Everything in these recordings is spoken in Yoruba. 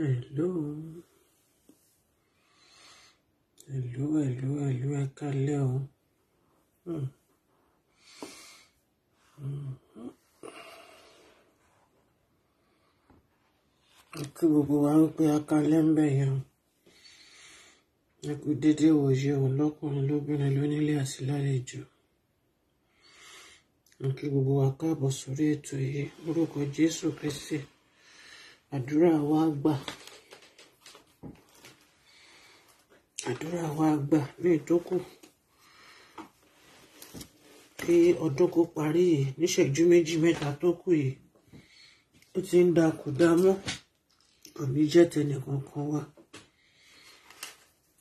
hello hello hello hello ẹ kálẹ́ o o hmm. hmm. kí gbogbo wa ń pe akálẹ́ ń bẹ̀ yẹn ẹ kú dédé wòye o lọ́kùnrin lóbìnrin lónílé àti lálejò kí gbogbo wa káàbọ̀ sórí ètò yìí orúkọ Jésù Kristi àdúrà wa gbà àdúrà wa gbà ní ìtókù kí ọdún kó parí yìí níṣẹ́jú méjì mẹ́ta tó kù yìí ó ti ń da kò dá mọ́ kò ní jẹ́ tẹnì kankan wa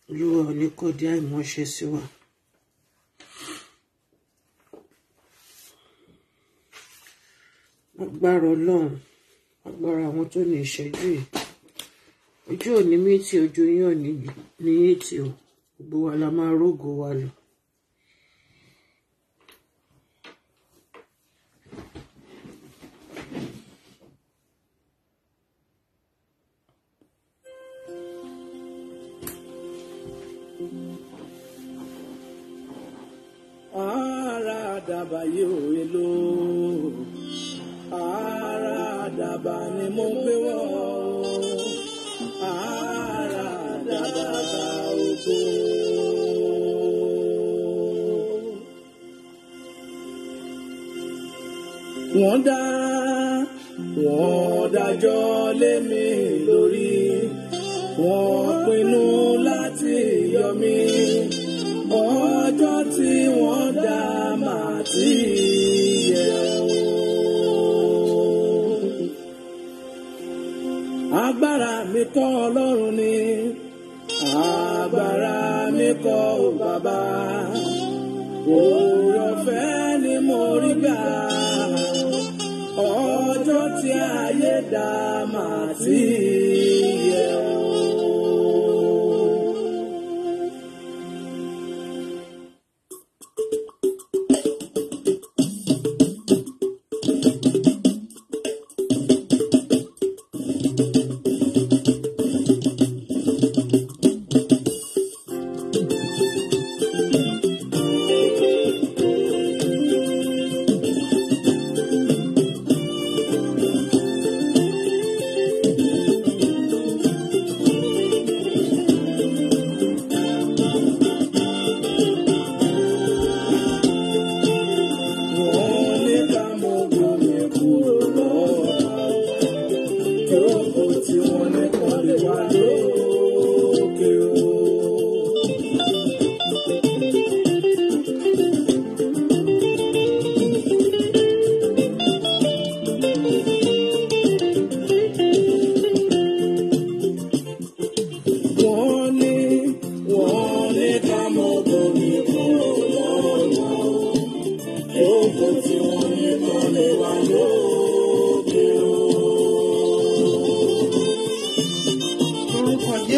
olúwa ò kò dé àìmọ̀ṣe sí wa. agbára ọlọ́run agbára àwọn tó ní ìṣẹ́jú yìí ojú ò ní mí ojú yín ò ní yín tí o gbogbo wa la máa rógo wa lọ. ara dàbàyè òye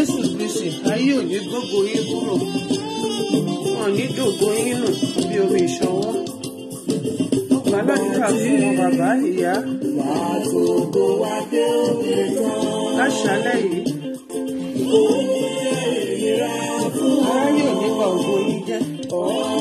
Jésù Kristi ayé ò ní gbogbo yín kúrò wọn ní dògbò yín nù bí omi ìṣọwọ́ ó gbà ládùúgbà fún wọn bàbá ìyá láṣálẹ́ yìí ayé ò ní yín jẹ́.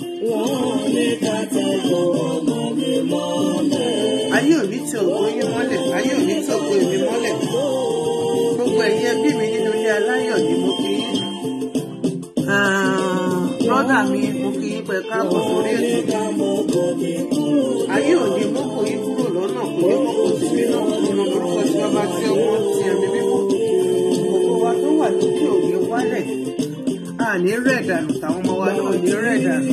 ẹ bí mi nínú ilé aláyọ̀ ni mo kí ah, brọ́dà mi mo kí pẹ̀ káàbọ̀ sórí ètò ayé òde mo kò yí kúrò lọ́nà kò ní mo kò sí nínú ọ̀nà lórúkọ tí bàbá tí ọmọ ti ẹ̀mí bíbọ̀ gbogbo wa tó wà lókè òye wálẹ̀ àní rẹ̀ dànù táwọn ọmọ wa náà ní rẹ̀ dànù.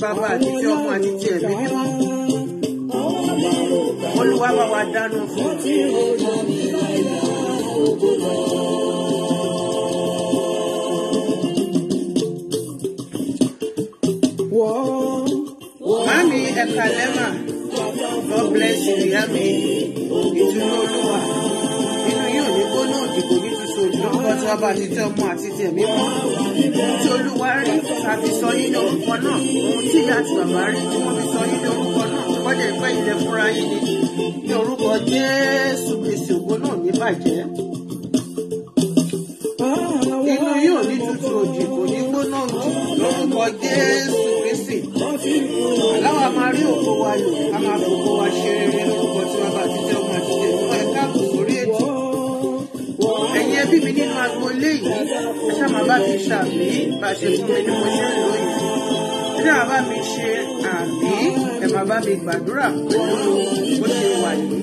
Baruari. ẹ ṣáà máa bá mi ṣàbí bá ṣe fún mi ní mo ṣe ń lò yìí ẹ ṣáà bá mi ṣe àbí ẹ máa bá mi gbàdúrà pẹ̀lú bó ṣe wà yìí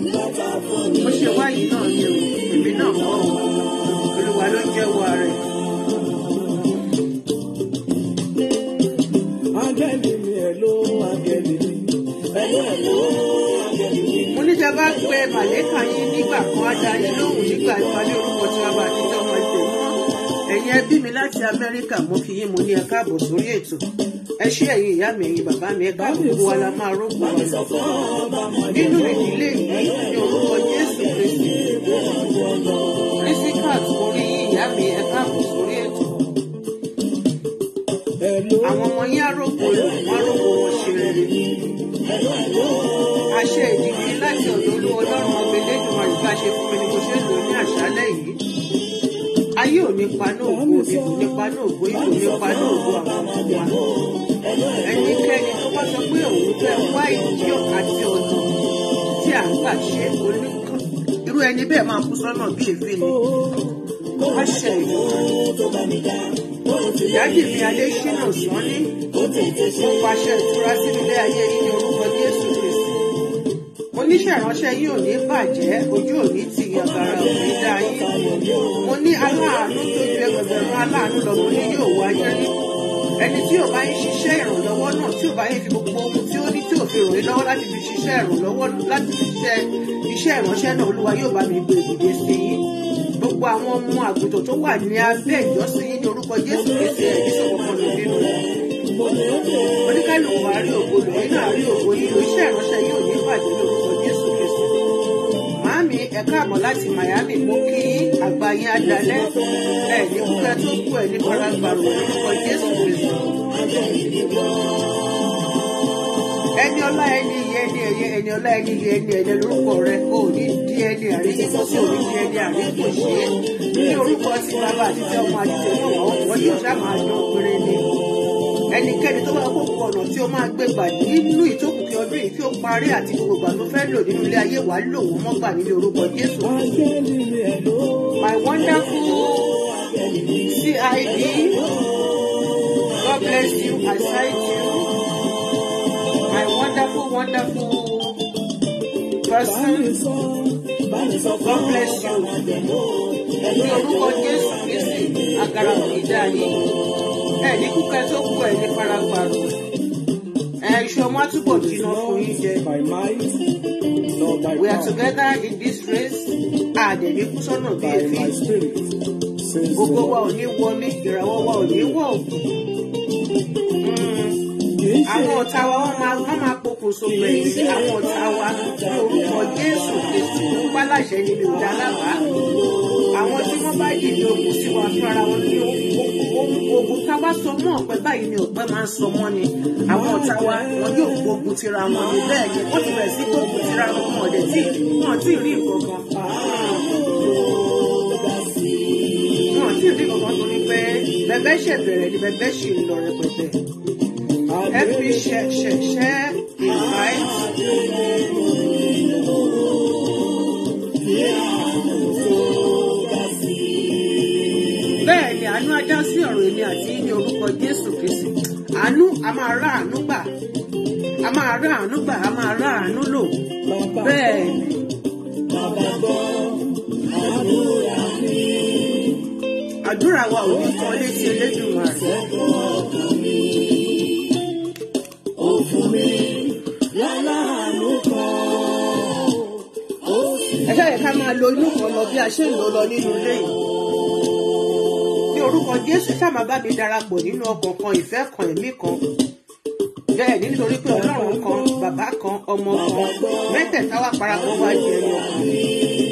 bó ṣe wà yìí náà ni o èmi náà mọ̀ Olúwa ló ń jẹ́wọ́ rẹ̀. Áńgẹ́lì màlẹ́kà yín nígbà kan á yín lóhùn nígbà ìpàdé orúkọ tí wọ́n bá dé ẹ̀yin ẹbí mi láti amẹ́ríkà mo kí yín mo ní ẹ káàbọ̀ sórí ètò ẹ ṣé ẹ̀yin ìyá mi ẹ̀yin bàbá mi ẹ káàbọ̀ gbogbo wa la máa rógbò wa nínú ìdílé yìí ní orúkọ jésù kristi risikat orí ìyá mi ẹ káàbọ̀ sórí ètò àwọn ọmọ yín arógbò wọn arógbò wọn ṣe rere àṣẹ ìdílé láti ọ̀dọ̀ olúwọlọ́run ọmọ ẹlẹ́dùn àyíká ṣe fún mi ni mo ṣe lò ní àṣálẹ́ yìí mi paná ògbó mi kò ní ògbó ikú mi paná ògbó àwọn ọmọ wa ẹnikẹ́ni tó bá sọ pé òun fẹ́ wá ìdí àti ọ̀nà tí à ń gbà ṣe oníkan irú ẹni bẹ́ẹ̀ máa kú sọ́nà kẹfì ni wọ́n ṣe ìlú ìyáàdì mi adé ṣínà sọ́ni ó pàṣẹ ìtura sínú ilé ayé yíyan oníṣẹ́ ìránṣẹ́ yìí ò ní bàjẹ́ ojú ò ní yàgàrà ò ní mo ní aláàánú tó ju ẹgbẹ̀rún aláàánú lọ mo ní yóò wáyé rí ẹni tí ò bá yín ṣiṣẹ́ ìrànlọ́wọ́ náà tí ò bá yín fi gbogbo ohun tí ó ní tí ò fi ràn mí lọ́wọ́ láti fi ṣiṣẹ́ ìrànlọ́wọ́ láti fi ṣiṣẹ́ iṣẹ́ ìránṣẹ́ náà olúwa yóò bá mi gbé ìdíje sí yín gbogbo àwọn ọmọ àgùntàn tó wà ní abẹ́ ìjọsìn yín ní orúkọ Jésù Kristi ẹ̀ ní sọ̀kọ̀kan lò nínú oníkálùkù àárí ògbólò nínú àárí ògbólò iṣẹ́ ìránṣẹ́ yóò ní ìpàdé lórúkọ ẹ káàbọ̀ láti Miami mo kí àgbáyé adalẹ́ ẹ ní kúkẹ́ tó kú ẹ ní paragbàrò orúkọ Jésù Kristu. ẹni ọlá ẹni iye ẹni ẹyẹ ẹni ọlá ẹni iye ẹni ẹyẹ lórúkọ rẹ kò ní di ẹni àríkíkọ́ sí òní di ẹni àríkíkọ́ ṣe é ní orúkọ ti bàbá àti ti ọmọ àti ti ọmọ wọ́n yóò dá màá yan péré ni ẹnikẹ́ni tó bá kókó ọ̀nà tí ó máa gbé gbà nínú ìjókòó ọdún yìí kí ó parí àti gbogbo ìgbà fẹ́ lò nínú ilé ayé wàá lò wọ́n mọ́gbà nílé orúkọ Jésù. My wonderful CID God bless you I sight you my wonderful wonderful person God bless you ẹ̀mí orúkọ Jésù Kristi àgàrà òkè dáa yìí ẹ̀ ní kúkẹ́ tó kú ẹ̀ ní farapàrọ̀ iṣu ọmọ àtúbọ̀ jiná fún yín jẹ. we are together in this race àdẹ̀ní kú sọ́nà bí èéfín gbogbo wa ò ní wọlé ìràwọ̀ wa ò ní wọ̀ àwọn ọ̀tá wa wọ́n máa pokùnso bẹ̀rẹ̀ sí àwọn ọ̀tá wa ní orúkọ Jésù Kristi ń bá níbi ìdá àwọn tí wọ́n bá dìde ogun sí wa fún ara wọn ní ogun tá a bá sọ mọ́ ọ̀pẹ báyìí ni ọ̀pẹ máa ń sọ mọ́ ni àwọn ọ̀tá wa wọn yóò gbógun tira wọn ní bẹ́ẹ̀ ni ó ti bẹ̀rẹ̀ sí gbógun tira wọn wọn ọ̀dẹ̀ tí wọn ti rí nǹkan kan. wọn ti rí nǹkan kan torí pé bẹ̀bẹ̀ ṣe bẹ̀rẹ̀ ni bẹ̀bẹ̀ ṣe ń lọ rẹpẹtẹ. ẹ fi ṣẹ ṣẹ ṣẹ ìgbà ẹ̀ ìṣẹ̀lẹ̀ àánú ajá sí ọ̀rọ̀ èmi àti ní orúkọ Jésù Kristi àánú a máa rá àánú gbà a máa rá àánú gbà a máa rá àánú lò bẹ́ẹ̀ ni. àdúrà wa ò ní kan létí Elédùmarè. ìṣẹ́gun mi ò fún mi lálàánú kan. ẹ ṣáà yẹ ká máa lo inú kan lọ bí a ṣe ń lò lọ nínú ilé yìí orúkọ jésù ṣàmà bá mi darapọ̀ nínú ọkàn kan ìfẹ́ kan ẹ̀mí kan bẹ́ẹ̀ ni nítorí pé ọlọ́run kan bàbá kan ọmọ kan mẹ́tẹ̀ẹ̀ta wà parapọ̀ wá jẹ ẹni ọkàn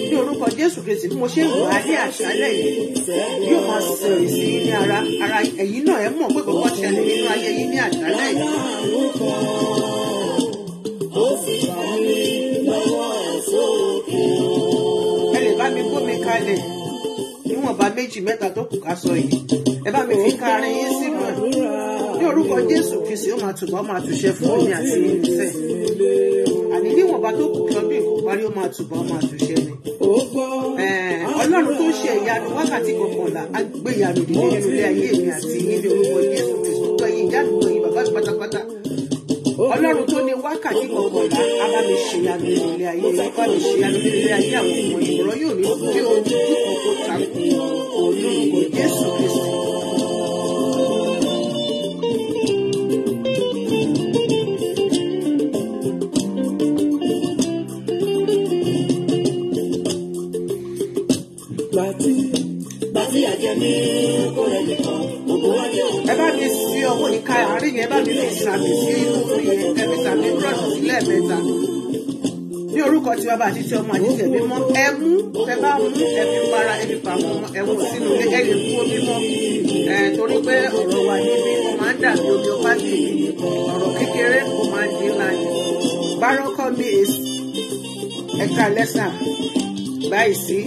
ní orúkọ jésù kristi bí mo ṣe ń wò á ní àṣálẹ́ yìí yóò máa sèrè sí ní ara ara ẹ̀yin náà ẹ mọ̀ pé kòkó ṣẹlẹ̀ nínú ayé yìí ní àṣálẹ́ yìí. níwọ̀nba méjì mẹ́ta tó kù ká sọ yìí ẹ bá mi fi káàárín yín sínú ẹ̀ ní orúkọ Jésù Kristi ó máa túbọ̀ máa túṣẹ́ fún mi àti ìfẹ́ àní níwọ̀nba tó kù kí ọdún ìkó parí ó máa túbọ̀ máa túṣẹ́ ni. Ọlọ́run tó ṣe ìyanu wákàtí kọkànlá agbéyanu dìde nínú ayé mi àti yín orúkọ Jésù Kristi gbẹ̀yìn jáde gbẹ̀yìn ọlọ́run tó ní wákàtí kọ̀ọ̀kọ̀ọ̀lá abámi ṣèyàgbé ilé ayé abámi ṣèyàgbé ilé ayé àwọn ọmọ ìgbọ̀rọ̀ yóò ní kí ohun tó kọ̀ọ̀kọ̀ takùn òun lórúkọ Jésù Kristi. àárín yẹn bá mi lè sàmì ní orúkọ tí bàbá àti tí ọmọ àti ẹbí mọ ẹ mú mú ẹ para ẹ fi pamọ́ sínú ilé lè fún omi mọ ẹ torí pé ọ̀rọ̀ wà níbi ó máa ń dàbí omi ọpá sí ibi ọ̀rọ̀ kékeré ó máa ń di ńlá ni mi èsì ẹka lẹsà báyìí sí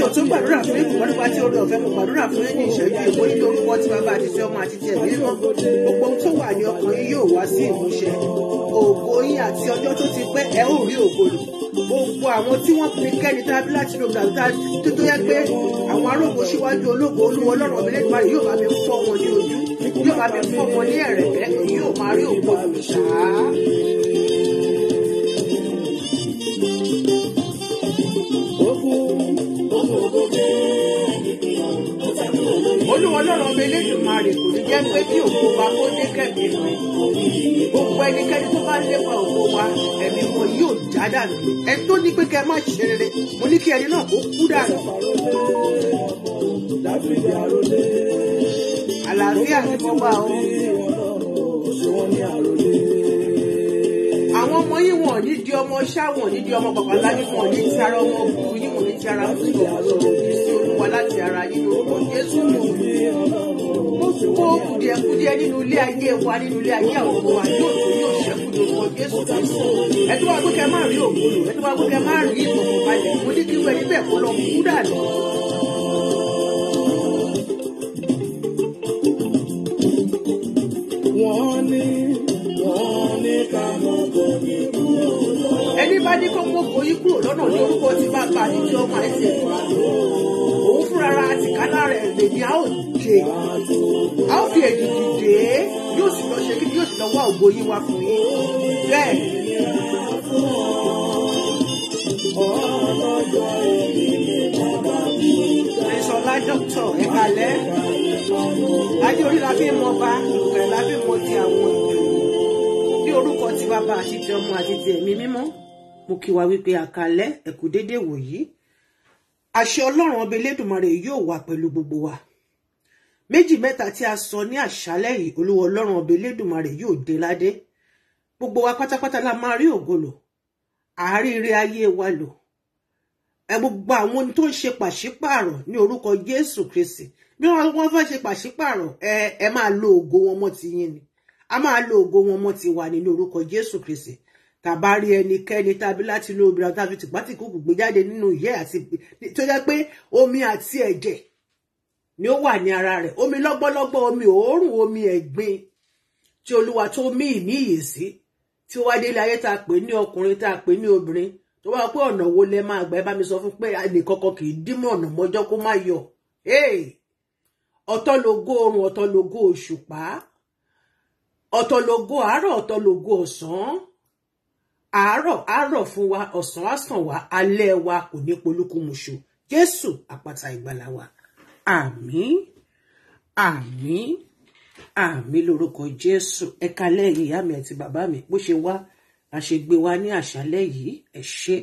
mi ò tún gbàdúrà fún ikùn mọ́nú wá tí orí ọ̀fẹ́ mo gbàdúrà fún ní ìṣẹ́jú èkó ní orúkọ tí bàbá àti tí ọmọ àti tí ẹ̀mí mímọ́ gbogbo ohun tó wà ní ọkàn yín yóò wá sí ìmúṣẹ ògo yín àti ọjọ́ tó ti pẹ́ ẹ ó rí ògo lò gbogbo àwọn tí wọ́n fi kẹ́ni tábí láti lo gàdúrà tó tó yẹ pé àwọn arógo síwájú ológo olúwo ọlọ́run ọ̀mẹ́lẹ́gbàrún yóò bá mi fọ́ wọn ní ojú yóò bá mi fọ́ wọn ní ẹ̀rẹ̀kẹ́ yóò máa rí ògo lò ṣáá. ọlọ́run ọmọ elédùnmarè kò ní jẹ́ pé kí òkú wa kó dé kẹ̀mí rẹ̀ gbogbo ẹnikẹ́ni tó bá lépa òkú wa ẹ̀mí wọn yóò já dànù ẹni tó ní pé kẹ́ má ṣe rere mo ní kí ẹni náà kó kú dànù. àlàáfíà ni mo bá wọn. àwọn ọmọ yìí wọn ní di ọmọ ṣáwọn ní di ọmọ babaláwo wọn ní ti ara ọmọ òkú yìí wọn ní ti ara ọmọ òkú wá láti ara yín lórúkọ Jésù mo túbọ̀ kùdìẹ̀kùdìẹ̀ nínú ilé ayé wa nínú ilé ayé àwọn ọmọ wa yóò tó yóò ṣẹ́kù lórúkọ Jésù ẹ tó bá gbé kẹ má rí òkúlò ẹ tó bá kẹ má rí ìtòkùn balẹ̀ mo ní kí wọ́n ẹni kó lọ kú dànù. ẹni bá ní kó mọ́ yí kúrò lọ́nà ní orúkọ tí bá bá a ọmọ ẹ̀ èdè ni a ó dìde a ó fi èdè dìde yóò sì lọ ṣe kí yóò sì lọ wá ògo yín wá fún yín bẹ́ẹ̀. Àìsànlá dọ́kítọ̀ ẹ̀kálẹ́ ajé orí la fi mọ ọba ìpẹ́ la fi mọ ti àwọn èèyàn bí orúkọ ti bàbá àti ti ọmọ àti ti ẹ̀mí mímọ́ mo kí wa wípé àkálẹ́ ẹ̀kú déédéé wòyí àṣẹ ọlọ́run ọba elédùnmarè yóò wà pẹ̀lú gbogbo wa méjì mẹ́ta tí a sọ ní àṣálẹ́ yìí olúwa ọlọ́run ọba elédùnmarè yóò dé ládé gbogbo wa pátápátá la máa rí ògo lò àáríire ayé wa lò ẹ gbogbo àwọn tó ń ṣe pàṣípààrọ̀ ní orúkọ jésù kristi bí wọn fẹ́ ṣe pàṣípààrọ̀ ẹ ẹ máa lo ògo wọn mọ́ ti yín ni a máa lo ògo wọn mọ́ ti wa ní orúkọ jésù kristi tàbá rí ẹnikẹ́ni tàbí láti inú obìnrin tàbí tìpátì kúkú gbé jáde nínú ìyẹ́ àti tó jẹ́ pé omi àti ẹ̀jẹ̀ ni ó wà ní ara rẹ̀ omi lọ́gbọ́lọ́gbọ́ omi òórùn omi ẹ̀gbin tí olúwa tó mí ìní ìyè sí tí ó wá délé ayé tá a pè ní ọkùnrin tá a pè ní obìnrin tó bá pé ọ̀nà wo lẹ máa gbà ẹ bá mi sọ fún pé àlè kì í dímọ̀ ọ̀nà mọ́jọ́ kó má yọ ọ̀tọ̀ lógo oòrùn ọ̀tọ̀ lógo òṣùpá ọ̀tọ̀ lógo àárọ̀ ọ̀tọ̀ lógo ọ̀sán àárọ̀ àárọ̀ fún wa ọ̀sán àsàn wa alẹ́ wa kò ní polúkúmuṣu jésù àpáta ìgbàlà wa àmín àmín àmín lórúkọ jésù ẹ kálẹ́ yìí ìyá mi àti bàbá mi bó ṣe wá àṣegbè wa ní àṣálẹ́ yìí ẹ ṣe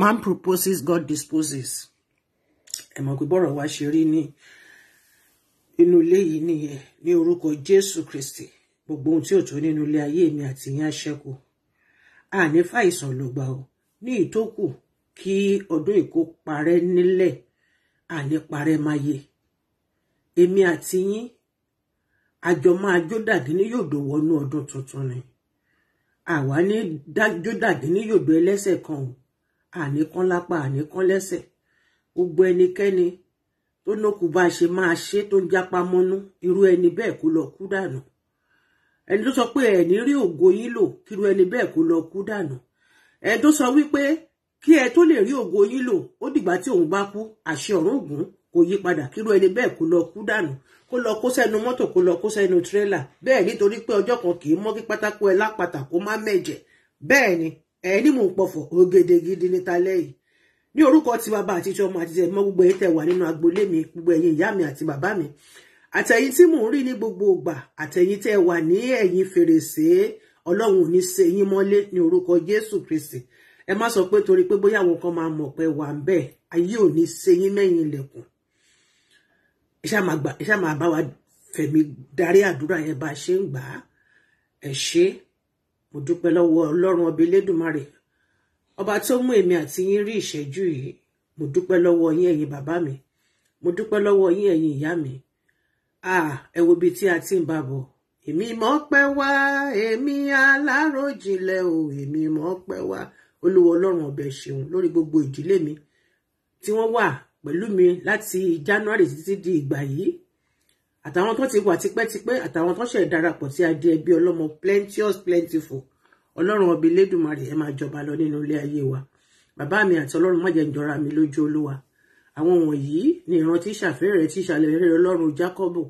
man proposes God disposes ẹ mọ̀ pé bọ́rọ̀ wa ṣe rí ní inú ilé yìí nìyẹn ní orúkọ jésù kristi gbogbo ohun tí ò tó nínú ilé ayé mi àti yín àṣẹkù àní fàìsàn ló gbà ó ní ìtókù kí ọdún ìkó parẹ́ nílẹ̀ àní parẹ́ máyé èmi àti yín àjọ máa jó dàdí ní yòdò wọnú ọdún tuntun ni àwa ní jó dàdí ní yòdò ẹlẹ́sẹ̀ kan o àní kan lápá àní kan lẹ́sẹ̀ gbogbo ẹnikẹ́ni tó nókù bá ṣe máa ṣe tó ń jápá mọ́nú irú ẹni bẹ́ẹ̀ kó lọ kú dànù ẹni tó sọ pé ẹ ní rí ògo yín lò kíru ẹni bẹ́ẹ̀ kó lọ kú dànù ẹni tó sọ wípé kí ẹ tó lè rí ògo yín lò ó dìgbà tí òun bá kú àṣẹ ọ̀run ògún kò yí padà kíru ẹni bẹ́ẹ̀ kó lọ kú dànù kó lọ kó sẹ́nu mọ́tò kó lọ kó sẹ́nu tírélà bẹ́ẹ̀ nítorí pé ọjọ́ kan kì í mọ́ kí pátákó ẹ lápàtà kó má mẹ̀jẹ̀ bẹ́ẹ̀ ni ẹ ní mò ń pọ̀fọ̀ ògèdè gidi níta lẹ́yìn ní orúkọ ti bàbá àti ti àti ti gbogbo ẹ̀yin tẹ́ wà nínú agboolé mi gbogbo ẹ̀yin ìyá mi àti bàbá mi àtẹ̀yin tí mò ń rí ní gbogbo ìgbà àtẹ̀yin tẹ́ wà ní ẹ̀yìn fèrèsé ọlọ́run ò ní ṣe yín mọ́lé ní orúkọ jésù kristi ẹ má sọ pé torí pé bóyá àwọn kan máa mọ̀ pé wà ń bẹ́ẹ̀ ayé ò ní ṣe yín mẹ́yìn ilẹ̀kùn ẹ ṣáà máa bá wa fẹ̀mí darí àdúrà yẹn bá a ṣe ń gbà á ẹ ṣé mo dúpẹ́ lọ́wọ́ ọlọ́run ọba elédùnmarè ọba tó mú èmi àti yín rí ìṣẹ́jú yìí mo dúpẹ́ lọ́wọ́ yín ẹ̀yin bàbá mi mo dúpẹ́ lọ́wọ́ yín ẹ̀yin ìyá mi Ah, ẹ wo ibi tí a ti ń bá bọ̀ èmi mọ̀ pẹ́ wá èmi aláròjinlẹ̀ o èmi mọ̀ pẹ́ wá olúwa ọlọ́run ọbẹ̀ ṣeun lórí gbogbo ìdílé mi tí wọ́n wà pẹ̀lú mi láti january títí di ìgbà yìí àtàwọn tó ti wà tipẹ́tipẹ́ àtàwọn tó ṣẹ̀ darapọ̀ tí a di ẹbí ọlọ́mọ plenteous plentiful ọlọ́run ọbẹ̀ lẹ́dùnmarè ẹ máa jọba lọ nínú ilé ayé wa bàbá mi àti ọlọ́run má jẹ́ ń jọra mi lójú olúwa àwọn wọ̀nyí ni ìran tí ṣàfihàn tí ṣàlẹrẹ Ọlọ́run Jákọ́bù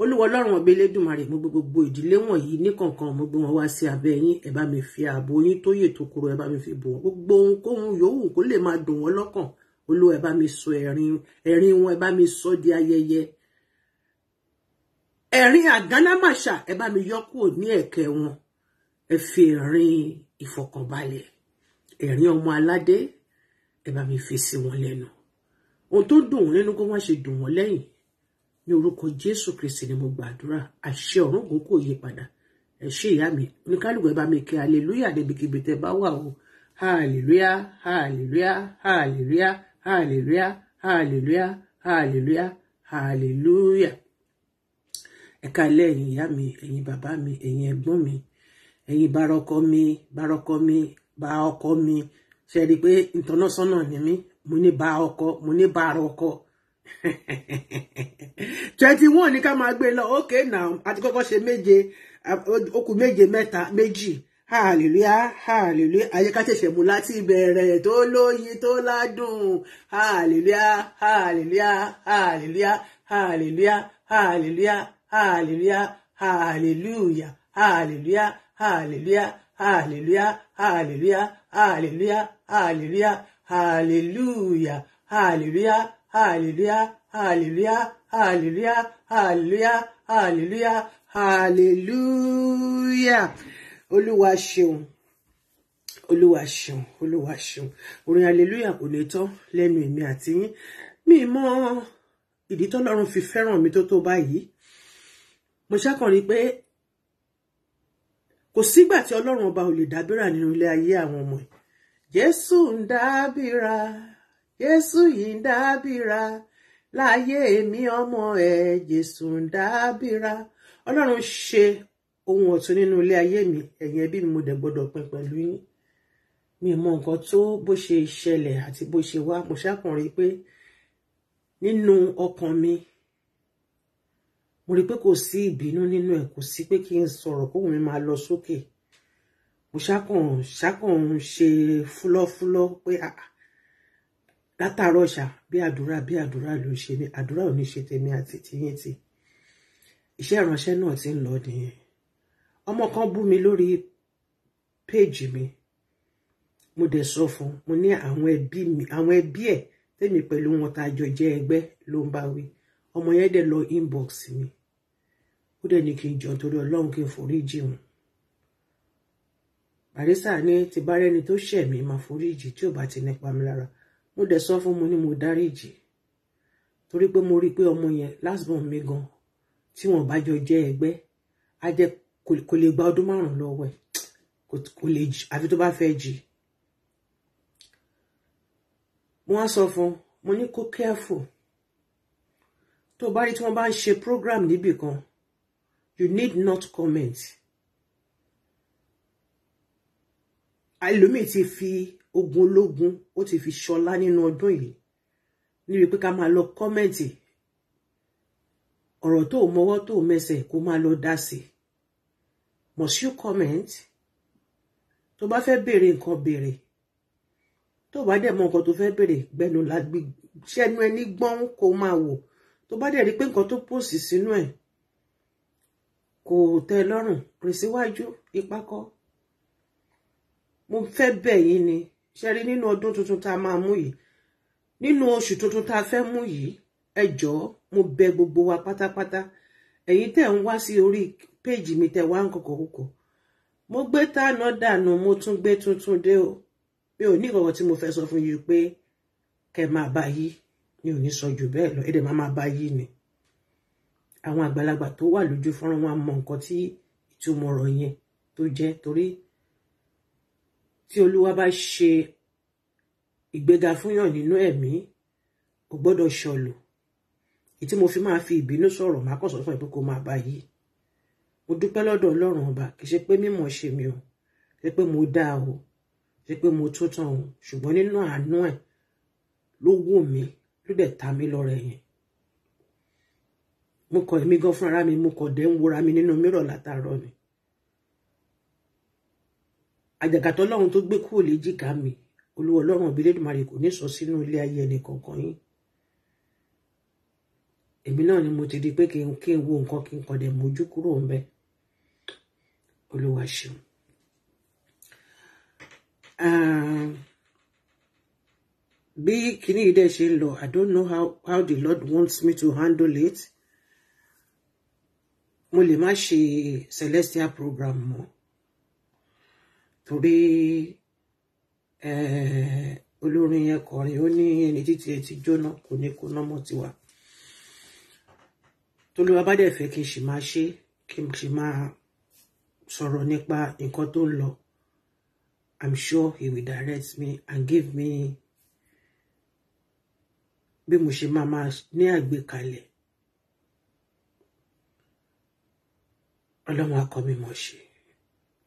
Olúwa Ọlọ́run ọbẹ Elédùmarè mo gbé gbogbo ìdílé wọ̀nyí níkọ̀ọ̀kan mo gbé wọn wá sí abẹ́ yín ẹ bá mi fi ààbò yín tó yè tó kúrò ẹ bá mi fi bò wọn gbogbo ohunkóhun yòówù kó lè máa dùn wọn lọ́kàn Olúwa ẹ bá mi sọ ẹ̀rín wọn ẹ bá mi sọ di ayẹyẹ ẹ̀rín àgánámàṣà ẹ bá mi yọ kúrò ní ẹ̀kẹ́ wọn ẹ fi ẹ̀rín ìfọ̀kànbalẹ̀ ẹ̀rín ọmọ aládé ẹ bá mi fi sí wọn lẹ́nu ohun tó dùn wọn nínú kó má ṣe dùn wọn lẹ́yìn ní orúkọ jésù kristi ni mo gbàdúrà àṣẹ ọ̀run kò kò yí padà ẹ ìyá mi oníkálùkù ẹ bá mi kẹ hallelujah níbikíbi tẹ bá wà o hallelujah hallelujah hallelujah hallelujah hallelujah hallelujah hallelujah ẹ káalẹ́ ẹ̀yin ìyá mi ẹ̀yin bàbá mi ẹ̀yin ẹ̀gbọ́n mi ẹ̀yin bárọkọ mi bárọkọ mi bá ọkọ mi ṣe rí i pé ìtọ́nà ni mí mo ní bá ọkọ mo ní bá ara ọkọ twenty one ní ká máa gbé lọ ok now àti kọ́kọ́ ṣe méje okù méje mẹ́ta méjì hallelujah hallelujah ayé ká ṣẹ̀ṣẹ̀ mú láti ìbẹ̀rẹ̀ tó lóyin tó ládùn hallelujah hallelujah hallelujah hallelujah hallelujah hallelujah hallelujah hallelujah hallelujah hallelujah hallelujah hallelujah hallelujah hallelujah hallelujah hallelujah hallelujah hallelujah hallelujah hallelujah hallelujah olúwa ṣeun olúwa ṣeun olúwa ṣeun orin hallelujah kò ní tán lẹ́nu èmi àti yín mi mọ ìdí tọ́lọ́run fi fẹ́ràn mi tó tó báyìí mo ṣàkànrí pé kò sígbà tí ọlọ́run ọba ò lè dábìrà nínú ilé ayé àwọn ọmọ yìí jésù ń dábìrà jésù yìí ń dábìrà láyé èmi ọmọ ẹ jésù ń dábìrà ọlọ́run ṣe ohun ọ̀tun nínú ilé ayé mi ẹ̀yin ẹbí mi mo dẹ̀ gbọ́dọ̀ pín pẹ̀lú yín mi mọ nǹkan tó bó ṣe ṣẹlẹ̀ àti bó ṣe wá mo ṣàkànrí pé nínú ọkàn mi mo rí pé kò sí ìbínú nínú ẹ̀ kò sí pé kí n sọ̀rọ̀ kóhùn mi máa lọ sókè. Okay mo ṣàkàn ṣàkàn ṣe fúlọ́fúlọ́ pé ah, ah, látàárọ̀ ṣá bí àdúrà bí àdúrà ló ṣe ní àdúrà ò ní ṣe tèmi àti tiyín ti iṣẹ́ ìránṣẹ́ náà ti ń lọ nìyẹn ọmọ kan bú mi lórí péèjì mi mo dẹ̀ sọ fún mo ní àwọn ẹbí mi àwọn ẹbí ẹ̀ tèmi pẹ̀lú wọn tá a jọ jẹ́ ẹgbẹ́ ló ń bá wí ọmọ yẹn dẹ̀ lọ inbox mi ó dẹ̀ ní kí n jọ torí ọlọ́run kí n forí jì Barrister ní ti bá rẹ́ni tó ṣẹ̀ mí máa foríjì tí ò bá ti nípa mi lára mo dẹ̀ sọ fún mo ní mo dáríjì torí pé mo rí i pé ọmọ yẹn lásìbọn mi gan tí wọn bá jọ jẹ ẹgbẹ́ á jẹ kò lè gba ọdún márùn-ún lọ́wọ́ kò lè jì àfi tó bá fẹ́ jì wọn á sọ fún mo ní kó careful tó bá rí tí wọn bá ń ṣe program níbì kan you need not comment. ẹlòmíì ti fi ogun ológun ó ti fi ṣọlá nínú ọdún yìí níbi pé ká máa lọ kọ́mẹ̀ntì ọ̀rọ̀ tó mọwọ́ tó mẹsẹ̀ kó máa lọ dá sí must you comment tó bá fẹ́ béèrè nǹkan béèrè tó bá dẹ̀ mọ nǹkan tó fẹ́ béèrè gbẹnu lágbí ṣẹnu ẹni gbọ́n kó máa wò tó bá dẹ̀ rí pé nǹkan tó pòsì sínú ẹ̀ kò tẹ́ lọ́rùn rìn síwájú ipá kọ́ mo fẹ́ bẹ̀ yín ni ṣe rí nínú ọdún tuntun tá a máa mú yìí nínú oṣù tuntun tá a fẹ́ mú yìí ẹ jọ̀ọ́ mo bẹ̀ gbogbo wa pátápátá ẹ̀yin tẹ́ ń wá sí orí péèjì mi tẹ́ wá ń kọ̀kọ̀kọ̀kọ̀ mo gbé tánà dànù mo tún gbé tuntun dé o mi ò ní ìkọ̀kọ̀ tí mo fẹ́ sọ fún yín pé kẹ́ máa bá yí mi ò ní sọ jù bẹ́ẹ̀ lọ èdè máa máa bá yí ni àwọn àgbàlagbà tó wà lójú fọ́nrán wa mọ nǹkan tí ìtumọ̀ ọ̀rọ̀ yẹn tó jẹ́ torí tí olúwa bá ṣe ìgbéga fúnyàn nínú ẹ̀mí ò gbọ́dọ̀ ṣọlù èyí tí mo fi máa fi ìbínú sọ̀rọ̀ máa kàn sọ fún ẹ pé kó máa bá yìí mo dúpẹ́ lọ́dọ̀ ọlọ́run ọba kì í ṣe pé mímọ̀ ṣe mi o ṣe pé mo dáa o ṣe pé mo tó tán o ṣùgbọ́n nínú àánú ẹ̀ ló wù mí ló dẹ̀ ta mí lọ́rẹ yẹn mo kọ èmi gan fúnra mi mo kọ dé ń wora mi nínú mírọ̀ látàárọ̀ ni àjàgàtọ Ọlọ́run tó gbé kúrò léjìká mi olúwa Ọlọ́run ọbí lẹdùnmarè kò ní sọ sínú ilé ayé ẹnì kankan yín èmi náà ni mo ti di pé kí n kí n wo nǹkan kí n kàn dé kúrò ńbẹ̀ olúwa ṣeun bí kinní yìí dẹ̀ ṣe ń lọ i don't know how how the lord wants me to handle it mo lè má ṣe celestial program mọ́ torí olórin yẹn kọrin ó ní ẹni títí ẹ ti jóná kò ní kó nọmọ tiwa tolúwa bá dẹ̀ fẹ́ kí n sì máa ṣe kí n sì máa sọ̀rọ̀ nípa nǹkan tó ń lọ I'm sure he will direct me and give me bí mo ṣe máa máa ní àgbékalẹ̀ ọlọ́run akọ mi mọ̀ ṣe.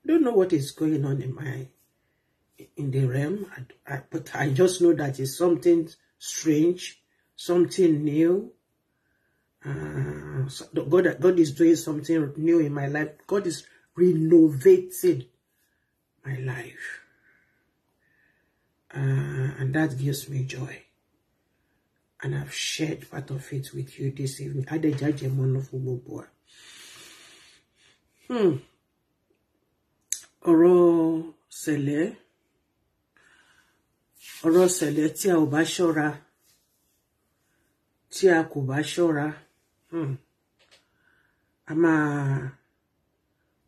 don't know what is going on in my in the realm, I, I, but I just know that it's something strange, something new. Uh, so God, God is doing something new in my life. God is renovating my life. Uh, and that gives me joy. And I've shared part of it with you this evening. Hmm. ọ̀rọ̀ sẹ̀lẹ̀ ọ̀rọ̀ sẹ̀lẹ̀ tí a ò bá ṣọ́ra tí a kò bá ṣọ́ra hmm, a máa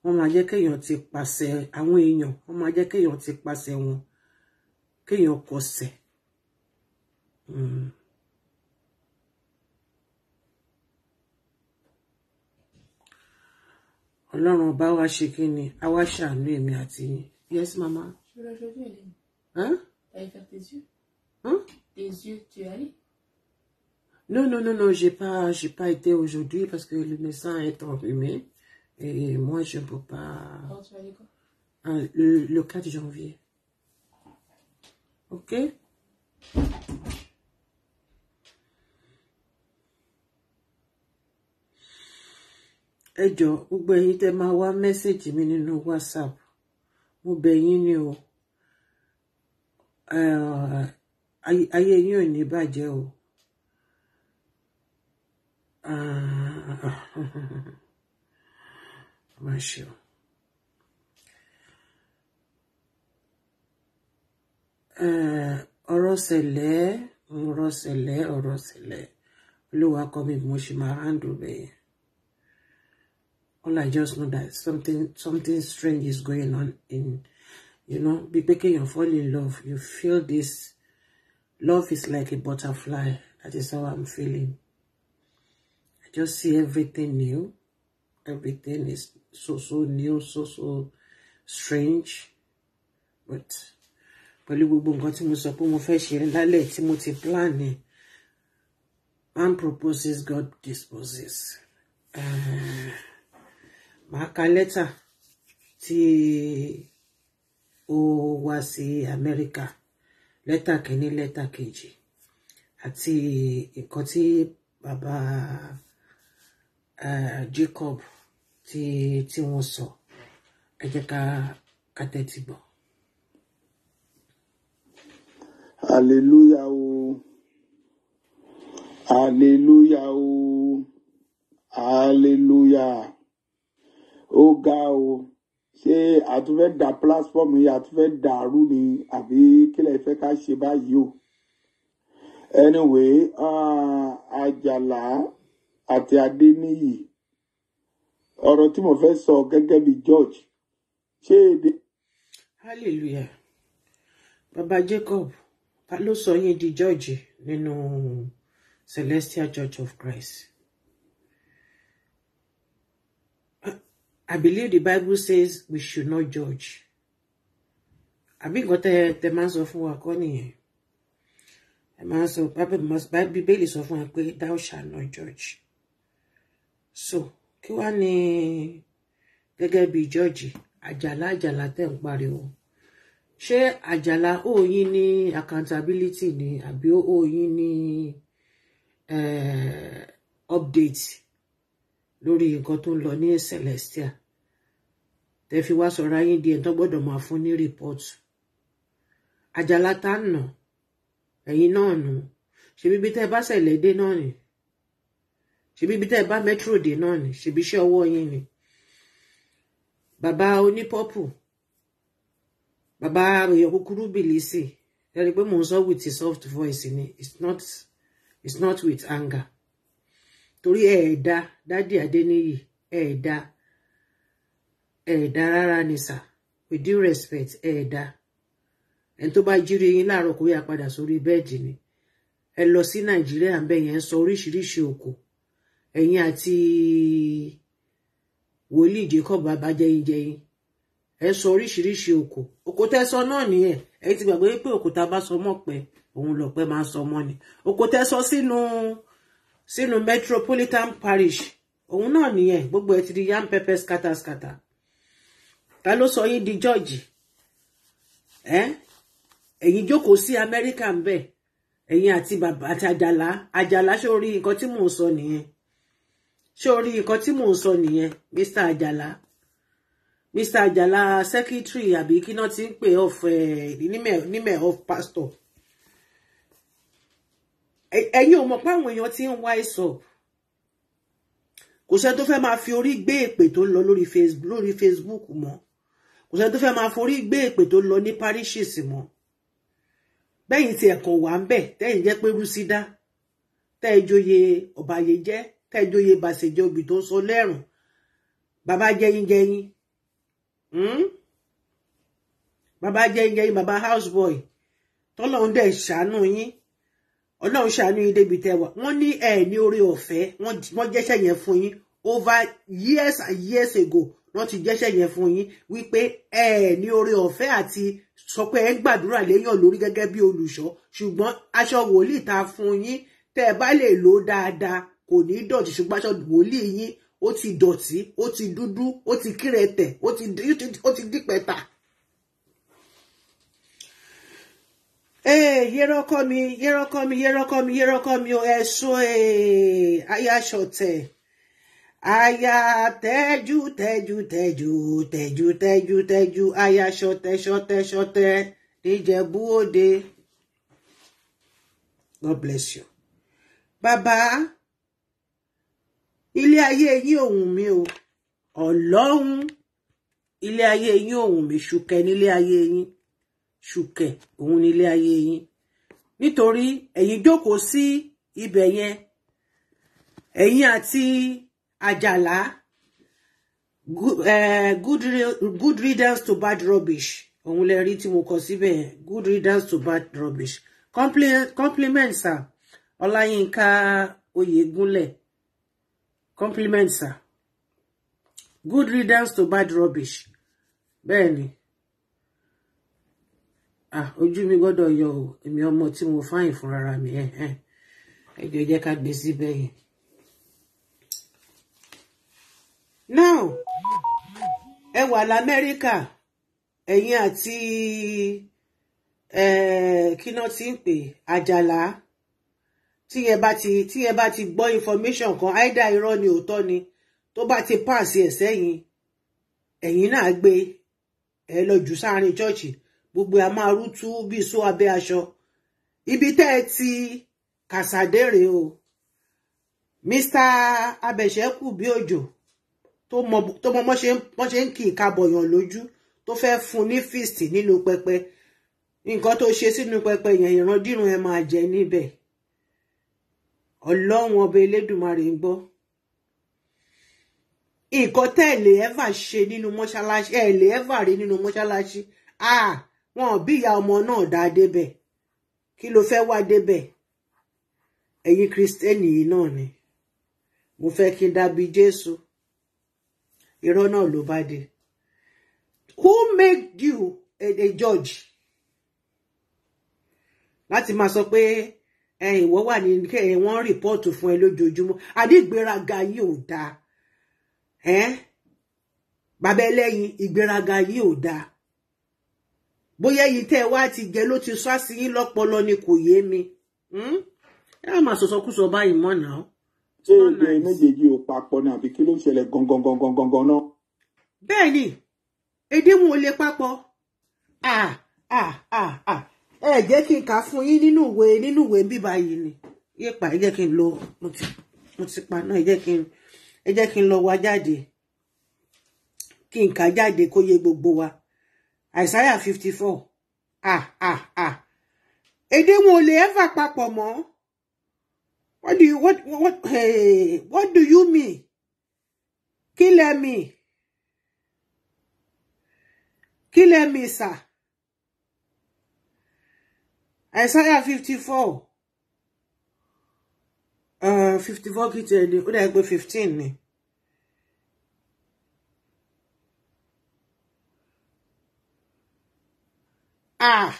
wọ́n máa jẹ́ kéèyàn ti pàṣẹ àwọn èèyàn wọ́n máa jẹ́ kéèyàn ti pàṣẹ wọn kéèyàn kọsẹ̀. Mm. ọlọ́run qui wa ṣe kí ni a wá ṣàánú èmi àti yín yes mama. je vais l'ajouter Hélène. hein. allez faire tes yeux. hein. tes yeux tu es allée. non non non non j'ai pas j'ai pas été aujourd'hui parce que le médecin est enrhumé et moi je peux pas. quand tu vas aller quoi. Ah, le 4 janvier. Ok ẹjọ jọ̀ọ́ gbogbo ẹ̀yin tẹ́ máa wá mẹ́sẹ̀jì mi nínú whatsapp mo bẹ̀ yín ni o ayé yín ò ní bàjẹ́ o. Ah, má ṣe o. ọ̀rọ̀ ṣẹlẹ̀ ọ̀rọ̀ ṣẹlẹ̀ ọ̀rọ̀ ṣẹlẹ̀ olúwa kọ́ mi All I just know that something something strange is going on in, you know, be picking and fall in love. You feel this. Love is like a butterfly. That is how I'm feeling. I just see everything new. Everything is so, so new, so, so strange. But pẹ̀lú gbogbo nǹkan tí mo sọ pé mo fẹ́ ṣe lálẹ́ tí mo ti plan ni man proposes God disposes. Uh, màá ka lẹ́tà tí ó wá sí Amẹ́ríkà lẹ́tà kìíní lẹ́tà kejì àti nǹkan tí bàbá eh, Jacob tí tí wọ́n sọ ẹ jẹ́ ká ká tẹ́tí gbọ́. hallelujah o hallelujah o hallelujah ó ga o ṣé a da platform yìí a da fẹ́ dàrú ni àbí kílẹ̀ fẹ́ ká ṣe báyìí o anyway uh, àjàlá àti adéníyì ọ̀rọ̀ tí mo fẹ́ sọ gẹ́gẹ́ bí george ṣé èdè. hallelujah baba jacob ta ló sọ yín di george nínú celestial church of christ. I believe the Bible says we should not judge. Àbí nǹkan got the the ń sọ fún wa kọ́ nìyẹn. Ẹ máa ń sọ Bíbélì sọ fún wa pé thou shalt not judge. So kí wá ní gẹ́gẹ́ bíi Ajala, àjàlá àjàlá tẹ̀ ń pariwo. Ṣé àjàlá òòyìn ní accountability ni àbí òòyìn ní eh, update lórí nǹkan tó ń lọ ní Celestia? tẹ fi wá sọ̀rọ̀ ayé di ẹ̀tọ́ gbọ́dọ̀ máa fún ní rìpọ́ọ̀tù àjàlá tá ń nà ẹ̀yin náà nù ṣebí bí tẹ́ bá ṣẹlẹ̀ dé náà ni ṣebí bí tẹ́ bá metro dé náà ni ṣebí iṣẹ́ ọwọ́ yín ni bàbá onípọ́pù bàbá èèyàn bìlísì ẹ pé mò ń sọ with a soft voice ni it's not it's not with anger torí ẹ̀ẹ̀dá dádì adéníyì ẹ̀ẹ̀dá. E ẹ̀ẹ̀dá rárá ni sà with due respect ẹ̀ẹ̀dá ẹni tó bá jírí yín láàárọ̀ kó yà padà sórí bẹ́ẹ̀dì ni ẹ lọ sí nàìjíríà ń bẹ yẹn sọ oríṣiríṣi òkò ẹ̀yin àti wòlíì jacob bàbá jẹyin jẹyin ẹ sọ oríṣiríṣi òkò òkò tẹ́ sọ náà nìyẹn ẹ̀yin ti gbàgbé pé òkò tá a bá sọ mọ́ pẹ́ òun lọ̀pẹ́ máa sọ mọ́ ni òkò tẹ́ sínú sínú metropolitan parish òun náà nìyẹn gbogbo ẹ ti di yam pepper scatter scatter ta ló sọ yín di jọ́ọ̀jì ẹ̀yin jókòó sí amẹ́ríkà ń bẹ̀ ẹ̀yin àti bàbá àti àjàlá àjàlá ṣé o rí nǹkan tí mò ń sọ nìyẹn ṣé o rí nǹkan tí mò ń sọ nìyẹn mr àjàlá mr àjàlá secretary àbí kí náà ti ń pè off eh, nímẹ̀ off pastor ẹ̀yin ò mọ̀ pé àwọn èèyàn ti ń wá ìsọ̀ kò sẹ́ni tó fẹ́ máa fi orí gbé èpè tó ń lọ lórí facebook mọ́ kò sẹ́ni tó fẹ́ máa forí gbé èpè tó lọ ní parishes mọ́ bẹ́yìn tí ẹ̀kọ́ wà ń bẹ̀ tẹ́yìn jẹ́ pé rúsídá tẹ́ẹ̀jọyè ọ̀bàyè jẹ́ tẹ́ẹ̀jọyè bàṣẹjọbì tó ń sọ lẹ́rùn bàbá jẹ́yìn jẹ́yìn hmm? bàbá jẹ́yìn jẹ́yìn bàbá houseboy tọ́lọ́run dẹ̀ ṣàánú yín ọlọ́run ṣàánú yín débi tẹ́wà wọ́n ní ẹ̀ ní orí ọ̀fẹ́ wọ́n jẹ́ṣẹ́ yẹn fún yín over years and years ago wọ́n ti jẹ́ṣẹ́ yẹn fún yín wípé ẹ ní oore ọ̀fẹ́ àti sọ pé ẹ ń gbàdúrà léyàn lórí gẹ́gẹ́ bí olùṣọ́ ṣùgbọ́n aṣọ wòlíì ta fún yín tẹ́ ẹ bá lè lò dáadáa kò ní dọ̀tí ṣùgbọ́n aṣọ wòlíì yín ó ti dọ̀tí ó ti dúdú ó ti kírẹtẹ̀ ó ti dípẹ̀tà. Ee, eh, yẹ́rọ́kọ́ mi yẹ́rọ́kọ́ mi yẹ́rọ́kọ́ mi yẹ́rọ́kọ́ mi o ẹ̀ṣọ́ eh, ayáṣọ̀tẹ̀ aya tẹ́jú tẹ́jú tẹ́jú tẹ́jú tẹ́jú tẹ́jú aya ṣọ̀tẹ̀ ṣọ̀tẹ̀ ṣọ̀tẹ̀ níjẹ̀bú òde God bless you. bàbá ilé ayé yín òun mi o ọlọ́run ilé ayé yín òun mi ṣùkẹ́ nílé ayé yín ṣùkẹ́ òun nílé ayé yín nítorí ẹ̀yin jókòó sí ibẹ̀ yẹn ẹ̀yin àti. Ajala, good, uh, good, good riddance to bad rubbish òun lè rí tí mo kọ síbẹ̀ good riddance to bad rubbish compliment sir Ọláyínká Oyègúnlẹ̀ compliment sir good riddance to bad rubbish bẹ́ẹ̀ ah ojú mi gbọ́dọ̀ yọ èmi ọmọ tí mo fáyìn fúnra mi ẹ ẹ ẹ jẹ́ ká gbé síbẹ̀ yẹn. now ẹ wà lamẹ́ríkà ẹ̀yin àti kíná ti ń pè àjàlá tí ẹ bá ti tí ẹ bá ti gbọ́ information kan either irọ́ ni òótọ́ ni tó bá ti pass ẹ̀ sẹ́yìn ẹ̀yin náà gbé ẹ lọ jù sáárín chọ́ọ̀chì gbogbo a máa rú tú bí abẹ́ aṣọ ibi tẹ́ ẹ ti kàsàdé rèé o Mr. abẹ̀ṣẹ́kù bí òjò tó mọ bọ́n ṣe ń kí ìka bọ̀yàn lójú tó fẹ́ fún ní feast nínú pẹpẹ nǹkan tó ṣe sínú pẹpẹ yẹn ìrandírun ẹ máa jẹ níbẹ̀ ọlọ́run ọba elédùnmarè ń gbọ́ nǹkan tẹ́ ẹ̀ lè ẹ́fà ṣe nínú mọ́ṣáláṣí ẹ̀ lè ẹ́fà rí nínú mọ́ṣáláṣí wọn ò bí ìyá ọmọ náà dá débẹ̀ kí ló fẹ́ wá débẹ̀ ẹ̀yin kristẹni yìí náà ni mo fẹ́ kí n dábí jésù irọ́ náà ló bá dé who made you a, a judge láti máa sọ pé ìwọ wà ní wọ́n rìpọ́ọ̀tù fún ẹ lójoojúmọ́ àdìgbéraga yìí ò dáa bàbá ẹlẹ́yin ìgbéraga yìí ò dáa bóyá èyí tẹ́ ẹ wá ti jẹ ló ti sọ àsìyín lọ́pọlọ ni kò yé mi hmm? ẹ á máa sọ̀sọ́kùsọ báyìí mọ́ náà ṣé èdè méjèèjì ò papọ̀ ni àbí kí ló ṣẹlẹ̀ gangan gangan gangan náà. bẹ́ẹ̀ ni èdè wọn ò lè papọ̀ ah ah ah ah ẹ jẹ́ kí n kà á fún yín nínú ìwé nínú ìwé bíbá yìí ni yípa ẹ jẹ́ kí n lọ mo ti mo ti pa náà ẹ jẹ́ kí n ẹ jẹ́ kí n lọ wá jáde kí n kà jáde kó yé gbogbo wa Isaiah fifty four ah ah ah èdè ò lè ẹ́fà papọ̀ mọ́ What do you what what hey what do you mean? Kí lẹ mean? Kí lẹ mean, sir? Isaiah 54. Uh, 54 kìí tẹ̀lé, I go pé 15 Ah!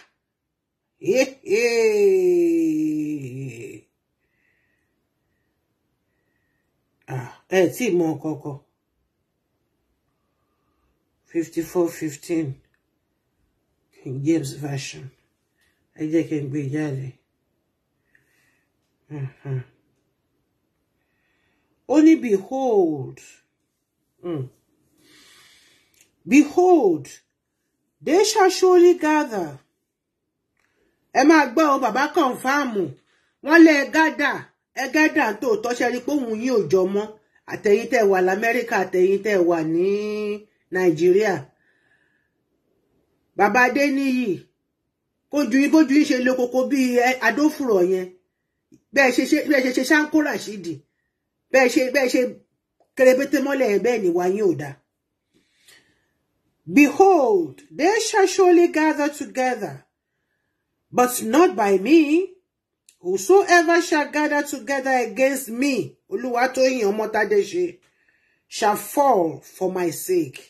Hey, hey. ẹ tí ì mọ nǹkan kan fifty four fifteen King James version I jẹ́ kí be jelly. jáde mm-hmm. ó Only behold mm. behold they shall surely gather ẹ máa gbọ́ ọ bàbá kọ̀ǹfàmù wọ́n lé e ẹ gádà ẹ gádà tó tọ́ṣẹ́ rí pé òun yìí ò jọ mọ́ àtẹ̀yin tẹ́ wà l'Amẹ́ríkà àtẹ̀yin tẹ́ wà ní Nàìjíríà bàbá Adéníyì kójú ibójú ṣe lo koko bíi adófùrọ yẹn bẹ́ẹ̀ ṣe ṣe ṣáńkó ràṣídì bẹ́ẹ̀ ṣe bẹ́ẹ̀ ṣe kẹrẹbẹtẹ mọ́lẹ̀ bẹ́ẹ̀ ni wáyé ò dáa. Behold, they shall surely gather together, but not by me. Whosoever shall gather together against me, Olúwatóyìn Ọmọ́tádéṣe shall fall for my sake.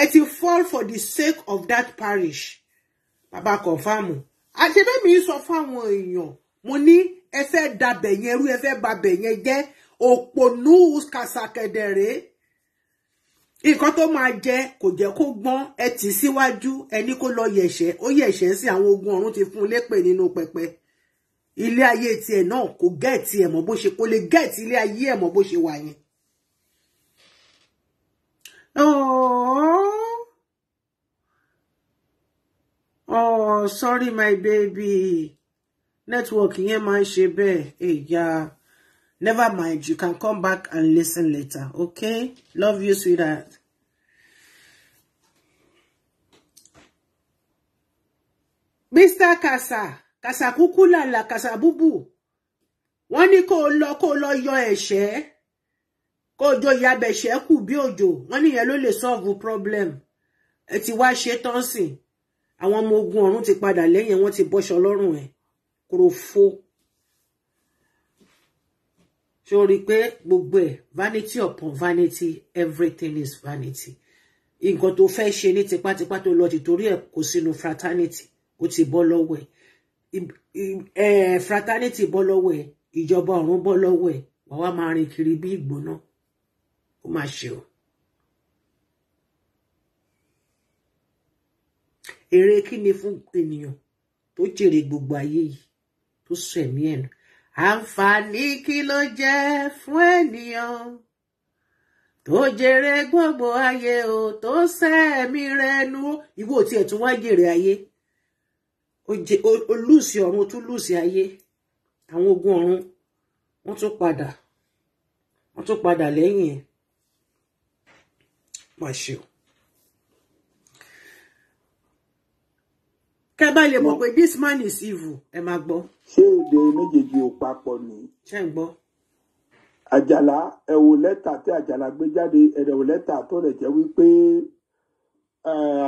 Ẹ ti fall for the sake of that parish. Bàbá kọ̀fáàmù. Àṣebẹ́ mi sọ fáwọn èèyàn. Mo ní ẹ fẹ́ dabẹ̀ yẹn rú ẹ fẹ́ babẹ̀ yẹn jẹ́ òpònú kàṣàkẹ̀dẹ̀rẹ́. Nǹkan tó máa jẹ kò jẹ́ kó gbọ́n ẹ tì síwájú ẹni kó lọ yẹ̀ṣẹ̀ ó yẹ̀ṣẹ̀ sí àwọn ogun ọ̀run ti fún un lépè nínú pẹpẹ ilé ayé tiẹ̀ náà kò gẹ́ẹ̀tì ẹ̀ bó ṣe kò lè gẹ́ẹ̀tì ilé ayé ẹ̀ bó ṣe wà yẹn. Oh, oh, sorry my baby. Network yẹn máa ń ṣe bẹ́ẹ̀. Ẹ̀yà never mind you can come back and listen later okay? Love you sweetheart. Mr. Kasa kàṣàkúkú làlà kàṣàbùbù wọ́n ní kó o lọ kó o lọ yọ ẹ̀ṣẹ́ kó o jó kù bí òjò wọ́n níyẹn ló lè solve problem ẹ ti wá ṣe tán sìn àwọn ọmọ ogun ọ̀run ti padà lẹ́yìn wọ́n ti bọ́ṣọ lọ́rùn ẹ̀ kúrò fó sórí pé gbogbo ẹ̀ vanity upon vanity everything is vanity nǹkan tó fẹ́ ṣe ní tipátipá tó lọ ti torí ẹ̀ kó sínú fraternity ó ti bọ́ lọ́wọ́ ẹ̀ fraternity bọ́ lọ́wọ́ ẹ̀ ìjọba ọ̀run bọ́ lọ́wọ́ ẹ̀ wàá wá máa rìn kiri bí ìgbóná ó máa ṣe o. èrè kí ni fún ènìyàn tó jèrè gbogbo ayé yìí tó sọ ẹ̀mí ẹ̀ nù. àǹfààní kí ló jẹ́ fún ènìyàn tó jèrè gbogbo ayé o tó sẹ́ẹ̀mí rẹ̀ nù. ìwọ tí ẹ̀ tún wá jèrè ayé ó lùsì ọ̀run tún lùsì ayé àwọn ogun ọ̀run wọ́n tún padà wọ́n tún padà lẹ́yìn ẹ̀ máa ṣe o. kẹ bá lè mọ̀ pé this man is evil ẹ máa gbọ́. ṣé èdè méjèèjì ò papọ̀ ni. ṣé ń gbọ́. àjàlá ẹ lẹ́tà tí àjàlá gbé jáde ẹ̀rẹ̀ lẹ́tà tó rẹ̀ jẹ́ wípé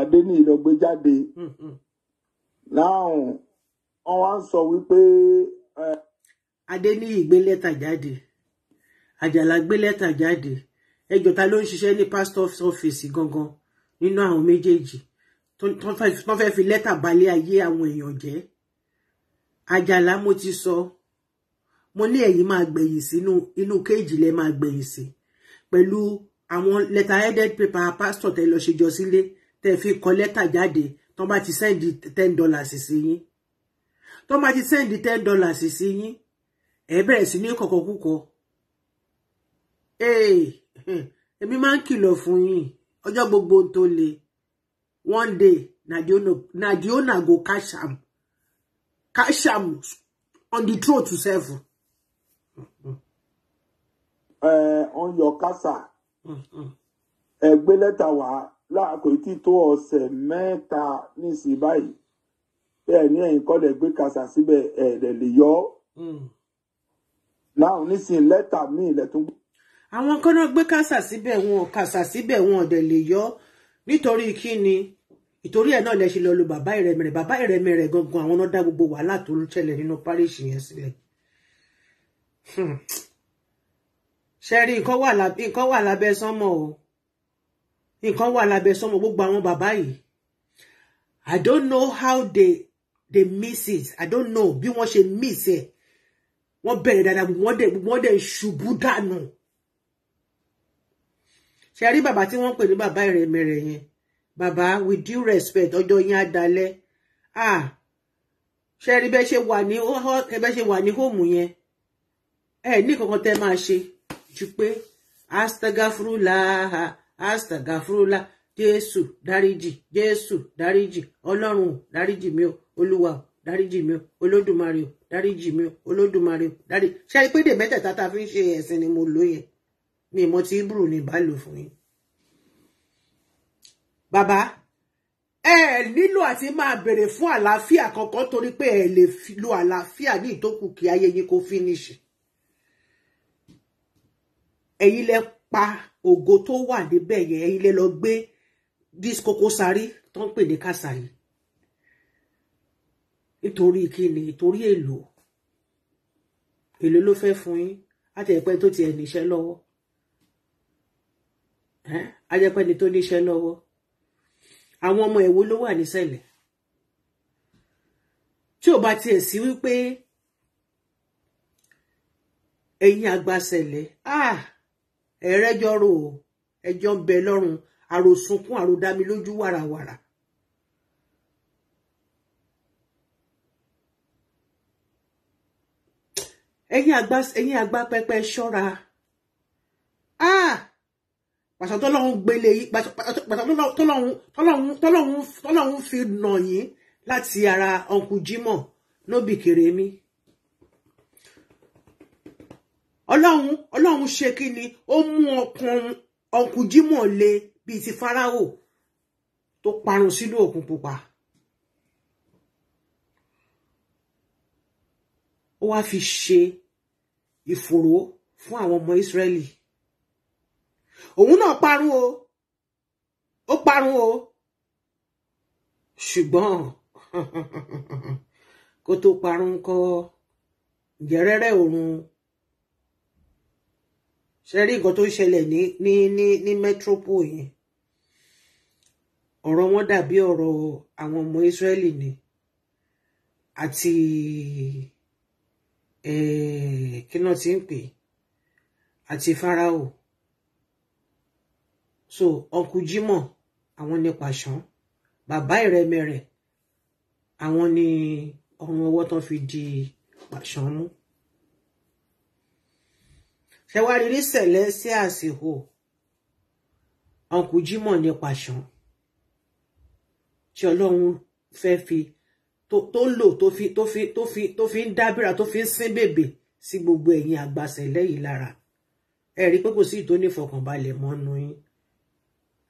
adéníyì lọ gbé jáde. Hmm, hmm now wọ́n wá ń sọ wípé. adéníyì gbé lẹ́tà jáde àjàlá gbé lẹ́tà jáde ẹjọ́ ta ló ń ṣiṣẹ́ ní pastor's office gangan nínú àwọn méjèèjì tó fẹ́ fi lẹ́tà balẹ̀ ayé àwọn èèyàn jẹ́ àjàlá mo ti sọ mo ní ẹ̀yin máa gbẹ̀yìn sí inú kéèjì lẹ máa gbẹ̀yìn sí pẹ̀lú àwọn lẹ́tà headed paper pastor tẹ lọ ṣèjọ sílé tẹ fi kọ lẹ́tà jáde tọ́n bá ti send ten dollars sí yín tọ́n bá ti send ten dollars sí yín ẹ bẹ̀rẹ̀ sí ní kọ̀kọ̀ kúkọ èmi máa ń kìlọ̀ fún yín ọjọ́ gbogbo tó le one day nadiona go cash am cash am on the throat to serve. Eh, on ọ yọ kásá ẹ gbé lẹ́tà wá láàkó tí tó ọ̀sẹ̀ mẹ́ta nísìnyí báyìí bẹ́ẹ̀ ní ẹ̀yìn kọ́lẹ̀ gbé kàṣà síbẹ̀ ẹ̀rẹ̀ lè yọ ọ́ láwọn hmm. nísìnyí lẹ́tà míì lẹ́tún. àwọn kan náà gbé kàṣà síbẹ̀ wọn kàṣà síbẹ̀ wọn ọ̀dẹ̀ lè yọ ọ́ nítorí kí ni ìtorí ẹ̀ náà lẹ ṣe lọ lo bàbá ìrẹ̀mẹ̀rẹ̀ bàbá ìrẹ̀mẹ̀rẹ̀ gangan àwọn náà dá gbogbo wàhálà tó ń ṣẹlẹ̀ nínú parish yẹn sílẹ̀ hmm. ṣẹ́rí nǹkan wà lábẹ́ sánmọ̀ o nǹkan wà lábẹ́ sọmọ gbogbo àwọn bàbá yìí i don't know how they they miss it i don't know bí wọ́n ṣe miss ẹ̀ wọ́n bẹ̀rẹ̀ dáadáa gbogbo wọ́n dẹ̀ gbogbo wọ́n dẹ̀ ṣubú dànù ṣe rí bàbá tí wọ́n pè ní bàbá ìrẹ̀mẹ̀rẹ̀ yẹn bàbá with due respect ọjọ́ yín á ah ṣe rí bẹ́ẹ̀ ṣe wà ní bẹ́ẹ̀ ṣe wà ní hóòmù yẹn ẹ ní kankan tẹ́ máa ṣe ju pé astagafurulaha astagafurula jésù dáríjì jésù dáríjì ọlọ́run o dáríjì mi o olúwa o dáríjì mi o olódùmarè o dáríjì mi o olódùmarè o dárí ṣe é pé dè tá a fi ń ṣe ẹ̀sìn ni mo lò yẹn mi ìmọ̀ tí hebrew ni ìbá lò fún yín. bàbá ẹ nílò àti máa béèrè fún àlàáfíà kankan torí pé ẹ lè lo àlàáfíà ní ìtókù kí ayé yín kó fínísì ẹ̀yin lẹ pa ògo tó wà níbẹ̀ yẹn ilé lọ gbé dis Koko Zaria tó ń pè ní Kasali nítorí kíni nítorí èlò èlò ló fẹ́ fún yín àtẹ̀pẹ́ tó tiẹ̀ níṣẹ́ lọ́wọ́ ajẹ́pẹ́ ni tó níṣẹ́ lọ́wọ́ àwọn ọmọ ẹ̀wò ló wà nísẹ̀lẹ̀ tí ò bá tiẹ̀ sí wípé ẹ̀yin àgbàsẹ̀lẹ̀ ah ẹ̀rẹ́jọ́ rò ó ẹjọ́ ń bẹ lọ́rùn àròsunkún àròdámi lójú wàràwàrà. ẹ̀yin àgbà ẹ̀yin àgbà pẹpẹ ṣọ́ra pàṣẹ tọ́lọ́run gbélé yìí pàṣẹ tọ́lọ́run fi nà yín láti ara ọ̀nkù Jímọ̀ lóbìkèrè mi. ọlọ́run ọlọ́run ṣe kí ni ó mú ọkàn ọkùn jímọ̀ le bíi ti fáráwò tó parun sínú òkun pupa ó wá fi ṣe ìfòró fún àwọn ọmọ Ísírẹ́lì òun náà parun o ó parun o ṣùgbọ́n kó tó parun kọ́ gẹ̀rẹ́rẹ́ òun ṣe rí nǹkan tó ń ṣẹlẹ̀ ní ní ní ní metropole yẹn ọ̀rọ̀ wọn dàbí ọ̀rọ̀ àwọn ọmọ Ísírẹ́lì ni àti kí náà ń pè àti Fáráò so ọkù Jimoh àwọn ní pàṣán bàbá ìrẹmẹrẹ àwọn ní ọrùn ọwọ́ tán fi di pàṣán mú ṣe wá rírí sẹ̀lẹ̀ sí àsìkò ọkùn Jímọ̀ nípa ṣan tí Ọlọ́run fẹ́ fi tó lò tó fi tó fi tó fi tó fi ń dábìrà tó fi ń sín bèbè sí gbogbo ẹ̀yin àgbàsẹ̀lẹ̀ yìí lára ẹ rí pé kò sí ìtò ní ìfọkànbalẹ̀ mọ́nú yín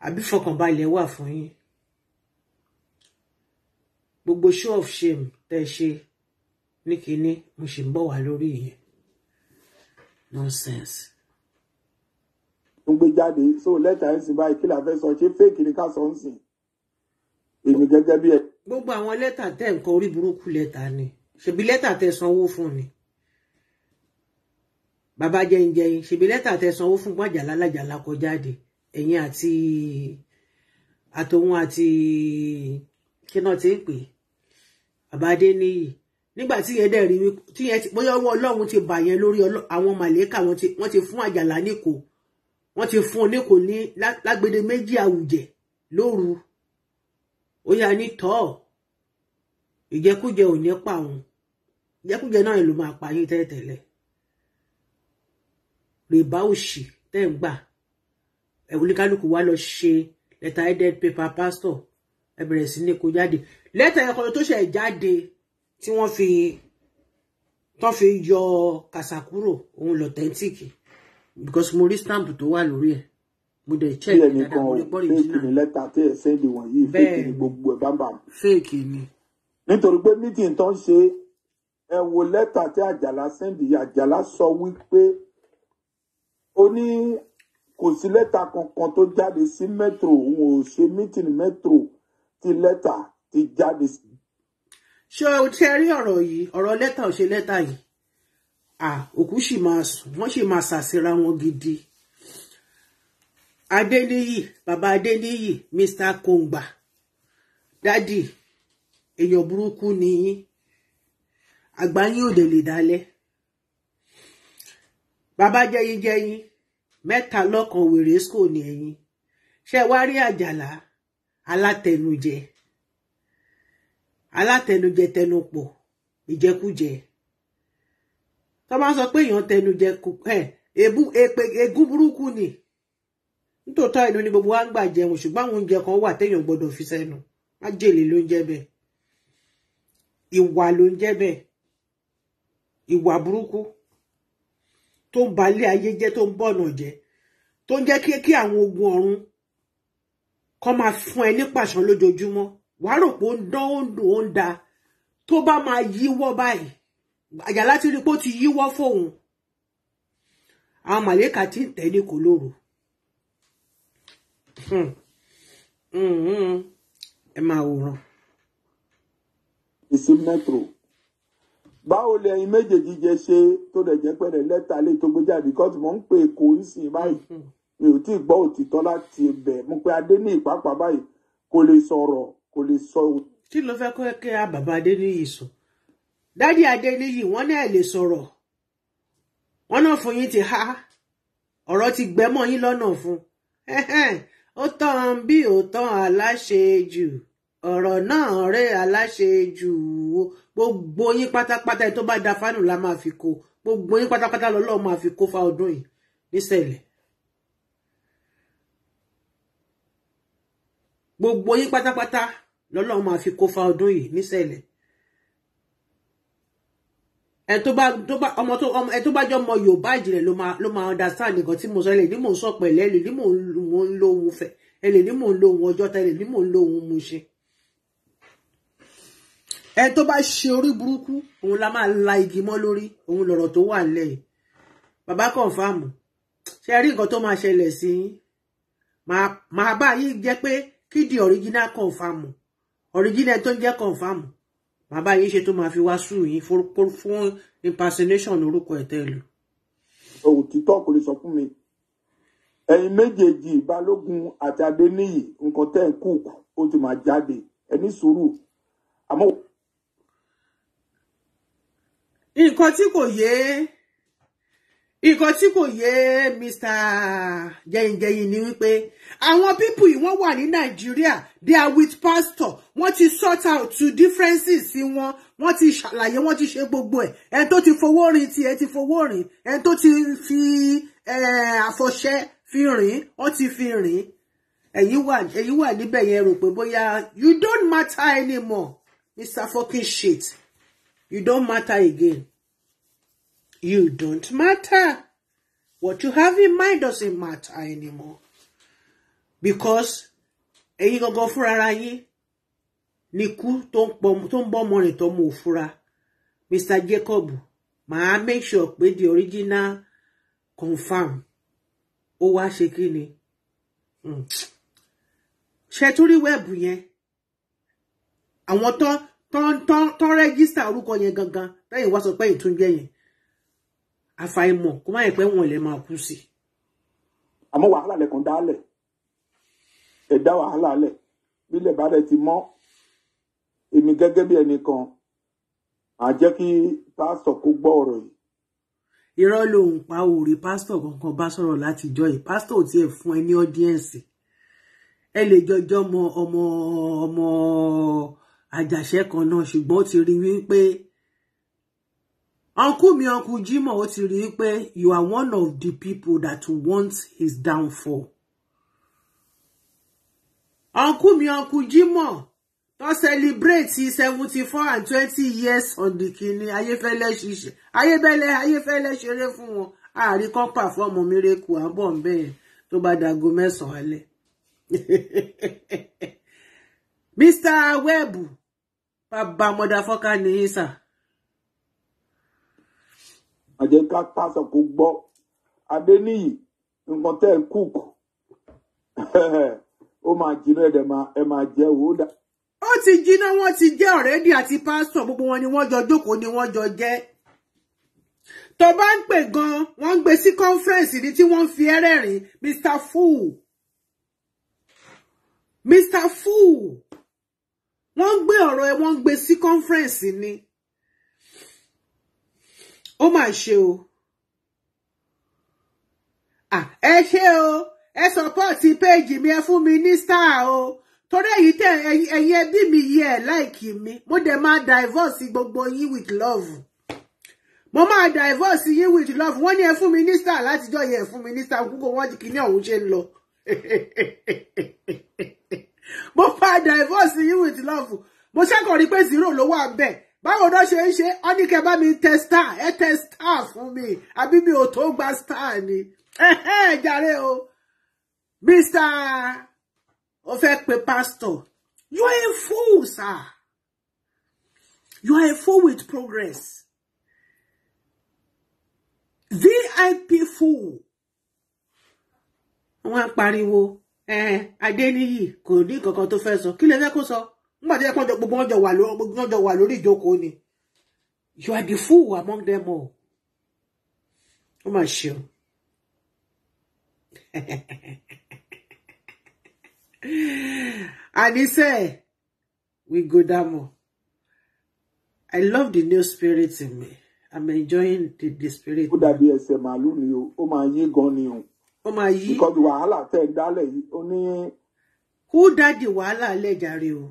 àbí ìfọkànbalẹ̀ wà fún yín gbogbo show of shame tẹ́ ṣe ní kinní mo sì ń bọ̀ wá lórí yẹn nonsense. ó gbé jáde so lẹ́tà ẹ̀ sì báyìí kí la fẹ́ sọ ṣé fake ni ká sọ ń sìn èmi gẹ́gẹ́ bí ẹ. gbogbo àwọn lẹ́tà tẹ̀ nǹkan orí burúkú lẹ́tà ni ṣebí lẹ́tà tẹ sanwó fún ni bàbá jẹ́njẹ́yìn ṣebí lẹ́tà tẹ sanwó fún gbàjàlá lájàlá kọ jáde ẹ̀yìn àti àtòun àti kí náà ti ń pè àbádé níyì nígbà tí yẹn dẹ̀ rí tí yẹn bóyá ọwọ́ ọlọ́run ti bà yẹn lórí àwọn màlẹ́kà wọ́n ti fún àjàlá níkò wọ́n ti fún oníkò ní lágbede méjì àwùjẹ̀ lóru ó yà ní tọ́ ìjẹkújẹ ò ní pa òun ìjẹkújẹ náà ló máa pa yín tẹ́lẹ̀tẹ́lẹ̀ rèbá òṣì tẹ́ ń gbà ẹ̀wọ̀n oníkálukú wa lọ ṣe lẹ́tà headed paper pastor ẹ bẹ̀rẹ̀ sí ní kó jáde lẹ́tà ẹ̀kọ́ tó ṣẹ̀ jáde tí wọ́n fi tán fi yọ kàṣà kúrò òun lọ̀tẹ́ntìkì because mo rí stamp tó wà lórí ẹ̀ mo dẹ̀ check dáadáa mo rí pọ́ọ̀rì jìnnà. fake ni lẹ́tà tí ẹ sẹ́ndì wọ̀nyí fake ni gbogbo ẹ̀ bámbà. fake ni. nítorí pé meeting tán ṣe ẹ wo lẹ́tà tí àjàlá sẹ́ndì àjàlá sọ wípé ó ní kò sí lẹ́tà kankan tó jáde sí metro òun ò ṣe meeting metro ti lẹ́tà ti jáde ṣé o tẹ rí ọ̀rọ̀ yìí ọ̀rọ̀ lẹ́tà ò ṣe lẹ́tà yìí à òkú sì máa sùn wọ́n sì máa ṣàṣìra wọn gidi adéníyì bàbá adéníyì mr kongba dádì èèyàn burúkú ni yín àgbà yín ò dẹ̀ lè dalẹ̀ bàbá jẹyin jẹyin mẹ́ta lọ́kàn wèrè school ni ẹ̀yin ṣé wá rí àjàlá alátẹnujẹ. alátẹnujẹ tẹnupọ̀ ìjẹkújẹ ijekuje bá sọ pé èèyàn tẹnujẹ ẹ ebu epe ègún burúkú ni nítòótọ́ ẹnu ni gbogbo wa ń gbà jẹun ṣùgbọ́n àwọn oúnjẹ kan wà téèyàn fi sẹ́nu májèlé ló ń jẹ́ bẹ́ẹ̀ ìwà ló ń jẹ́ bẹ́ẹ̀ ìwà burúkú tó ń balẹ̀ ayé jẹ́ tó ń bọ̀nà jẹ́ tó ń jẹ́ kí ogun ọ̀run máa fún ẹ ní wàá rò pé ó ń dán ó ń dùn ó ń da tó bá máa yíwọ́ báyìí àjàlá ti rí pé ó ti yíwọ́ fóun àwọn màlẹ́kà tí ń tẹ̀lé kò lóru hmm. Hmm, hmm. ẹ máa wòran. ìsìn mẹ́tò báwo lè ẹyin méjèèjì jẹ ṣe tó lè jẹ́ pẹ̀lẹ́ lẹ́tà lè tó gbé jáde because mo ń pe èkó nísìnyí báyìí mi ò tí ì gbọ́ òtítọ́ láti bẹ̀ mo pe adé ní ìpápá báyìí kò lè sọ̀rọ̀ kò lè sọ. kí ló fẹ́ kọ́ kí a bàbá adéníyì sọ dádì adéníyì wọ́n náà lè sọ̀rọ̀ wọ́n náà fún yín ti há ọ̀rọ̀ ti gbẹ́mọ̀ yín lọ́nà fún ó tàn bí ó tàn aláṣejù ọ̀rọ̀ náà rẹ̀ aláṣejù gbogbo yín pátápátá tó bá da fánù la máa fi kó gbogbo yín pátápátá lọ́lọ́ máa fi kó fa ọdún yìí nísẹ̀lẹ̀. gbogbo yín pátápátá lọ́lọ́run máa fi kó fa ọdún yìí nísẹ̀lẹ̀ ẹ tó bá tó bá ọmọ tó ọmọ ẹ tó bá jọ ọmọ Yorùbá ìjìnlẹ̀ ló máa ló máa understand nǹkan tí mo sọ ẹlẹ ní mò ń sọ pẹ̀lẹ́ ẹlẹ ní mò ń lo ohun fẹ ẹlẹ ní mò ń lo ohun ọjọ́ ta ẹlẹ ní mò ń lo ohun mo ṣe ẹ tó bá ṣe orí burúkú òun la máa la igi mọ́ lórí òun lọ̀rọ̀ tó wà nílẹ̀ yìí bàbá kọ̀ǹfàmù ṣe rí nǹkan tó máa ṣẹlẹ̀ sí yín màá bá yín jẹ́ pé kí di original kọ̀ǹfàmù original tó ń jẹ́ confam bàbá yìí ṣe tó máa fi wá sùn yín fún impersonation orúkọ ẹ̀tẹ́ lò. òtítọ́ kò lè sọ fún mi ẹ̀yin méjèèjì balógun àti adéníyì nǹkan tẹ́ ẹ̀ kúùkù ó ti máa jáde ẹ ní sùúrù àmọ́. nǹkan tí kò yé nǹkan tí kò yé Mr. jẹyìnjẹyìn ni wípé àwọn pípù yìí wọ́n wà ní Nàìjíríà they are with pastor wọ́n ti sort out two differences sí wọn wọ́n ti ṣàlàyé wọ́n ti ṣe gbogbo ẹ̀ ẹni tó ti fowó rìn tiẹ̀ ti fowó rìn ẹni tó ti fi àfọ̀ṣẹ fi rìn wọ́n ti fi rìn ẹ̀yin wà ẹ̀yin wà níbẹ̀ yẹn rò pé bóyá you don't matter anymore Mr. fucking shit you don't matter again. You don't matter. What you have in mind doesn't matter anymore. Because ẹ̀yin gangan fúnra yín ni ikú tó ń bọ́ ọmọ rìn tó mú òfura. Mr. Jacob, màá make sure pé the original confam ó wá ṣe kí ni. Hmm. Ṣé tún rí wẹ́ẹ̀bù yẹn? Àwọn tó ń rẹ́gísítà orúkọ yẹn gangan lẹ́yìn wá sọ pé ìtúnjẹ yẹn àfàìmọ̀ kó má yẹ pé wọn lè máa kú sí. àmọ́ wàhálà lẹ̀kùn dálẹ̀ ẹ̀dá wàhálà lẹ̀ bílẹ̀ bá rẹ̀ ti mọ́ èmi gẹ́gẹ́ bí ẹnìkan à jẹ́ kí pásítọ̀ kó gbọ́ ọ̀rọ̀ yìí. irọ́ lòun pa òòrè pásítọ̀ kankan bá sọ̀rọ̀ láti jọ yìí pásítọ̀ ò tiẹ̀ fún ẹ ní ọ́díẹ̀nsì ẹ lè jọjọ́ mọ ọmọ ọmọ àjàṣẹ́ kan náà ṣùgbọ́n ó ti rí wípé uncle mi uncle Jimo, what ti rí i you are one of the people that wants his downfall uncle mi uncle Jimo, to celebrate seventy four and twenty years on the kini ayéfẹ́lẹ́ ṣiṣẹ́ ayébẹ́lẹ́ ayéfẹ́lẹ́ ṣeré fún wọn àárí kan pàfọ́ọ̀mù mírèkù àbọ̀ ń bẹ́ẹ̀ tó bá dago mẹ́sàn so alẹ́ Mr. Webb bàbá mọ̀dàfọ́ká nìyí sáà àjẹ́ ká pásọ̀ kó gbọ́ adéníyì nǹkan tẹ́ ẹ̀ kúùkù ó máa jiná ẹ̀dẹ̀ ẹ máa jẹ́ òwò dà. ó ti jiná wọn ti jẹ ọ̀rẹ́dì àti pásítọ̀ gbogbo wọn ni wọ́n jọ jókòó ni wọ́n jọ jẹ́ tó bá ń pè gan wọ́n ń gbé sí conference ní tí wọ́n fi ẹrẹrin mr fool mr fool wọ́n ń gbé ọ̀rọ̀ ẹ̀ wọ́n ń gbé sí conference ni ó mà ṣe o ẹ ṣe o ẹ sọpọ́ọ̀tì péèjì mi ẹ fún mi ní star o torí èyí tẹ ẹ̀yin ẹbí mi yí ẹ láìkì mi mo dẹ̀ máa divorce gbogbo yín with love mo máa divorce yín with love wọ́n ní ẹ fún mi ní star látijọ́ yẹ ẹ fún mi ní star gbogbo wọn di kíní ọ̀hún ṣe ń lọ mo máa divorce yín with love mo ṣàkọrí pé zero ló wà bẹ́ẹ̀ báwo ló ṣe ń ṣe ọ ní kẹ bá mi tẹ star ẹ tẹ star fún mi àbí mi ò tó gba star ni jàre o mr o fẹ́ pe pastor you are a fool sir you are a fool with progress vip fool wọ́n pariwo ẹ adéníyì kò ní kankan tó fẹ́ sọ kí lè fẹ́ kó sọ. So? nígbà tó yẹ gbogbo wọn jọ wà lórí ìjókòó ni you are the fool among them all ó mà ṣe o àníṣe we go down more I love the new spirit in me. I'm enjoying the, the spirit. Ó dàbí ẹsẹ̀ màálù ni o, ó máa yí gan ni o. Ó máa yí. Because wàhálà tẹ̀ ń dálẹ̀ yìí, ó ní. Who dá di wàhálà lẹ̀ jàre o?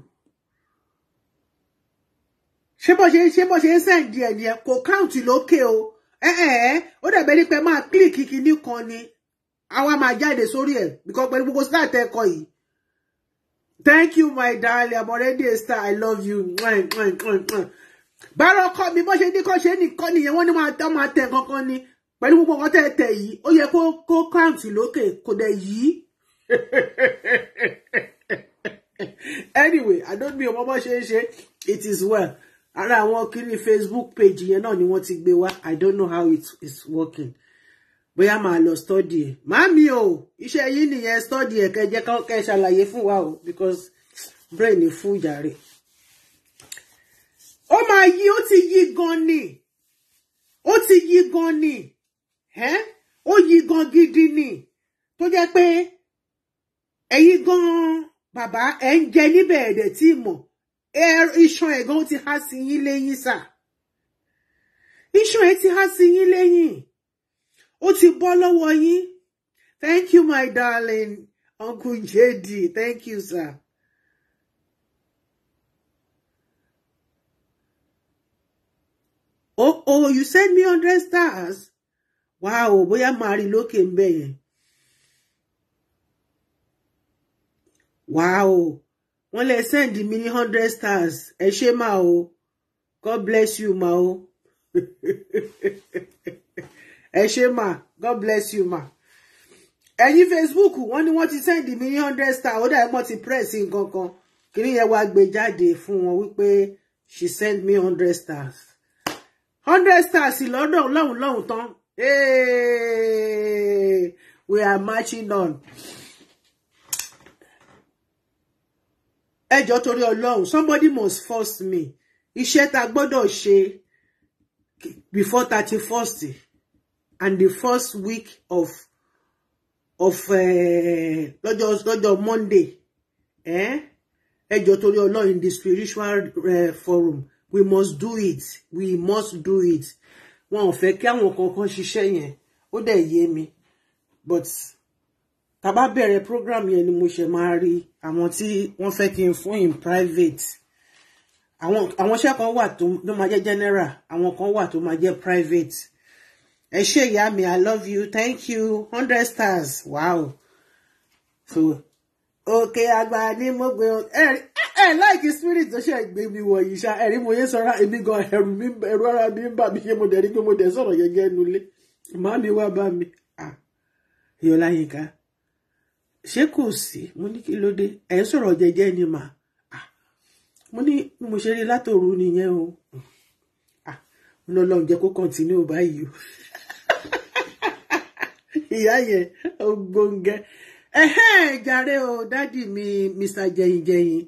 ṣé bó ṣe ṣé bó ṣe ń sẹ́ǹdì ẹ̀ nìyẹn kò káùntì lókè o ẹ̀ẹ́ eh, eh, eh. ó dàbẹ́ ní pé máa kílìkì kìíní kan ni àwa máa jáde sórí ẹ̀ because pẹ̀lú gbogbo sílá àtẹ́kọ̀ yìí thank you my darling i'm already a star i love you bárọ̀ kọ́ mi bó ṣe ní kọ́ ṣe nìkan nìyẹn wọ́n ní máa tẹ̀ kankan ni pẹ̀lú gbogbo nǹkan tẹ̀ tẹ̀ yìí ó yẹ kó kó káùntì lókè kò dẹ̀ yìí anyway i don't mean ọmọ bó ṣe ń ṣe it is well ara àwọn kíní facebook page yẹn náà ni wọ́n ti gbé wá i don't know how it is working bóyá màá lọ study ẹ̀ màámi o iṣẹ́ yìí nìyẹn study ẹ̀ kẹjẹ́ kẹ́ ṣàlàyé fún wa o because brain fún jàre ó máa yí ó ti yí gan ni ó ti yí gan ni ẹ́ ó yí gan gidi ni tó jẹ́ pé ẹ̀yin gan bàbá ẹ̀ ń jẹ níbẹ̀ ẹ̀dẹ̀ tí mọ̀ iṣan ẹ̀gán ó ti há sí yín lẹ́yìn sà iṣan ẹ̀ ti há sí yín lẹ́yìn ó ti bọ́ lọ́wọ́ yín thank you my darling uncle JD thank you sir. oh oh you send me hundred stars wow bóyá máa rí lókè ń bẹ yẹn wow wọ́n lè send mi ní hundred stars ẹ ṣé mà o god bless you ma o ẹ ṣé mà god bless you mà ẹ̀yin facebook wọ́n ní wọ́n ti send mi ní hundred stars ó dàbí wọ́n ti press nǹkan kan kìnní yẹn wá gbé jáde fún wọn wípé she send me hundred stars hundred stars lọ́dọ̀ lọ́hùn lọ́hùn tán we are marching on. ẹ jọ̀ọ́ torí Ọlọ́run somebody must force me iṣẹ́ tá gbọ́dọ̀ ṣe before thirty first and the first week of of eh, lọ́jọ́ uh, lọ́jọ́ Monday eh? ẹ jọ̀ọ́ torí Ọlọ́run in the spiritual uh, forum we must do it we must do it wọn ò fẹ́ kí àwọn kankan ṣiṣẹ́ yẹn ó dẹ̀ yé mi but tá bẹ̀rẹ̀ program yẹn ni mo ṣe máa rí àwọn tí wọ́n fẹ́ kí n fún in private àwọn àwọn iṣẹ́ kan wà tó máa jẹ́ general àwọn kan wà tó máa jẹ́ private ẹ ṣé ìyá mi i love you thank you hundred stars wow so òkè àgbà ni mo gbé ẹ ẹ láìkí spirit tó ṣe gbé mi wọ̀nyí ṣá ẹ̀rí mo yé sọ́ra èmi gan ẹ̀rù mi ẹ̀rù ara mi ń bà mí ṣe mo dẹ̀ rí pé mo dẹ̀ sọ̀rọ̀ gẹ́gẹ́ nulẹ̀ màá mi wá bá mi ah Yọláyínká ṣé kò sí mo ní kí ló dé ẹ ń sọ̀rọ̀ ni mà mo ní mo ṣe rí látòru nìyẹn o mo lọ lọ jẹ kó kọ̀ǹtínú báyìí o ìyá yẹn ó gbóngẹ jàre o dádì mi mr jẹyinjẹyin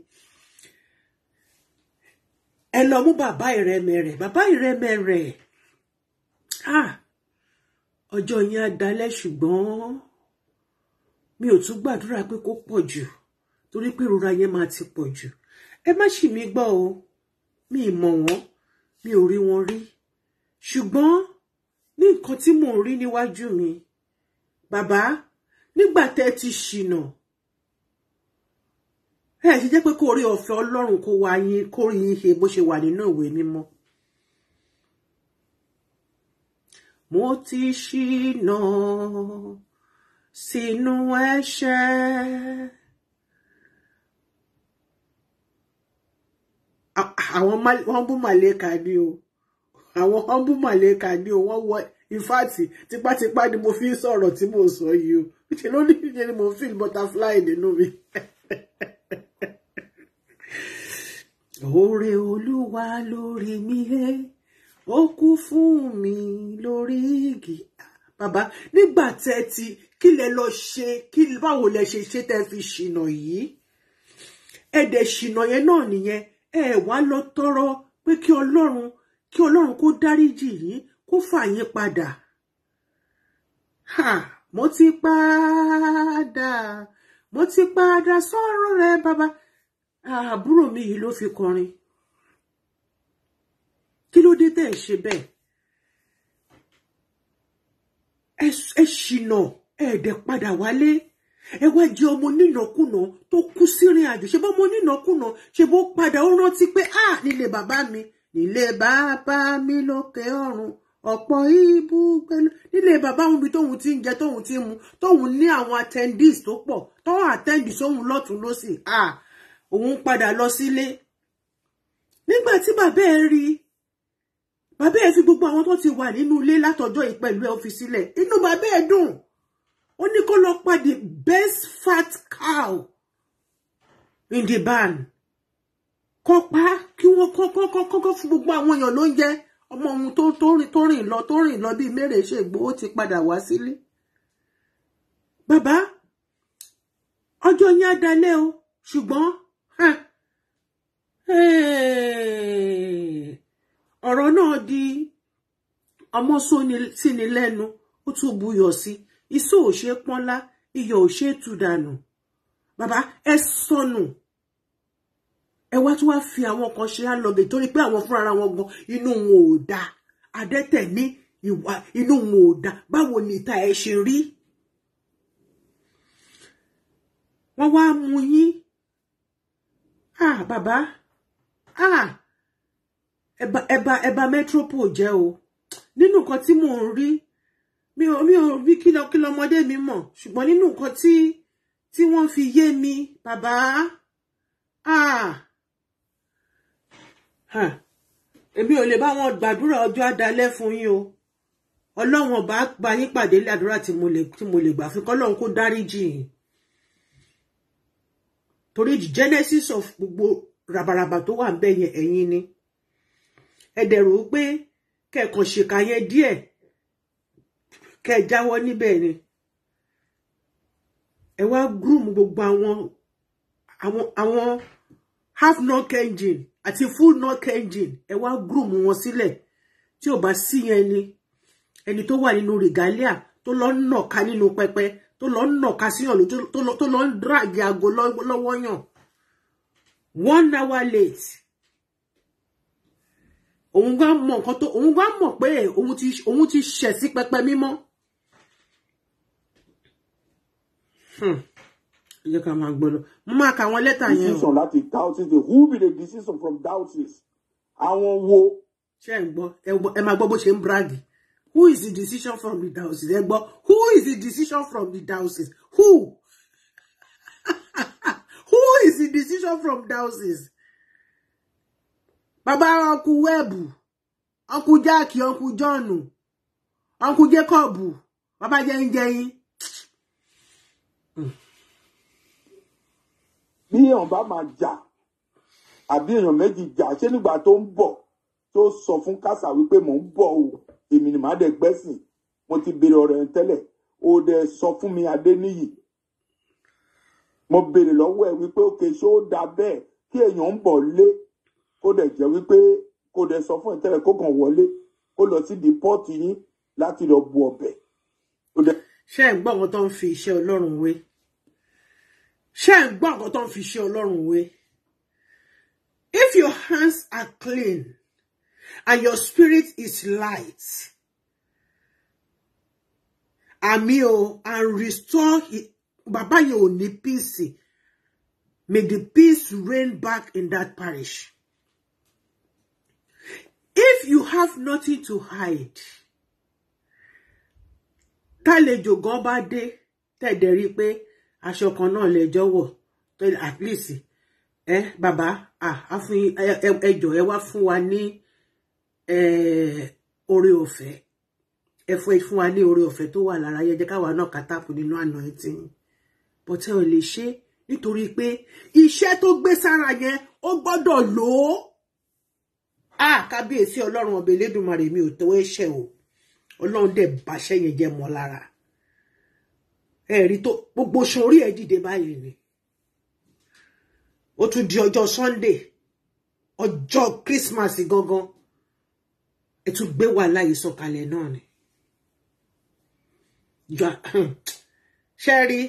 ẹ lọ mú bàbá ìrẹmẹ rẹ bàbá ìrẹmẹ rẹ ọjọ́ yẹn á dalẹ̀ ṣùgbọ́n mi ò tún gbàdúrà pé kó pọ̀ jù torí pé ìrora yẹn máa ti pọ̀ jù ẹ má ṣì mí gbọ́ o mi ì mọ̀ wọ́n mi ò rí wọn rí ṣùgbọ́n ní nǹkan tí mò ń rí níwájú mi bàbá nígbà tẹ́ ti ṣìnà ẹ ṣe jẹ́ pé kó rí ọ̀fẹ́ Ọlọ́run kó wá yín kó rí yín he bó ṣe wà nínú ìwé mímọ́. mo ti ṣìnà sínú ẹ̀ṣẹ̀. àwọn humble màlẹ́kà ni o àwọn humble màlẹ́kà ni o wọ́n wọ ìfáàtì tipátipá ni mo fi ń sọ̀rọ̀ tí mo sọ yìí o ṣe ló ní ìṣe ni mo feel butterfly nínú mi. oore olúwa lórí mi he ó kú fún mi lórí igi bàbá nígbà tẹ́ ti kí lẹ lọ ṣe kí báwo lẹ ṣe ṣe tẹ́ fi ṣìnà yìí ẹ dẹ̀ ṣìnà yẹn náà nìyẹn ẹ wá lọ tọrọ pé kí Ọlọ́run kí Ọlọ́run kó dáríjì yín kó fà yín padà mo ti padà mo ti padà sọ̀rọ̀ rẹ bàbá àbúrò mi yìí ló fi kọrin kí ló dé tẹ́ ẹ ṣe bẹ́ẹ̀ ẹ ṣìnà ẹ̀ẹ́dẹ̀ padà wálé ẹ wá jẹ ọmọ onínàkúnà tó kú sírìn àjò ṣe bá ọmọ onínàkúnà ṣe bó padà ó rántí pé a nílé bàbá mi nílé bàbá mi lókè ọ̀run ọ̀pọ̀ ibú pẹ̀lú nílé bàbá òun tóun ti ń jẹ tóun ti mu tóun ní àwọn attendees tó pọ̀ tóun attendi sóun lọ́tún lọ́sì a òun padà lọ sílé nígbà tí bàbá ẹ rí bàbá ẹ fi gbogbo àwọn tó ti wà nínú ilé látọjọ́ ìpẹ̀lú ẹ ó fi sílẹ̀ inú bàbá ẹ dùn ó ní kó lọ pa the best fat cow in the barn kó pa kí wọ́n kọ́kọ́kọ́kọ́ fún gbogbo àwọn èèyàn ló ń jẹ ọmọ ohun tó tó rìn tó rìn lọ tó rìn lọ bíi mẹ́rẹ̀ ṣe gbowó ti padà wá sílé bàbá ọjọ́ yẹn á dalẹ́ o ṣùgbọ́n eh, ọ̀rọ̀ náà di ọmọ sóni sí ni lẹ́nu ó tún buyọ̀ sí i iṣu ò ṣe pọ́nlá iyọ̀ ò ṣe tú dànù bàbá ẹ sọnù ẹ wá tún wá fi àwọn kan ṣe alọgẹ torí pé àwọn fúnra wọn gan inú wọn ò da adẹ́tẹ̀ ní ìwà inú wọn ò da báwo ni ìta ẹ ṣe rí wọ́n wá mú yín ah baba. ah Eba eba eba metropole jẹ́ o nínú nǹkan tí mò ń mi ò mi ò rí kí lọ kí lọmọdé mi mọ̀ ṣùgbọ́n nínú nǹkan tí tí wọ́n fi yé mi bàbá ah ha èmi ò lè bá wọn gbàdúrà ọjọ́ àdálẹ́ fún yín o Ọlọ́run ọba gba yín pàdé ilé àdúrà tí mo lè tí mo lè gbà fún kọ́lọ́run kó dáríjì yín torí genesis of gbogbo rabaraba tó wà ń bẹ yẹn ẹ̀yin ni ẹ dẹ̀ pé kẹ̀kọ́ ṣèkà yẹn díẹ̀ kẹ́ ẹ jáwọ́ ni ẹ wá groom gbogbo àwọn àwọn àwọn half knock engine àti full knock engine ẹ wá groom wọn sílẹ̀ tí ò bá sí yẹn ni ẹni tó wà nínú regalia tó lọ ń nàka nínú pẹpẹ tó lọ ń nàka síyàn lójú tó lọ ń drag aago lọ́wọ́ yàn one hour late òun gbá mọ̀ nǹkan tó òun gbá mọ̀ pé òun ti ṣẹ̀ sí pẹpẹ mímọ́ ẹ jẹ́ ká máa gbọ́ lọ mo máa ka àwọn lẹ́tà yẹn decision láti doubtless the who be the decision from doubtless àwọn wo. ṣé ẹ gbọ́ ẹ máa gbọ́ bó ṣe ń bragi who is the decision from the diocese ẹ gbọ́ who is the decision from the diocese who who is the decision from diocese bàbá ọkù wẹ́ẹ̀bù ọkù jáàkì ọkù jọ́ọ̀nù ọkù jẹ́kọ̀bù bàbá jẹ́ńjẹ́yìn bí èèyàn bá máa jà àbí èèyàn méjì jà ṣé nígbà tó ń bọ̀ tó sọ fún kásà wípé mò ń bọ̀ o èmi ni màá dẹ̀ gbẹ́sìn mo ti béèrè ọ̀rọ̀ yẹn tẹ́lẹ̀ o dẹ̀ sọ fún mi adéníyì mo béèrè lọ́wọ́ ẹ̀ wípé òkè ṣó da bẹ́ẹ̀ kí èèyàn ń bọ̀ lé kó dẹ̀ jẹ́ wípé kó dẹ̀ sọ fún ẹ̀ tẹ́lẹ̀ kó kàn wọlé kó lọ sí di pọ́ọ̀tì yín láti lọ bu ọbẹ̀ ṣé ẹ̀ ń gbọ́ nǹkan tó ń fi iṣẹ́ ọlọ́run wé ṣé ẹ̀ ń gbọ́ nǹkan tó ń fi iṣẹ́ ọlọ́run wé if your hands are clean and your spirit is light àmì o and restore bàbá yìí ò ní peace may the peace reign back in that parish if you have nothing to hide tálejò gan bá dé tẹ̀dẹ̀ rí i pé aṣọ kan náà lẹ́jọ́ wọ̀ at least ẹ bàbá ẹjọ ẹ wá fún wa ní oore ọ̀fẹ́ ẹ fún wa ní oore ọ̀fẹ́ tó wà lára yẹn jẹ́ káwa náà kátàpù nínú anointing bọ́tẹ́ ò lè ṣe nítorí pé iṣẹ́ tó gbé sára yẹn ó gbọ́dọ̀ lò ó. a kábíyèsí ọlọ́run ọ̀bẹ elédùnmarè mi ò tọwọ́ ẹ̀ṣẹ̀ o ọlọ́run dẹ̀ bàṣẹ́ yẹn jẹ́ mọ́ lára ẹ̀rí tó gbogbo sórí ẹ̀ dìde báyìí ni ó tún di ọjọ́ sunday ọjọ́ christmas gangan ẹ tún gbé wàhálà yìí sọ̀kalẹ̀ náà ni hmm, ṣe rí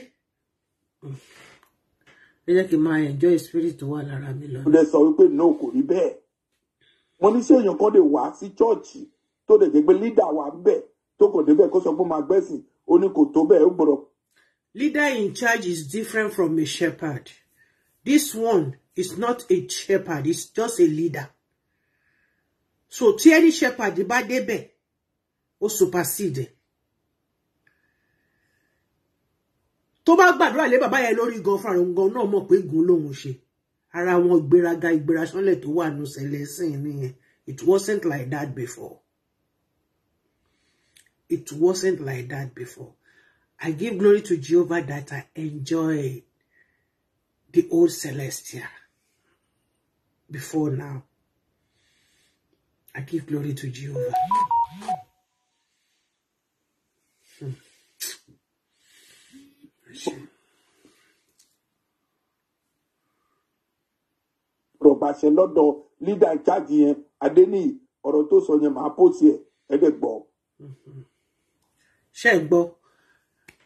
ẹ jẹ́ kí n máa enjoy spirit tó wà lára mi lọ. mo lè sọ wípé náà kò rí bẹ́ẹ̀ mo ní sí èèyàn kan lè wá sí chọ́ọ̀chì tó lè jẹ́ pé leader wà bẹ́ẹ̀ tó kò débẹ̀ kó sọ pé máa gbẹ́sìn ó ní kò tó bẹ́ẹ̀ ó gbọ́dọ̀. leader in charge is different from a shepherd this one is not a shepherd it's just a leader so tí any shepherd bá débẹ̀ ó supersede tó bá gbàdúrà lé bàbá yẹn lórí gan fún àwọn gan náà mọ̀ pé gun lòun ṣe ara wọn ìgbéraga ìgbérasánlẹ̀ tó wà nù sẹlẹ sìn nìyẹn it wasn't like that before It wasn't like that before. I give glory to Jehovah that I enjoy the old celestial. before now. I give glory to Jehovah. Hmm. leader in charge yẹn adéníyì ọ̀rọ̀ tó sọ yẹn máa pọ̀ sí ẹ̀ ẹ̀ẹ́dẹ̀gbọ́ ṣe ń gbọ́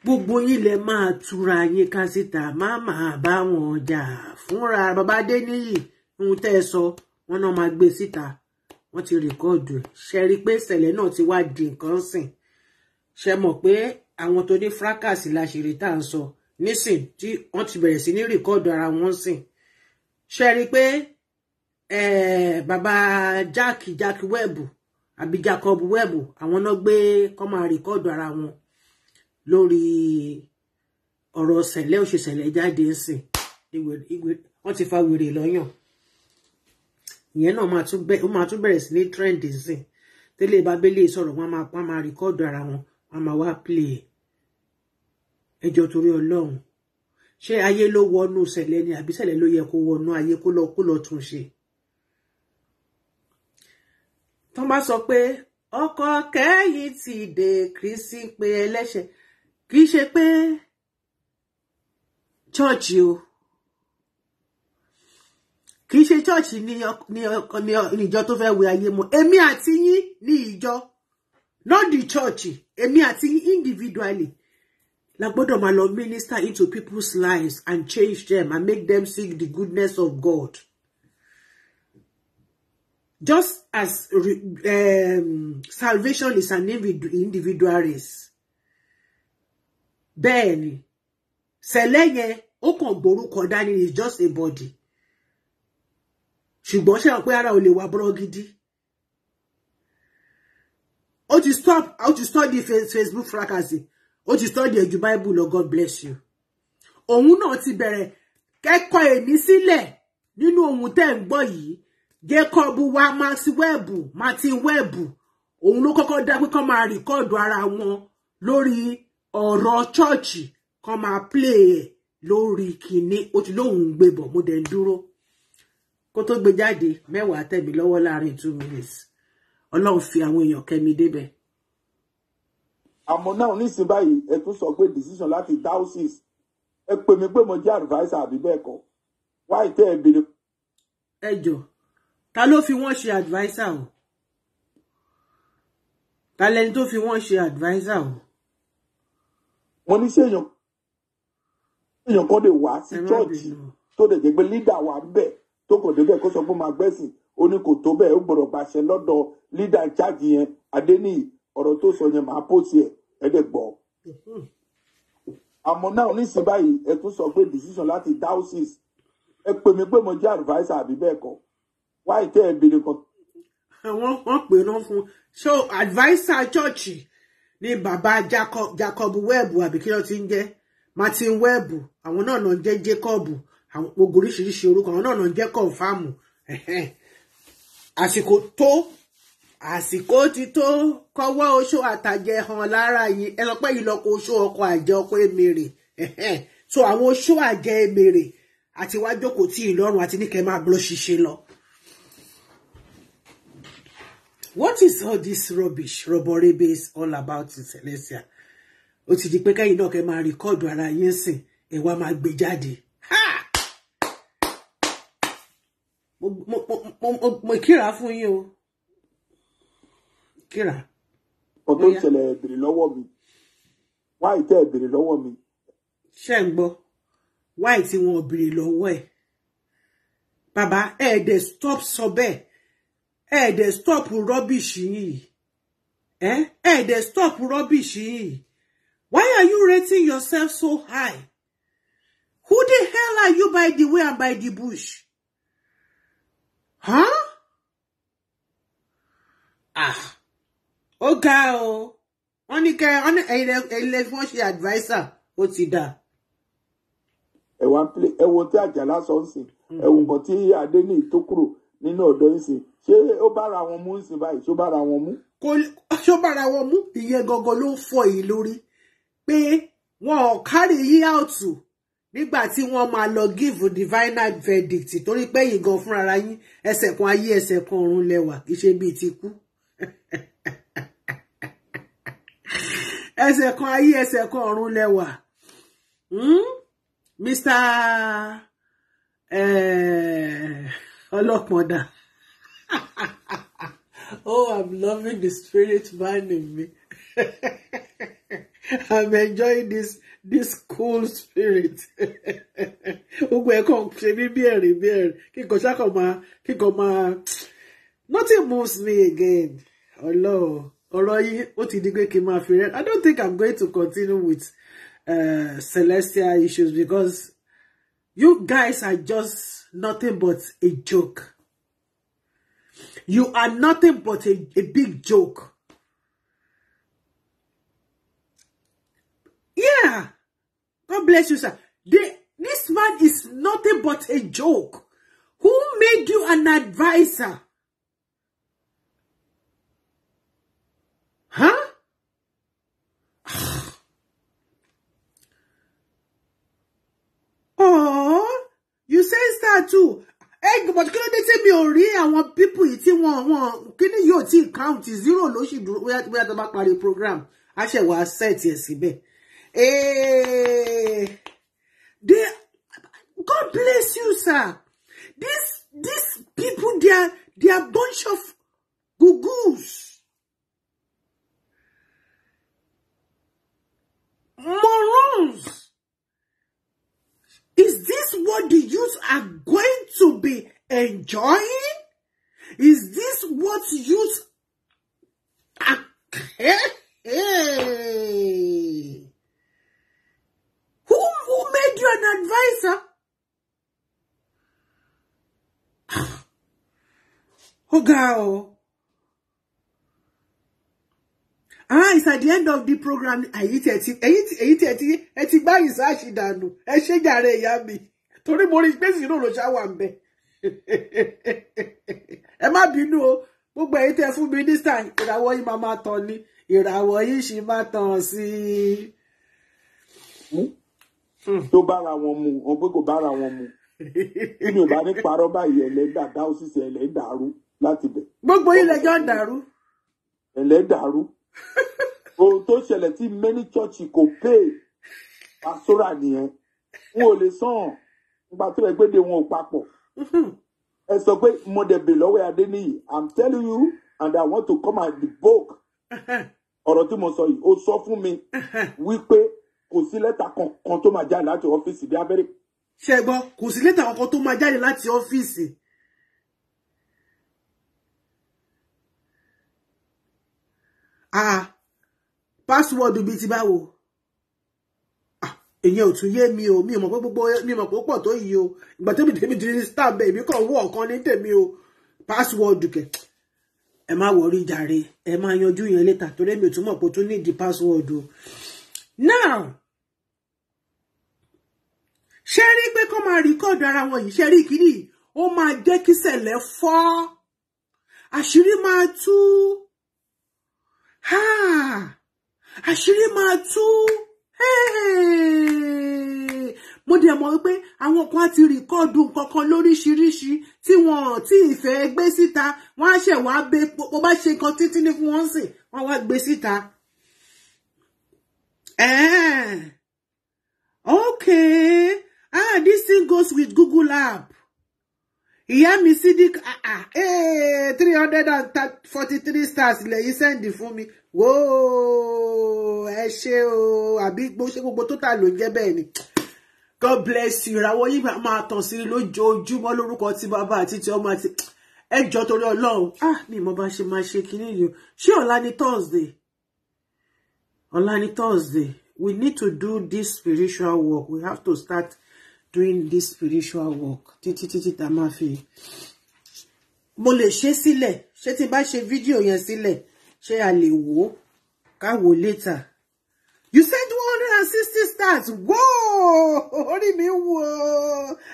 gbogbo yín lẹ máa túra yín ká síta má máa bá wọn jà fúnra bàbá Adéníyì ohun tẹ́ ẹ sọ wọn náà máa gbé síta wọn ti rìkọ́ọ̀dù ẹ̀ ṣe rí i pé ìṣẹ̀lẹ̀ náà ti wá di nǹkan sìn ṣe mọ̀ pé àwọn tó ní fracas láṣìírí tá à ń sọ nísìn tí wọ́n ti bẹ̀rẹ̀ sí ní rìkọ́ọ̀dù ara wọn sìn ṣe rí i pé bàbá Jack Jack Webb àbí Jacob Webb àwọn náà gbé kọ́ máa rìkọ́ọ̀dù ara wọn lórí ọ̀rọ̀ ṣẹlẹ̀ òṣèṣẹlẹ̀ jáde ńsìn wọ́n ti fa wèrè lọ́yàn ìyẹn náà máa tún bẹ̀rẹ̀ sí ní trend ńsìn tẹ́lẹ̀ bábélé sọ̀rọ̀ wọn máa pa máa rìkọ́ọ̀dù ara wọn wọn máa wá play ẹjọ́ torí ọlọ́run ṣé ayé ló wọnú ṣẹlẹ̀ ni àbí ṣẹlẹ̀ ló yẹ kó wọnú ayé kó lọ kó lọ tún ṣe tán bá sọ pé ọkọ kẹ́yìn ti dé Kristi pé ẹlẹ́ṣẹ̀ kì í ṣe pé chọ́ọ̀chì o kì í ṣe chọ́ọ̀chì ni ìjọ tó fẹ́ wẹ ayé mọ́ èmi àti yín ní ìjọ not the church èmi àti yín individually la gbọ́dọ̀ máa lọ minister into people's lives and change them and make them seek the goodness of God. Just as um, salvation is an individual race. Bẹ́ẹ̀ ni, sẹ̀lẹ̀ yẹn ó kàn gborúkọ dání is just a body. Ṣùgbọ́n ṣe hàn pé ara ò lè wà bọ́rọ̀ gidi. Ó ti stop ó ti study Facebook fracasi. Ó ti study ẹ̀jú Bible lọ God bless you. Òun náà ti bẹ̀rẹ̀ kẹ́kọ̀ọ́ èmi sílẹ̀ nínú ohun tẹ́ ń gbọ́ yìí. Jacob wa Max Webb Martin Webb òun ló kọ́kọ́ dá pé kán máa rìkọ́ọ̀dù ara wọn lórí ọ̀rọ̀ chọ́ọ̀chì kán máa play ẹ̀ lórí kìíní ó ti lóun ń gbé bọ̀ mo dẹ̀ ń dúró kó tó gbé jáde mẹ́wàá tẹ̀ lọ́wọ́ láàrin two minutes ọlọ́run fi àwọn èèyàn kẹ́mi débẹ̀. àmọ́ náà nísìnyí báyìí ẹ tún sọ pé decision láti diocese ẹ pè mí pé mo jẹ́ adviser àbí bẹ́ẹ̀ kọ́ wáyé tẹ́ ẹ béèrè. ẹ jọ̀ọ́ ta ló fi wọ́n ṣe adviser o ta lẹni tó fi wọ́n ṣe adviser o. wọ́n ní sí èèyàn èèyàn kan lè wá sí chọ́ọ̀chì tó lè jẹ́ pé lídà wà bẹ́ẹ̀ tó kàn débẹ̀ kó sọ fún máa gbẹ́sìn ó ní kò tó bẹ́ẹ̀ ó gbọ́dọ̀ gbàṣẹ lọ́dọ̀ lídà ìjáde yẹn adéníyì ọ̀rọ̀ tó sọ yẹn máa pòsì ẹ̀ ẹ̀dẹ̀ gbọ́. Mhm. àmọ́ náà nísìnyí báyìí ẹ tún sọ pé decision láti diocese ẹ pè mí pé mo jẹ́ adviser àbí bẹ́ẹ̀ kọ́. Why tẹ́ ẹ̀ ń bèrè kan. wọn pè náà fún so adviser church ni Baba Jacob Jacob Webu àbí kí ló ti ń jẹ́ Martin Webu àwọn náà náà jẹ́ Jacob àwọn gbogbo oríṣiríṣi orúkọ àwọn náà náà jẹ́ confam àsìkò tó àsìkò ti tó kọ́wọ́ oṣó àtàjẹ hàn lára yìí ẹlọpẹ yìí lọkọ oṣó ọkọ àjẹ ọkọ emèrè so àwọn oṣó àjẹ emèrè àti wá jókòó tí ìlọrun àti níkẹ máa bọ ṣiṣẹ́ lọ what is all this rubbish rọbọrebe is all about in Celestia? ó ti di pé kẹ́yìn náà kẹ́ máa rìkọ́ọ̀dù ara yín sìn ẹ wá máa gbé jáde mo kira fún yín o kíra. ọdún ìṣẹ̀lẹ̀ ẹbèrè lọ́wọ́ mi Why te ẹbèrè lọ́wọ́ mi. ṣé ń gbọ́ wáì tí wọn ò béèrè lọ́wọ́ ẹ̀ bàbá stop sọ bẹ́ẹ̀ ẹ dẹ̀ stop rubbish yìí ẹ ẹ dẹ̀ stop rubbish yìí why are you rating yourself so high who the hell are you by the way and by the bush huh ah ó ga o wọ́n ní kẹ wọ́n ní ẹ̀yin ẹ̀yin lẹfi wọ́n ṣe adviser ó ti dà. ẹ wá ẹ wo tí àjàlá sọ ń sìn ẹ wo nǹkan tí adé ní ìtókùrò nínú ọ̀dọ́ nísìn ṣé ó bára wọn mú nísìn báyìí ṣó bára wọn mú. kò ṣó bára wọn mú ìyẹn gangan ló ń fọ èyí lórí pé wọn ò kárí yí nígbà tí wọn máa lọ give divinal verdict torí pé yìí gan fúnra yín ẹsẹ̀ kan ayé ẹsẹ̀ kan ọ̀run lẹ́wà kì í ṣe bíi ti kú ẹsẹ̀ kan ayé ẹsẹ̀ kan ọ̀run lẹ́wà Mr. Hmm? Uh, eh, ọlọ́pọ̀n dà oh i'm loving the spirit man in me i'm enjoying this this cool spirit gbogbo ẹ̀kọ́ ṣe mí bí ẹ̀rín bí ẹ̀rín kíkọ ṣákọ̀ máa kíkọ máa nothing moves me again ọlọ́ọ̀ ọ̀rọ̀ yìí ó ti di pé kí n máa fi rẹ́ i don't think i'm going to continue with uh, celestial issues because you guys are just nothing but a joke. You are nothing but a, a big joke. Yeah. God bless you, sir. this man is nothing but a joke. Who made you an advisor? battle ẹgbẹ́ bọ̀dù kí ló dé tí mi ò rí àwọn pípù yìí tí wọ́n wọ́n kíní yóò tí count zero ló sì dúró bóyá bóyá tó bá parí program aṣẹ̀wà set ẹ̀ síbẹ̀. Eh, they God bless you sir this this people they are they are bunch of gugus. morons. Is this what the youth are going to be enjoying? Is this what youth are... Who, who made you an advisor? Ó oh, girl? ah it's at the end of the program èyí tí ẹ ti ẹ ti gbá research dànù ẹ ṣe jàre ìyá mi torí mo rí i pé zero ló ṣá wà ń bẹ ẹ má bínú o gbogbo èyí tẹ fún mínísítà ìràwọ̀ yìí máa máa tàn ni ìràwọ̀ yìí ṣì máa tàn sí i. Hmm. tó bára wọn mu wọn pé kò bára wọn mu kí ni ò bá ní parọ́ báyìí ẹlẹ́dàá dá òṣìṣẹ́ ẹlẹ́dàrú láti bẹ̀. gbogbo ilẹ̀ jọ dàrú. ẹlẹ́dàrú ohun tó ṣẹlẹ̀ tí many church kò pè pàṣọ́ra nìyẹn wọn ò lè sàn nígbà tó rẹ̀ gbéde wọn ò papọ̀ ẹ sọ pé mo dẹ̀ bè lọ́wọ́ i'm telling you and i want to come and revoke ọ̀rọ̀ tí mo sọ yìí ó sọ fún mi wípé kò sí lẹ́tà kankan tó máa jáde láti ọ́fíìsì bí abẹ́rẹ́. ṣẹ́gbọ́n kò sí lẹ́tà kankan tó máa jáde láti ọ́fíìsì. ah password bíi ti báwo èyàn ah, ò tún yé mi o mi ò mọ̀ pé gbogbo mi ò mọ̀ To ó pọ̀ tó yìí o ìgbà tẹ́bi tẹ́bi ti ní star bẹ́ẹ̀ èmi kàn wọ ọ̀kan ní tèmi o password kẹ̀ ẹ má wọrí jàre ẹ má yanjú yẹn létà torí mi ò tún mọ̀ pé ó tún nídìí password o now ṣe rí pé kó record rìkọ́ọ̀dù ara wọn yìí ṣe rí kìíní ó máa jẹ́ kí ṣẹlẹ̀ fọ́ àṣírí máa Ah, àṣírí máa tú mo dẹ̀ mọ̀ pé àwọn kan ti rìkọ́ọ̀dù kankan lóríṣiríṣi tí wọn ò tí ì fẹ́ gbé síta wọn á ṣẹ̀ wá bẹ bó bá ṣe nǹkan títí ní fún wọn sìn wọn wá gbé síta. Eh! okay ah this thing goes with Google app ìyá mi sídìk ah, ah, eh, three hundred and forty three stars lẹ́yìn sẹ́ǹdì fún mi wo ẹ ṣe o àbí ṣé gbogbo tó tà ló ń jẹ́ bẹ́ẹ̀ ni god bless you ìràwọ̀ yìí máa tàn sí lójoojúmọ́ lórúkọ tí bàbá àti tí ọmọ àti ẹjọ́ torí Ọlọ́run ah mi mo bá ṣe máa ṣe kinní yìí o ṣé ọ̀la ni thursday ọ̀la ni thursday we need to do this spiritual work we have to start doing this spiritual work títí títí tá a máa fi mo lè ṣe sílẹ̀ ṣé tí n bá ṣe fídíò yẹn sílẹ̀ ṣé a lè wò ó ká wò later you send one hundred and sixty stars whoa orí mi wò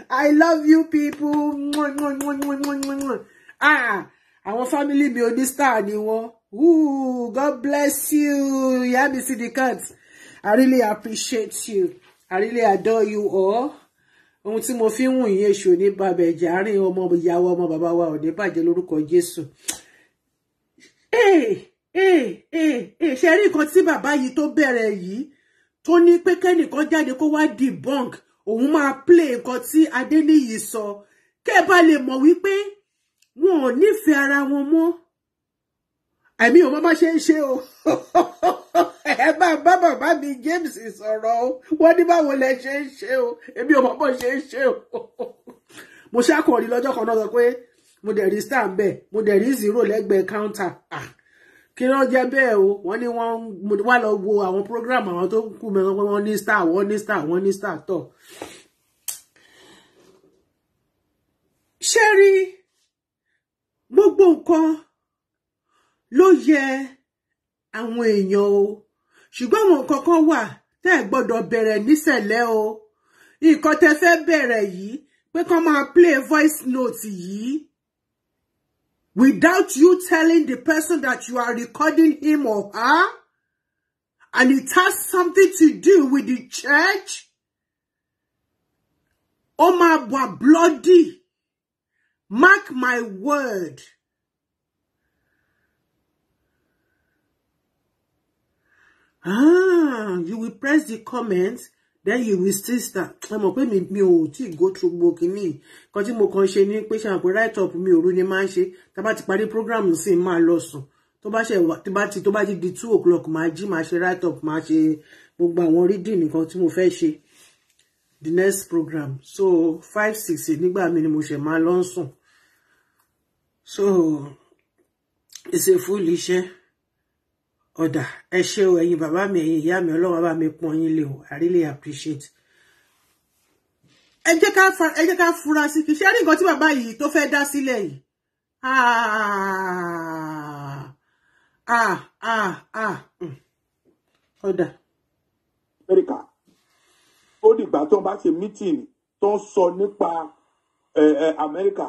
i love you people ah àwọn family mi oní star ni wọn ooh god bless you ìyá mi sí the cat i really appreciate you i really adore you all ohun tí mo fi ń wùn yín èṣù ní babẹ ìjà àárín ọmọ ìyàwó ọmọ bàbá wa ò ní bàjẹ́ lórúkọ Jésù. Hey! Eh, eh, eh, ṣe rí nǹkan tí bàbá yìí tó bẹ̀rẹ̀ yìí tó ní pé kẹ́nìkan jáde kó wá debunk òun máa play nǹkan tí Adéníyì sọ kẹ́ ẹ bá lè mọ̀ wípé wọn ò nífẹ̀ẹ́ ara wọn mọ́ àmì ò mọ́mọ́ ṣe ń ṣe o ẹ bá bá bàbá mi James sọ̀rọ̀ o wọ́n ní báwo lẹ ṣe ń ṣe o èmi ò mọ́mọ́ ṣe ń ṣe o mo ṣàkórí lọ́jọ́ kan náà sọ pé mo dẹ̀ rí star ń bẹ̀ mo dẹ̀ zero lẹ́gbẹ̀ẹ́ counter ah kí ló jẹ bẹ́ẹ̀ o wọ́n ní wọ́n wá lọ wo àwọn program àwọn tó kù mẹ́rin pé wọ́n ní star wọ́n ní star wọ́n ní star tọ̀. ṣé rí gbogbo nǹkan ló yẹ àwọn èèyàn o ṣùgbọ́n àwọn nǹkan kan wà tẹ́ ẹ̀ gbọ́dọ̀ bẹ̀rẹ̀ níṣẹ̀lẹ̀ o nǹkan tẹ́ fẹ́ bẹ̀rẹ̀ yìí pé kán máa play voice note yìí without you telling the person that you are recording him or her, and it has something to do with the church, ó máa bloody. Mark my word. Ah, you will press the comments then you will still start ẹ mọ̀ pé mi mi ò tí go through gbogbo kìíní kan tí mo kàn ṣe ni pé ṣe àpò write up mi òru ni máa ń ṣe tá bá ti parí program sì máa lọ sùn tó bá ṣe tó bá ti tó bá ti di two o'clock máa jí máa ṣe write up máa ṣe gbogbo àwọn reading nìkan tí mo fẹ́ ṣe the next program so five six nígbà mi ni mo ṣe máa lọ sùn so ìṣèfúlì iṣẹ́ ọ̀dà ẹ ṣé o ẹ̀yin bàbá mi ẹ̀yin ìyá mi ọlọ́run bá mi pọ́n yín lé o i really appreciate. ẹ jẹ́ ká ẹ jẹ́ ká fura sí kì í ṣe rí nǹkan tí bàbá yìí tó fẹ́ dá sílẹ̀ yìí. Ah, ah, ah, mm. ọ̀dà. amẹ́ríkà ó dìgbà tó ń bá ṣe mítìnì tó ń sọ nípa amẹ́ríkà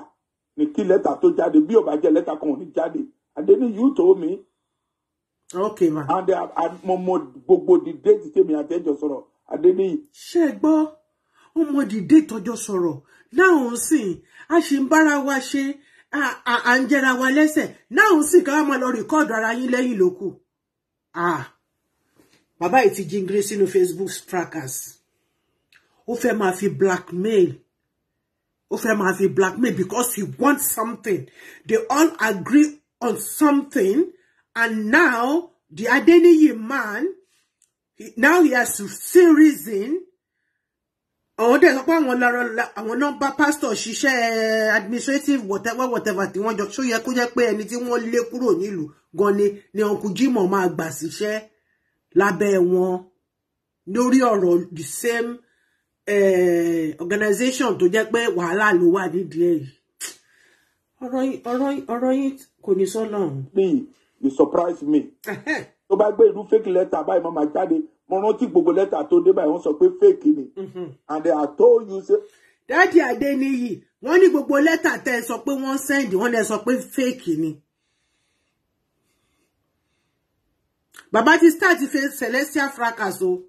ní kí lẹ́tà tó jáde bí ó bá jẹ́ lẹ́tà kan ò ní jáde àdéhùn yìí tó mi okay ma. and uh, mo mọ gbogbo dìde ti tèmi àti ẹjọ sọ̀rọ̀ adéníyì. ṣé ẹ gbọ́ ó mọ dìde tọjọ sọ̀rọ̀ náà sìn a ṣì ń bára wa ṣe a ń jẹra wa lẹ́sẹ̀ náà sìn ká máa lọ rìkọ́ọ̀dù ara yín lẹ́yìn lókù. bàbá yìí ti jingire sínú Facebook trackers ó fẹ́ máa fi blackmail ó fẹ́ máa fi blackmail because he wants something they all agree on something And now the Adeniyi man, he, now he has seen reason. Àwọn dẹ̀ sọ pé àwọn lọ́rọ̀ àwọn nọ́mbà pásítọ̀ ṣiṣẹ́ administrative whatever whatever tí wọ́n jọ tó yẹ kó jẹ́ pé ẹni tí wọ́n lé kúrò nílùú gan ni ni ọkùn Jimoh máa gbà síṣẹ́ lábẹ́ wọn lórí ọ̀rọ̀ the same eh, organization tó jẹ́ pé wàhálà ló wà nídìí ẹ̀. Ọ̀rọ̀ yìí kò ní sọ́nà. Hmm you surprise me. tó bá gbé irú fake letter báyìí máa máa jáde mo rántí gbogbo letter tó dé báyìí wọ́n sọ pé fake ni mhm. and they are told you say. dáàdi Adéníyì wọ́n ní gbogbo lẹ́tà tẹ́ ẹ sọ pé wọ́n send wọ́n lẹ sọ pé fake ni. bàbá ti start fe celestial fracas o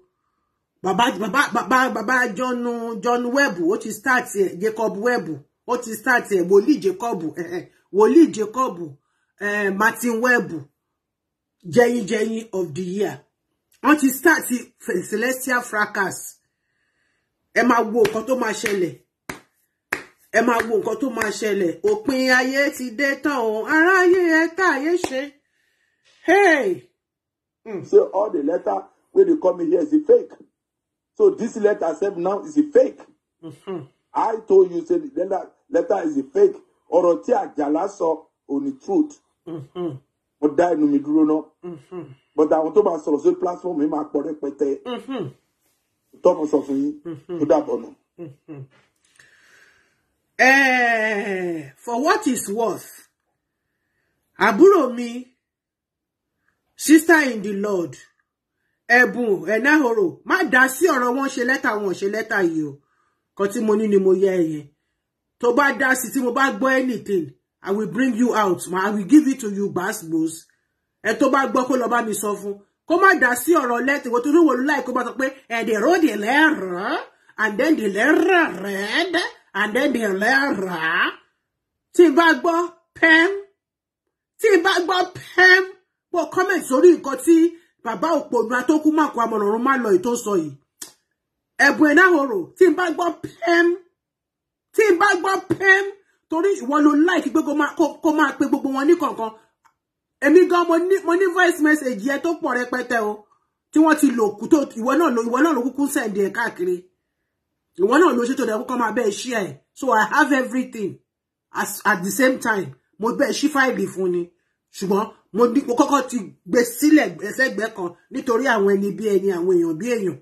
bàbá bàbá bàbá bàbá John John Webb ó ti start Jacob Webb ó ti start ẹ wòlíì Jacob wòlíì Jacob. Eh, eh, uh, Martin Webb jẹyin jẹyin of the year wọ́n you start the celestial fracas ẹ máa wo nǹkan tó máa ṣẹlẹ̀ ẹ máa wo nǹkan tó máa ṣẹlẹ̀ Hey. Mm. So all the letter when you come here is a fake. So this letter said now is a fake. Mm-hmm. I told you said the letter, letter is a fake. Orotia tí on the truth. Mm-hmm. mo dá ẹnu mi dúró náà mm-hmm. bọ́dà àwọn tó máa sọ̀rọ̀ sí platform mi máa pọ̀ rẹpẹtẹ mm-hmm. tọ́mọ sọ fún yín tó dàbọ̀ nù. Eh, for what is worth àbúrò mi sister in the Lord ẹ̀bùn ẹ̀náhoro má dá sí ọ̀rọ̀ wọn ṣe lẹ́tà wọn ṣe lẹ́tà yìí o kan tí mo ní ni mo yẹ ẹ̀yẹn tó bá dá sí tí mo bá gbọ́ anything I will bring you out. I will give it to you gbasgbos. Ẹ to bá boko kó lọ bá mi sọ fún. Kó má dá sí ọ̀rọ̀ lẹ́tìn kó torí wòlú láì kó bá sọ pé ẹ̀dẹ̀ road ilẹ̀ rẹ̀ and then the lẹ́rà red and then the lẹ́rà. Tí bagbo pem. gbọ́ bagbo pem. n bá gbọ́ pẹ́m pọ̀ comment sórí nǹkan tí bàbá òpònú atókù màkò amọ̀ràn má lọ ètò sọ yìí. Ẹ̀bùn ẹ̀ náà horò tí n bá gbọ́ pẹ́m torí ìwọ ló like pé kó máa pe gbogbo wọn ní kọ̀ọ̀kan èmi gan mo ní voice message yẹn tó pọ̀ rẹpẹtẹ o tí wọ́n ti lò kú tó ìwọ náà ló ìwọ náà ló kúkú sẹ̀ǹdì ẹ̀ káàkiri ìwọ náà ló ṣètò ẹ̀kọ́ máa bẹ́ẹ̀ ṣí ẹ̀ so I have everything as, at the same time mo bẹ́ẹ̀ ṣí fáìlì fún ni ṣùgbọ́n mo ní mo kọ́kọ́ ti gbé sílẹ̀ ẹsẹ̀gbẹ́ kan nítorí àwọn ẹni bí ẹni àwọn èèyàn bí èèyàn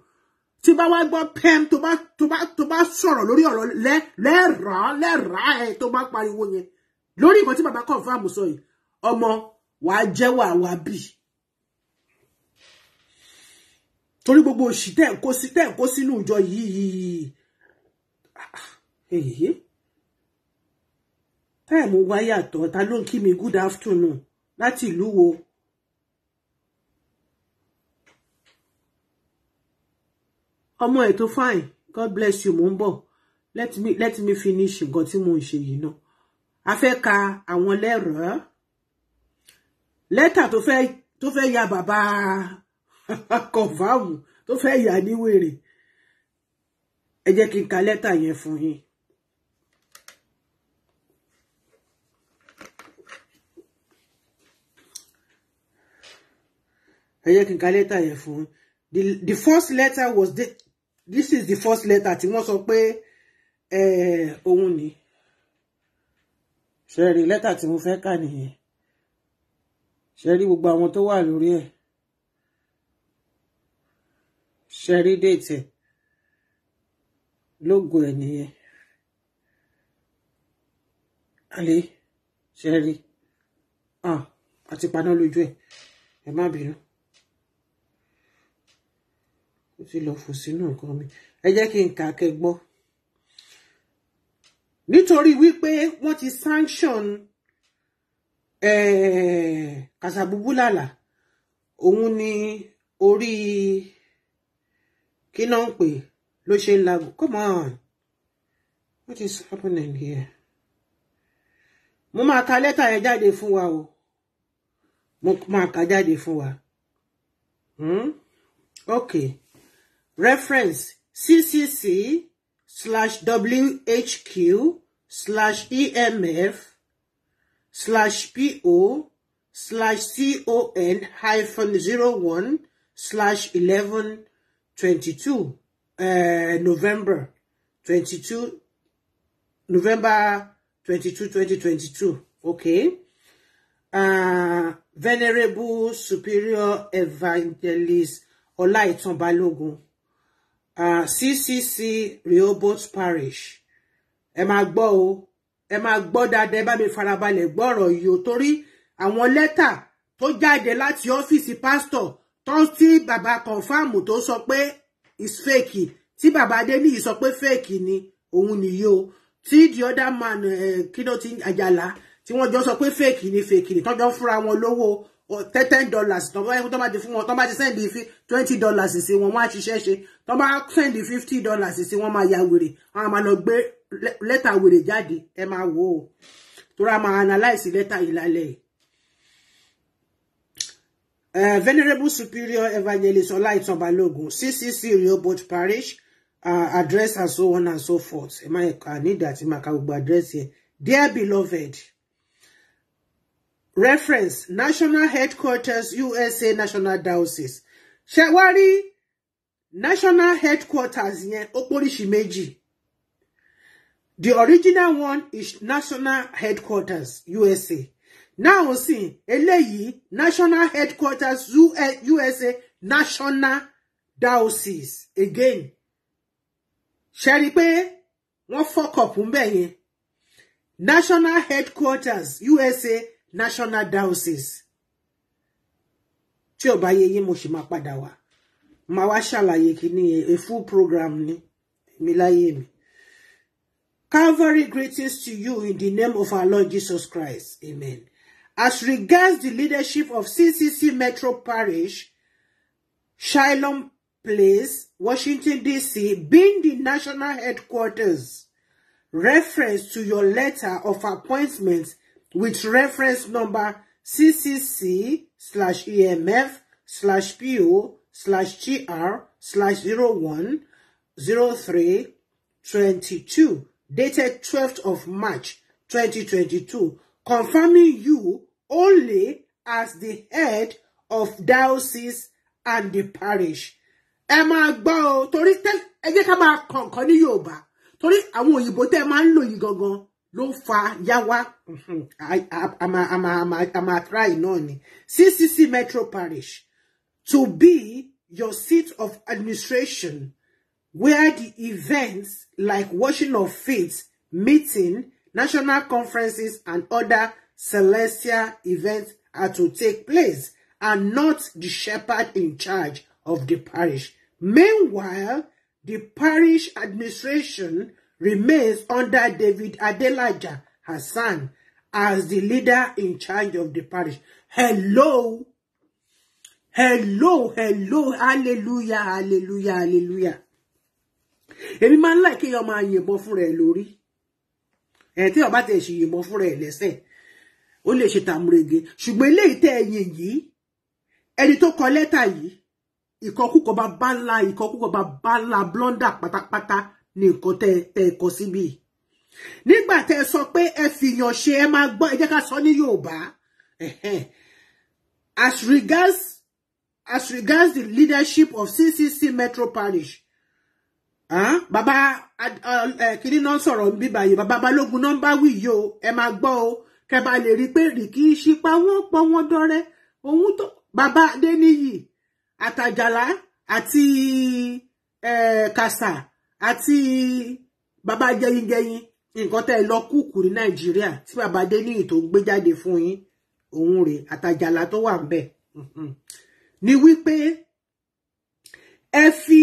tí bá wá gbọ́ pem tó bá tó bá tó bá sọ̀rọ̀ lórí ọ̀rọ̀ lẹ́ lẹ́ràá lẹ́ràá ẹ̀ tó bá pariwo yẹn lórí ìmọ̀ tí bàbá confam sọ yìí ọmọ wàá jẹ́wọ́ àwa bì torí gbogbo òṣì tẹ̀ ń kó sí tẹ̀ kó sínú ìjọ yìí èyí wáyà tọ́ ta ló ń kí mi good afternoon láti ìlú wo ọmọ ẹ̀ tó fine god bless you mo ń bọ̀ let me let me finish nǹkan tí mo ń ṣe yìí náà a fẹ́ ka àwọn lẹ́rọ̀ọ́ lẹ́tà tó fẹ́ tó fẹ́ ya bàbá kọ̀fáàmù tó fẹ́ yà ní wèrè ẹ jẹ́ kí n ka lẹ́tà yẹn fún yín. ẹ jẹ́ kí n ka lẹ́tà yẹn fún yín the the first letter was the this is the first letter tí wọ́n sọ Eh, òun ni ṣẹ́rí lẹ́tà tí mo fẹ́ kà nìyẹn ṣẹ́rí gbogbo àwọn tó wà lórí ẹ̀ ṣẹ́rí déètì ẹ̀ lógo ẹ̀ nìyẹn àlè ṣẹ́rí àti ah, paná lójú ẹ̀ ẹ má bínú ó ti lọ fò sínú nǹkan mi ẹ jẹ́ kí n kà á kẹ́ gbọ́. nítorí wípé wọ́n ti sanction kàṣàbùbùlàlà òun ni orí kí ń pè ló ṣe ń lago come on what is happening here. mo máa ka lẹ́tà yẹn jáde fún wa o mo máa ka jáde fún wa. Hmm? okay. Reference CCC slash WHQ slash EMF slash PO slash CON hyphen zero one slash eleven eh, twenty two November twenty two November twenty two twenty two okay uh, Venerable Superior Evangelist Ọláìtàn Balógun uh, CCC Rehoboth Parish ẹ máa gbọ́ o ẹ máa gbọ́ dáadáa ẹ bá mi farabalẹ̀ gbọ́ ọ̀rọ̀ yìí o torí àwọn lẹ́tà tó jáde láti ọ́fíìsì pásítọ̀ tó tí bàbá kọ̀ǹfàmù tó sọ pé is fake tí bàbá Adéníyì sọ pé fake ni òun nìyí o tí the other man kí ló ti Àjàlá tí wọ́n jọ sọ pé fake ni fake ni tọ́jọ́ fúnra wọn lówó ten dollars tọ́ bá tọ́ bá ti fún wọn tọ́ bá ti sẹ́ndì twenty dollars sí wọn wọ́n á ṣiṣẹ́ ṣe tọ́ bá sẹ́ndì fifty dollars sí wọn máa ya wèrè àwọn máa lọ gbé lẹ́tà wèrè jáde ẹ máa wò ó torí a máa analyse lẹ́tà yìí lálẹ́ yìí. Uh, Venerable Superior Evangelist Olaitan Balogun, CCC Rehoboth Parish, address and so on and so forth. Ẹ máa I need that. Ẹ máa ka gbogbo address yẹn. Dear beloved, reference national headquarters usa national diocese Shewari, national headquarters yẹn ó póríṣi the original one is national headquarters usa now see eléyìí national headquarters usa national diocese again ṣe rí fuck up wọ́n fọkọ̀pù national headquarters usa national diocese tí ó bá yín mo sì máa padà wá máa wá ṣàlàyé kíní a full program ni mi láyé mi. Calvary greetings to you in the name of our Lord Jesus Christ. Amen. As regards the leadership of CCC Metro Parish, Shilom Place, Washington, D.C., being the national headquarters, reference to your letter of appointment with reference number CCC slash EMF slash PO slash GR slash 01 dated 12th of March 2022 confirming you only as the head of diocese and the parish. Emma, máa gbọ́ o torí ẹ jẹ́ ká máa kọ̀ọ̀kan ní Yorùbá torí àwọn òyìnbó tẹ́ ló ń fa yáwá àmà mm-hmm, try náà ni CCC Metro Parish to be your seat of administration where the events like washing of feet, meeting, national conferences and other celestial events are to take place and not the shepherd in charge of the parish. Meanwhile, the parish administration remains under David Adelaja Hassan as the leader in charge of the parish. Hello. Hello, hello, hallelujah, hallelujah, hallelujah. Èmi máa ń láì kéèyàn máa yìnbọn fúnra ẹ̀ lórí. Ẹ̀ tí ọba tẹ̀ ṣe yìnbọn fúnra ẹ̀ lẹ́sẹ̀. Ó lè ṣe tàmúrege. Ṣùgbọ́n eléyìí tẹ́ ẹ̀yìn yìí. Ẹni tó kọ lẹ́tà yìí. Ìkọkúkọ bá bá ńlá ìkọkúkọ bá bá ńlá blọ́ndà pátápátá ní nǹkan tẹ́ tẹ́ kọ síbí nígbà tẹ́ sọ pé ẹ fìyàn ṣe ẹ máa gbọ́ ẹ jẹ́ ká sọ ní Yorùbá as regards as regards the leadership of CCC Metro Parish ah baba, kini non sọ̀rọ̀ nbí báyìí bàbá balógun náà bá wí yìí o ẹ máa gbọ́ o kẹ́ bá lè rí i pé rìkì ìṣípá wọn pọ̀ wọn dọ́rẹ́ òun tó bàbá Adéníyì Àtàjàlá àti eh, kàsà. Eh, àti bàbá jẹyingẹyin nǹkan tẹ́ ẹ lọ kúkú ní nàìjíríà tí bàbá adéníyì tó gbé jáde fún yín òun rèé àtàjàlá tó wà ńbẹ̀ mm-hmm. ni wípé ẹ fi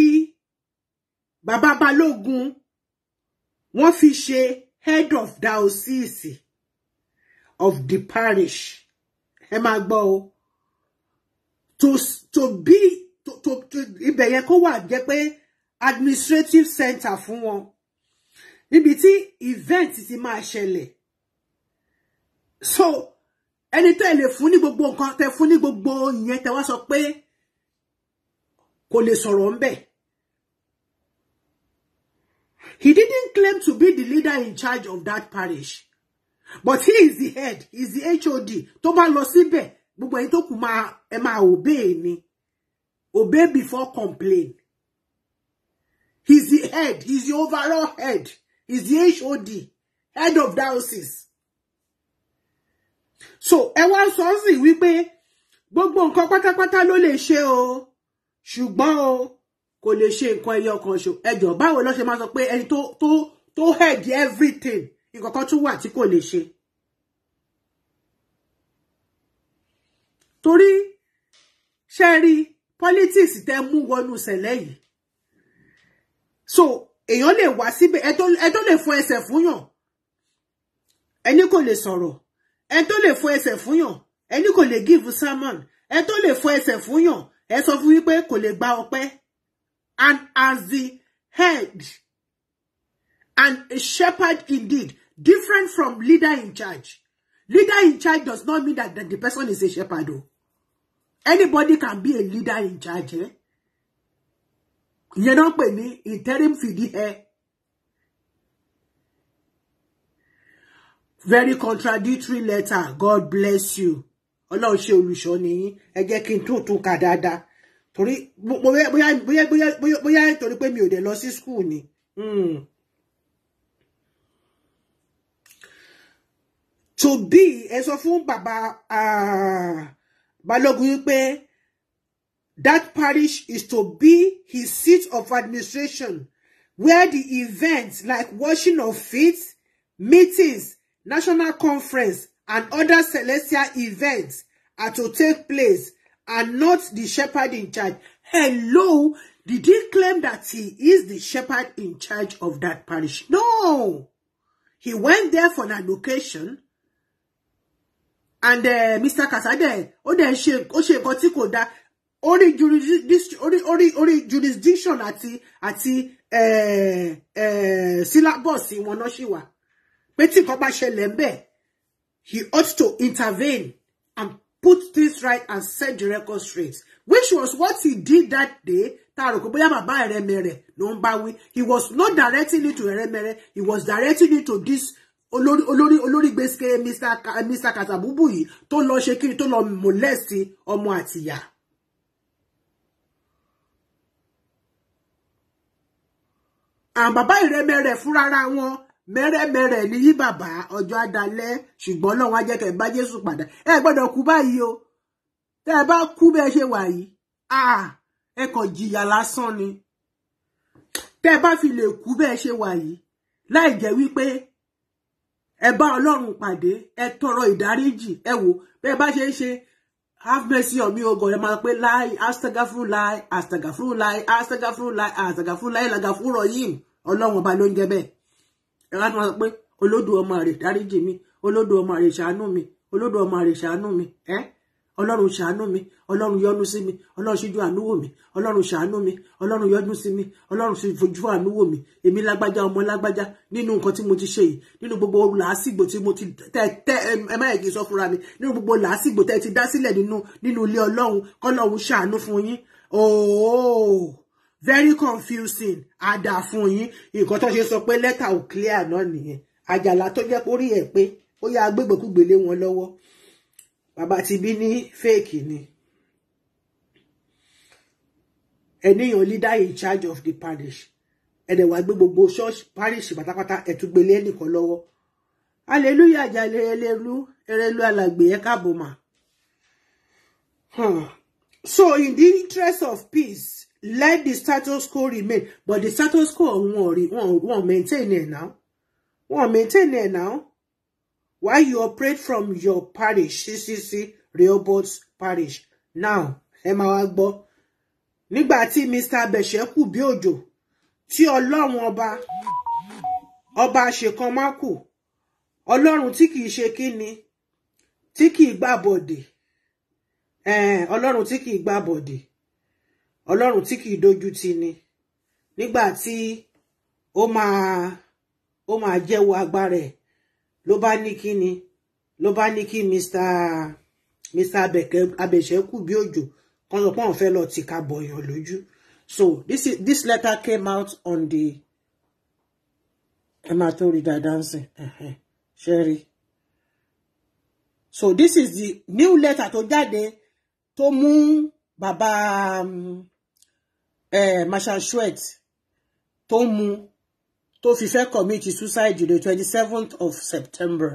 bàbá balógun wọ́n fi ṣe head of diocese of the parish ẹ máa gbọ́ o to to be to to ibẹ̀ yẹn kó wà jẹ́ pé administrative center fún wọn níbi tí event ti máa ṣẹlẹ̀ so ẹni tẹ́ lè fún ní gbogbo nǹkan tẹ́ fún ní gbogbo ìyẹn tẹ́ wá sọ pé kò lè sọ̀rọ̀ ń He didn't claim to be the leader in charge of that parish but he is the head he is the HOD tó bá lọ síbẹ̀ gbogbo ẹni to kù máa ẹ máa obey ni obey before complain. He's the head. He's the overall head. He's the HOD, head of diocese. So ẹ wá we sí wípé gbogbo nǹkan pátápátá ló lè ṣe o ṣùgbọ́n o kò lè ṣe nǹkan ẹyọ kan ṣo ẹjọ báwo ló ṣe máa sọ pé ẹni tó tó tó head everything Iko kan tún wà tí kò lè ṣe. torí ṣe rí politics tẹ mú wọnú sẹ̀lẹ̀ yìí so èèyàn lè wá síbẹ̀ ẹ tó lè fọ ẹsẹ̀ fúnyàn ẹni kò lè sọ̀rọ̀ ẹ tó lè fọ ẹsẹ̀ fúnyàn ẹni kò lè give sermon ẹ tó lè fọ ẹsẹ̀ fúnyàn ẹ sọ fún wípé kò lè gba ọpẹ́ and as the head and a shepherd indeed different from leader in charge leader in charge does not mean that, that the person is a shepherd o anybody can be a leader in charge eh? ìyẹn náà ń pè ní interim fìdí ẹ very contradictory letter god bless you ọlọ́run ṣe olùṣọ́ nìyí ẹ jẹ́ kí n tún tún kà dáadáa torí bóyá bóyá bóyá bóyá torí pé mi ò dé lọ sí school ni. Mm. to be ẹ sọ fún bàbá ah, balógun wípé That parish is to be his seat of administration, where the events like washing of feet, meetings, national conference, and other celestial events are to take place, and not the shepherd in charge. Hello, did he claim that he is the shepherd in charge of that parish? No. He went there for an allocation, And uh, eh, Mr. Kasade, Oh, then ṣe ó ṣe nǹkan tí kò dáa orí orí orí jurisdiction àti àti eh, eh, syllabus wọn náà ṣì wà pé tí nǹkan bá ṣẹlẹ̀ ńbẹ̀ he ought to intervene and put things right and set the record straight which was what he did that day tààrọ̀ pé bóyá bàbá ẹ̀rẹ́mẹ̀rẹ̀ ló ń bá wí he was not directing it to ẹ̀rẹ́mẹ̀rẹ̀ he was directing it to this olórí olórí olórí gbèsè mr mr katabubu yìí tó lọ ṣe kiri tó lọ molest ọmọ àtìyà. àwọn bàbá ìrẹmẹrẹ fúnrara wọn mẹrẹmẹrẹ ní yí bàbá ọjọ́ adalẹ ṣùgbọ́n Ọlọ́run á jẹ́ kẹ́ bá Jésù padà ẹ gbọ́dọ̀ kú báyìí o tẹ́ ẹ bá kú bẹ ṣe wà yìí ẹ kàn jìyà lásán ni tẹ́ ẹ bá fi lè kú bẹ ṣe wà yìí láì jẹ́ wípé ẹ bá Ọlọ́run pàdé ẹ tọrọ ìdáríjì ẹ wò bẹ bá ṣe ń ṣe have mercy on me o god ẹ máa pé láì astagafuru láì astagafuru láì astagafuru láì astagafuru láì làgàfuru rọyìn ọlọ́run ọba ló ń jẹ bẹ́ẹ̀ ẹ wá tún wá sọ pé olódùmarè dáríjì mi olódùmarè ṣàánú mi olódùmarè ṣàánú mi ẹ. Eh? ọlọ́run ṣàánú mi ọlọ́run yọ́nú sí mi ọlọ́run ṣíjú àánú wò mí ọlọ́run ṣàánú mi ọlọ́run yọ́nú sí mi ọlọ́run fojú àánú wò mí èmi lágbájá ọmọ lágbájá nínú nǹkan tí mo ti ṣe yìí nínú gbogbo làásìgbò tí mo ti tẹ tẹ ẹ má yẹ kí n sọ fúnra mi nínú gbogbo làásìgbò tẹ ti dá sílẹ̀ nínú nínú ilé ọlọ́run kọ́lọ́run ṣàánú fún yín ooo oh, very confusing àdà fún yín nǹkan tó ṣe sọ pé lẹ́tà ò clear náà nìyẹn àjàlá tó jẹ́ pórí ẹ̀ pé ó yá agbégbèkúgbèlé wọn lọ́wọ́ bàbá ti bí ní fake ni ẹnìyàn leader in charge of the parish ẹ̀dẹ̀ wàá gbé gbogbo church parish pátápátá ẹ̀túgbélé ẹnìkan lọ́wọ́ hallelujah jalè ẹlẹ́lu ẹrẹ́lu alàgbé ẹ̀ka bòmà. Hmm. so in the interest of peace let the status quo remain but the status quo wọn ò rí maintain it now wọn maintain it now. Why you operate from your parish, CCC, Rehoboth Parish. Now, ẹ máa wá gbọ́. Nígbà tí Mr. Besheku bí òjò, tí Ọlọ́run ọba, ọba ṣèkan má kù, Ọlọ́run tí kìí ṣe kíni, tí kìí gbà bọ̀dè, Ọlọ́run tí kìí gbà bọ̀dè, Ọlọ́run tí kìí dojú ti ni. Nígbà tí ó máa ó máa jẹ́wọ́ agbára ẹ̀ ló bá ní kí ni ló bá ní kí mr mr abẹ̀ṣẹ́kù bí òjò kan sọ pé òun fẹ́ lọ tìka bọ̀yàn lójú so this is, this letter came out on the ẹ máa tó rí dáadáa ń sìn ṣe so this is the new letter tó jáde tó mú bàbá um, eh, massachusetts tó mú tó fi fẹ́ commit suicide the twenty seventh of September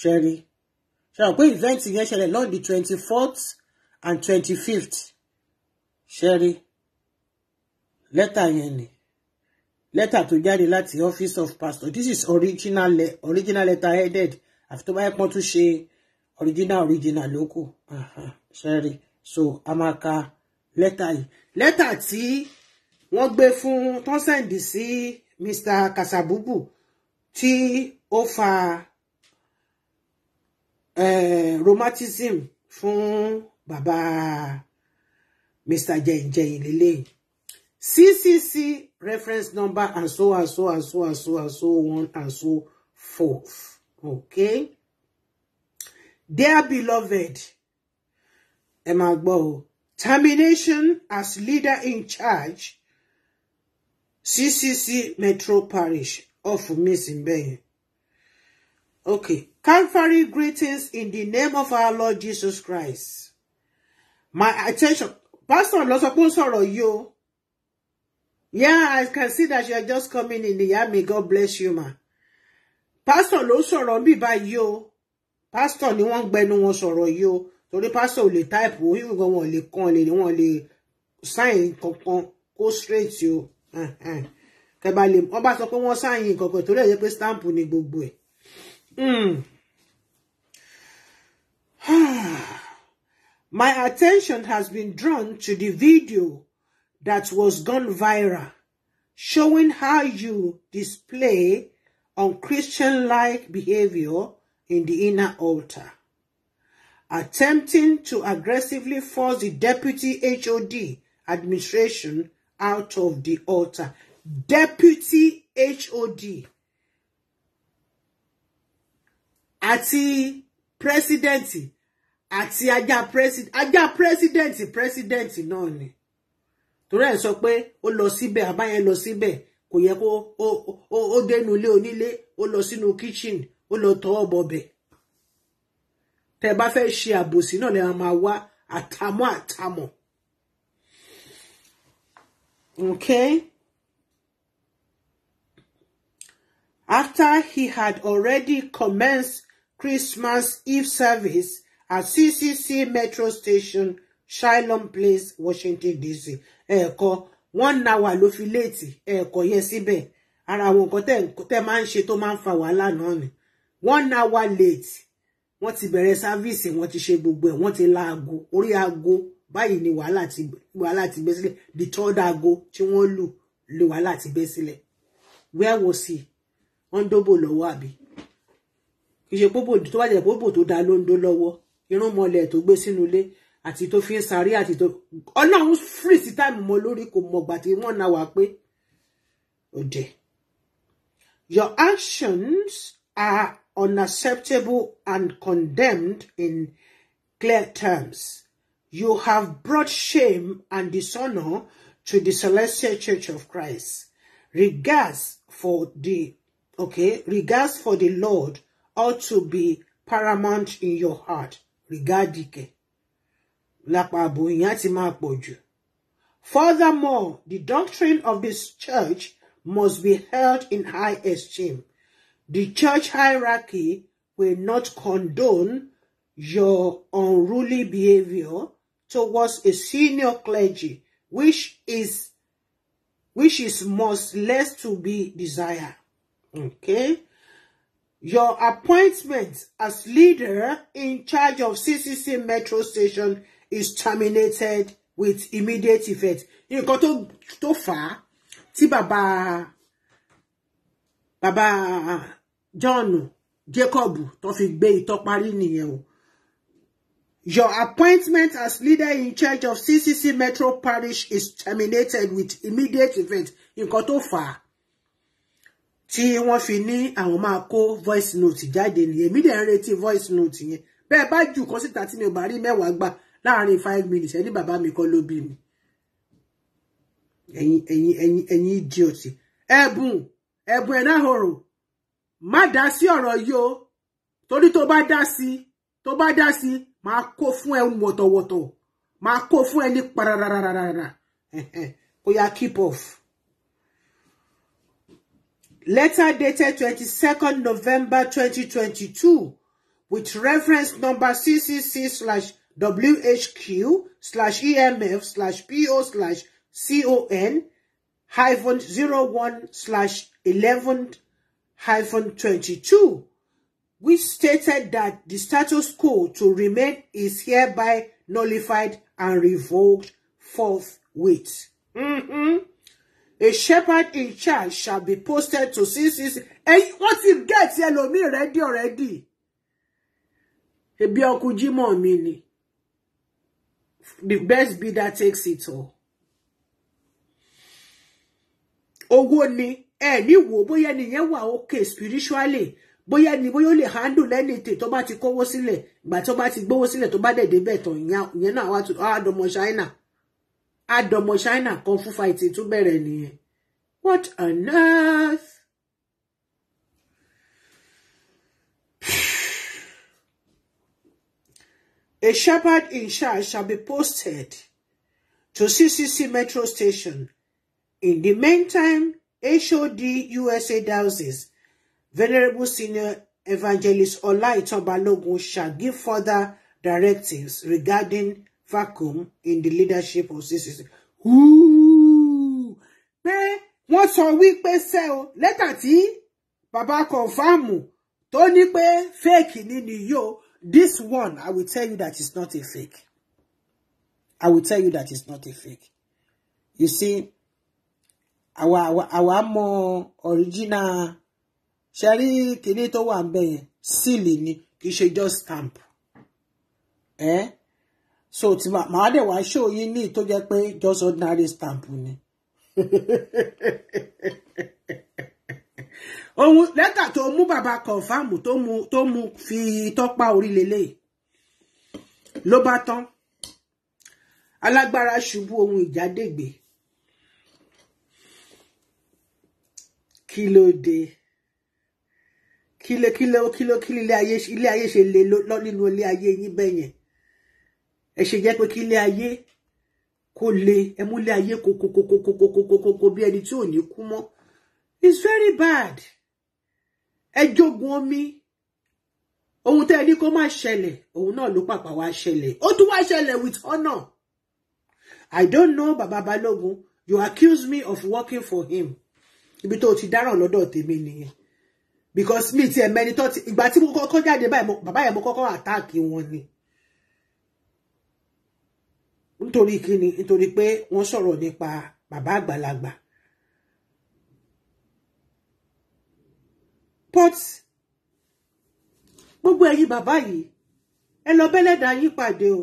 ṣẹ́rí ṣẹ́rí pé event yẹn ṣẹlẹ̀ lọ́n di twenty fourth and twenty fifth ṣẹ́rí lẹ́tà yẹn ni lẹ́tà tó jáde láti office of pastor this is original le original letter headed àfi tó bá yẹ pọ́n tún ṣe original original ló kù ṣẹ́rí so a máa ka lẹ́tà yìí lẹ́tà tí wọ́n gbé fún tọ́sẹ̀ǹdì sí. Si, Mr. Kasabubu tí ó fa eh, rheumatism fún bàbá Mr. Jẹ̀yìnjẹ̀yìn lélẹ́yìn CCC reference number and so and so and so and so and so on and so forth. Okay. Dear beloved, ẹ máa gbọ́ o, termination as leader in charge ccc metro parish of mi sì okay calvary greetings in the name of our lord jesus christ my attention pastor lọ sọ pé ó sọ̀rọ̀ yeah i can see that you are just coming in ìyá mi god bless you ma pastor ló sọ̀rọ̀ bí báyìí o pastor you wọ́n ń gbẹnu wọn sorrow? You, o torí pastor ò type táìpù ó yìí gan wọn ò lè kàn lè wọn ò lè sáìn straight o. Eh, eh. kẹba lè wọn bá sọ pé wọn sáyìn nǹkan torí ẹ yẹ pé stamp ni gbogbo ẹ. Hmm. My attention has been drawn to the video that was gone viral showing how you display unchristian-like behavior in the inner altar. Attempting to aggressively force the deputy HOD administration out of the altar. Deputy HOD Ati president Ati ajá president ajá president president no ni torí ẹ sọ pé ó lọ síbẹ̀ àbáyẹn lọ o kò yẹ kó ó dénú ilé onílé ó lọ sínú kitchen ó lọ tọwọ́ bọbẹ̀ tẹ́ bá fẹ́ ṣe àbòsí náà lè máa wá àtàmọ́ àtàmọ́. Okay? After he had already commenced Christmas Eve service at CCC Metro Station, Shylon Place, Washington, D.C. Ẹ̀ẹ̀kọ́ one hour ló fi léètì ẹ̀ẹ̀kọ́ yẹn Ara àwọn nǹkan tẹ́ máa ń ṣe tó máa fa wàhálà náà One hour late wọ́n ti bẹ̀rẹ̀ sáfíìsì wọ́n ti ṣe gbogbo ẹ̀ ti la aago orí aago báyìí ni wàhálà ti wàhálà ti the third ago tí wọ́n lù lè wàhálà ti bẹ́ sílẹ̀ where was he wọ́n dóbò àbí kì pópò tó bá jẹ́ pópò tó dá ló ń irun mọ́lẹ̀ tó gbé sínú ilé àti tó fi ń sáré àti tó ọlọ́run free sí táìmù mọ́ lórí kò mọ̀gbà tí wọ́n na wà pé òde your actions are unacceptable and condemned in clear terms. You have brought shame and dishonor to the Celestial Church of Christ. Regards for the, okay, regards for the Lord ought to be paramount in your heart. Regardike. Lápapọ̀ ìyẹn ti máa pọ̀ jù. Furthermore, the doctrine of this church must be held in high esteem. The church hierarchy will not condone your unruly behavior towards a senior clergy, which is which is most less to be desired. Okay. Your appointment as leader in charge of CCC Metro Station is terminated with immediate effect. You tó tó fà á tí bàbá bàbá John Jacob tó fi gbé ìtọ́parí nìyẹn o. Your appointment as leader in charge of CCC Metro Parish is terminated with immediate effect. In Kotofa, fà á tí wọ́n fi ní àwọn máa kó voice note jáde nìyẹn. Èmi dẹ̀ ń voice note yẹn. Bẹ́ẹ̀ bá jù kan síta tí mi ò bá rí mẹ́wàá gbà láàárín five minutes ẹni bàbá mi kọ́ ló bí mi. Ẹ̀yin ẹ̀yin ẹ̀yin ẹ̀yin idiot. Ẹ̀bùn ẹ̀bùn ẹ̀ náà hòrò. Má dá sí ọ̀rọ̀ yìí o. Torí tó bá dá sí tó bá dá máa kó fún ẹ wọ̀tọ̀wọ̀tọ̀ máa kó fún ẹ ní pararararara ó yá keep off. Letter dated 22nd November 2022 with reference number 666/WHQ/EMF/PO/CON hyphen 01 slash 11 hyphen 22 which stated that the status quo to remain is hereby nullified and revoked forthwith. Mm-hmm. A shepherd in charge shall be posted to CCC. Hey, what you get yellow me ready already? Ebi okujimo Jímọ̀ The best bidder takes it all. Owó ni ẹ ní wò bóyá nìyẹn wà okay spiritually bóyá ni bóyá ó lè handle lẹ́nìtì tó bá ti kówó sílẹ̀ ìgbà tó bá ti gbówó sílẹ̀ tó bá dẹ̀ débẹ̀ tán ìyẹn náà wá àdọ̀mọ̀ China àdọ̀mọ̀ China kan fún fàìtì tún bẹ̀rẹ̀ nìyẹn what on earth. A shepherd in charge shall be posted to CCC Metro Station. In the meantime, HOD USA diocese Venerable Senior Evangelist Olaitan Balogun shall give further directives regarding vacuum in the leadership of CCC. Pé wọ́n sọ wípé ṣé o lẹ́tà tí bàbá kọ̀ǹfàmù tó ní pé fake ni ni yo. this one I will tell you that it's not a fake. I will tell you that it's not a fake. You see, our our our more original ṣe rí kinní tó wà ń bẹ yẹn síìlì ni kì í ṣe just stamp ẹ so tí màá dẹ̀ wá ṣó yín ní tó jẹ́ pé just ordinary stamp ni ohun lẹ́tà tó mú bàbá kọ̀ǹfàmù tó mú tó mú fi tọ́pá orí lélẹ̀ ló bá tán alágbára ṣubú ohun ìjádègbè kí ló dé kílé kílé kílé kílé ilé ayé ṣe lè lọ nínú ilé ayé yín bẹ́ẹ̀ yẹn ẹ ṣe jẹ́ pé kílé ayé kò le ẹ mú ilé ayé kokokokokokokokoko bí ẹni tí ò ní kú mọ́ it's very bad ẹ jogun omi ohun tẹ́ ẹ ní kó má ṣẹlẹ̀ òun náà ló pàpà wá ṣẹlẹ̀ ó tún wá ṣẹlẹ̀ with honour I don't know bàbá Balógun you accuse me of working for him ibi tó o ti dáràn lọ́dọ̀ tèmi nìyẹn because mi ti ẹ̀mẹ́ni tó ti ìgbà tí mo kọ́kọ́ jáde báyìí bàbá yẹn mo kọ́kọ́ àtáàkì wọn ni nítorí kíni nítorí pé wọ́n sọ̀rọ̀ nípa bàbá àgbàlagbà port gbogbo ẹ̀yin bàbá yìí ẹ lọ bẹ́lẹ̀dà yín pàdé o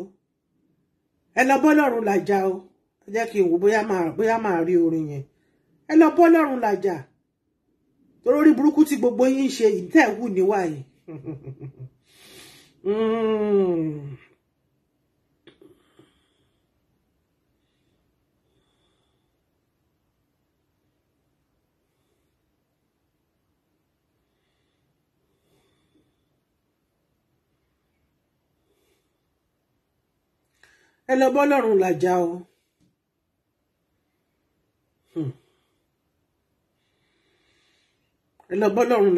ẹ lọ bọ́lọ́run làjà o ẹ jẹ́ kí n wò bóyá máa rí orin yẹn ẹ lọ bọ́lọ́run làjà torí burúkú tí gbogbo yín ṣe ìtẹ̀wù níwà yìí hmm. ẹ lọ bọ́lọ́run làjà o. Hmm. ẹ lọ bọ́ lọ́run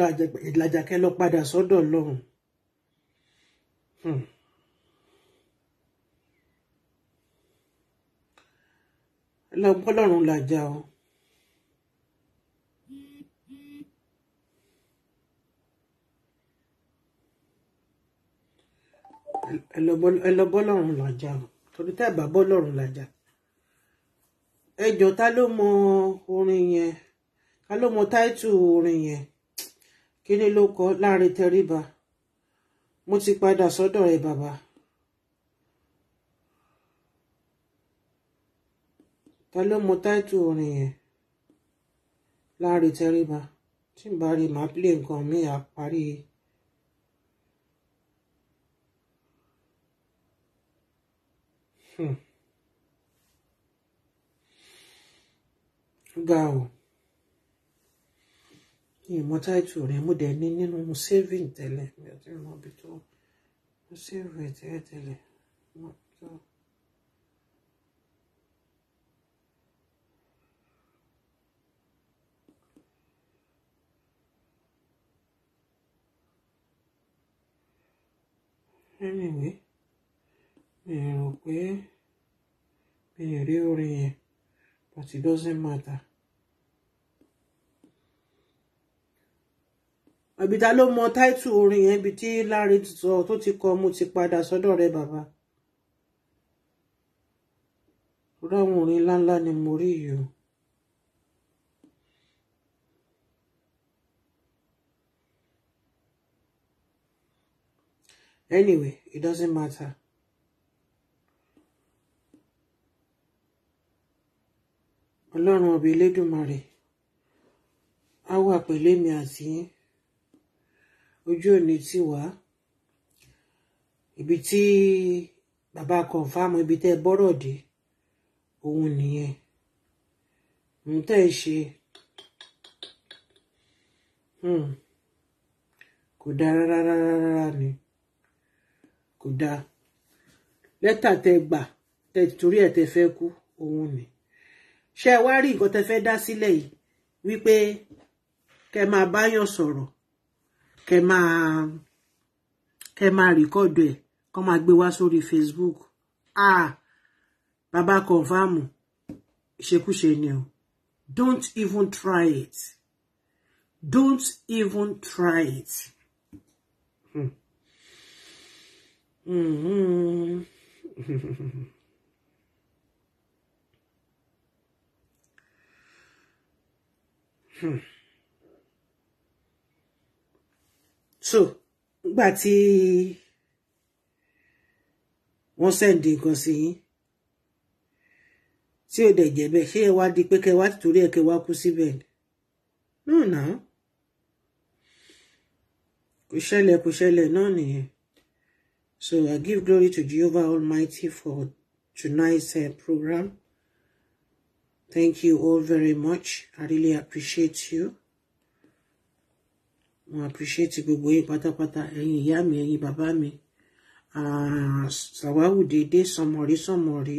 làjà kẹ́ lọ padà sọ́dọ̀ lọ́run. Hmm. ẹ lọ bọ́ lọ́run làjà o. ẹ lọ bọ́ lọ́run làjà o torí tẹ́ bá bọ́ lọ́run làjà. ẹ jọ ta ló mọ orin yẹn ká ló mọ táìtù orin yẹn kíní ló kọ Lanre Tẹríba mo ti padà sọ́dọ̀ rẹ bàbá ta ló mọ táìtù orin yẹn Lanre Tẹríba tí n bá rí màá plé nǹkan mi à parí. Hmm. Ga ìmọ̀ táìtù rẹ̀ mo dẹ̀ ní nínú mo saving tẹ́lẹ̀ mi ò tí ì mọ ibi tó mo save rẹ̀ tẹ́lẹ̀ mo tó. anyway mi rò pé mi ò rí orin yẹn but it doesn't matter. àbí ta ló mọ táìtù orin yẹn ibi tí Lanre sọ tó ti kọ mo ti padà sọ́dọ̀ rẹ bàbá ráwọn orin ńláńlá ni mo rí yìí o. Anyway, it doesn't matter. Ọlọ́run ọba Elédùmarè á wà pẹ̀lú èmi àti yín ojú òní ti wá ibi tí bàbá kọ̀ǹfàmù ibi tẹ́ bọ́rọ̀ dé òun nìyẹn ń tẹ́ ẹ ṣe hmm, kò dáa rárá rárá ni kò dáa lẹ́tà tẹ gbà tẹ torí ẹ̀ tẹ fẹ́ kú òun ni ṣé ẹ wá rí nǹkan tẹ fẹ́ dá sílẹ̀ yìí wípé kẹ máa báyàn sọ̀rọ̀ kẹ máa kẹ máa record ẹ̀ kọ́ máa gbé wá sórí Facebook ah bàbá kọ̀ǹfàmù ìṣekúṣe ni o don't even try it don't even try it. Hmm. Mm-hmm. hmm. hmm. hmm. so nígbà tí wọ́n sẹ́ǹdì nǹkan sí yín tí ò dẹ̀ jẹ́ bẹ́ẹ̀ ṣé ẹ wá di pé kẹ wá torí ẹ kẹ wá kú síbẹ̀ náà náà kò ṣẹlẹ̀ kò ṣẹlẹ̀ náà nìyẹn so I give glory to Jehovah Almighty for tonight's uh, program. Thank you all very much. I really appreciate you mo appreciate gbogbo yín pátápátá ẹ̀yin ìyá mi ẹ̀yin bàbá mi sàwáwù déédé sọmọrí sọmọrí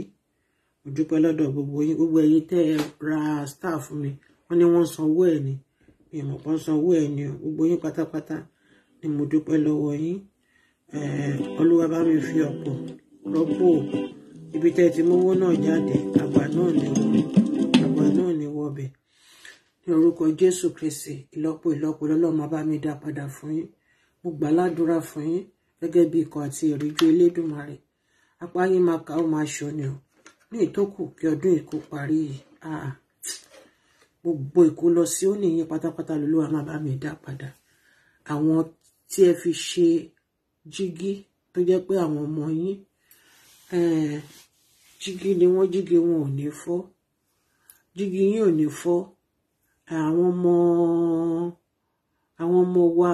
mo dúpẹ́ lọ́dọ̀ gbogbo yín gbogbo ẹ̀yin tẹ́ ẹ ra star fún mi wọ́n ní wọ́n sanwó ẹ̀ ni mi mọ̀ pọ́n sanwó ẹ̀ ni gbogbo yín pátápátá ni mo dúpẹ́ lọ́wọ́ yín olúwa bá mi fi ọ̀pọ̀ rọ́pò ibi tẹ́ ẹ ti mówó náà jáde àgbà náà ni wọ́n ní orúkọ jésù kristi ìlọ́po ìlọ́po lọ́lọ́run máa bá mi dá padà fún yín mo gbà ládùúrà fún yín gẹ́gẹ́ bí ikọ̀ àti ìríjú elédùnmarè apá yín máa kà ó máa ṣọ́ni o ní ìtókù kí ọdún ìkó parí yìí gbogbo ìkó lọ sí ó nìyẹn pátápátá lolúwa máa bá mi dá padà àwọn tí ẹ fi ṣe jígí tó jẹ́ pé àwọn ọmọ yín jígí ni wọ́n jígí wọn ò ní fọ́ jígí yín ò ní fọ́ àwọn ọmọ àwọn ọmọ wa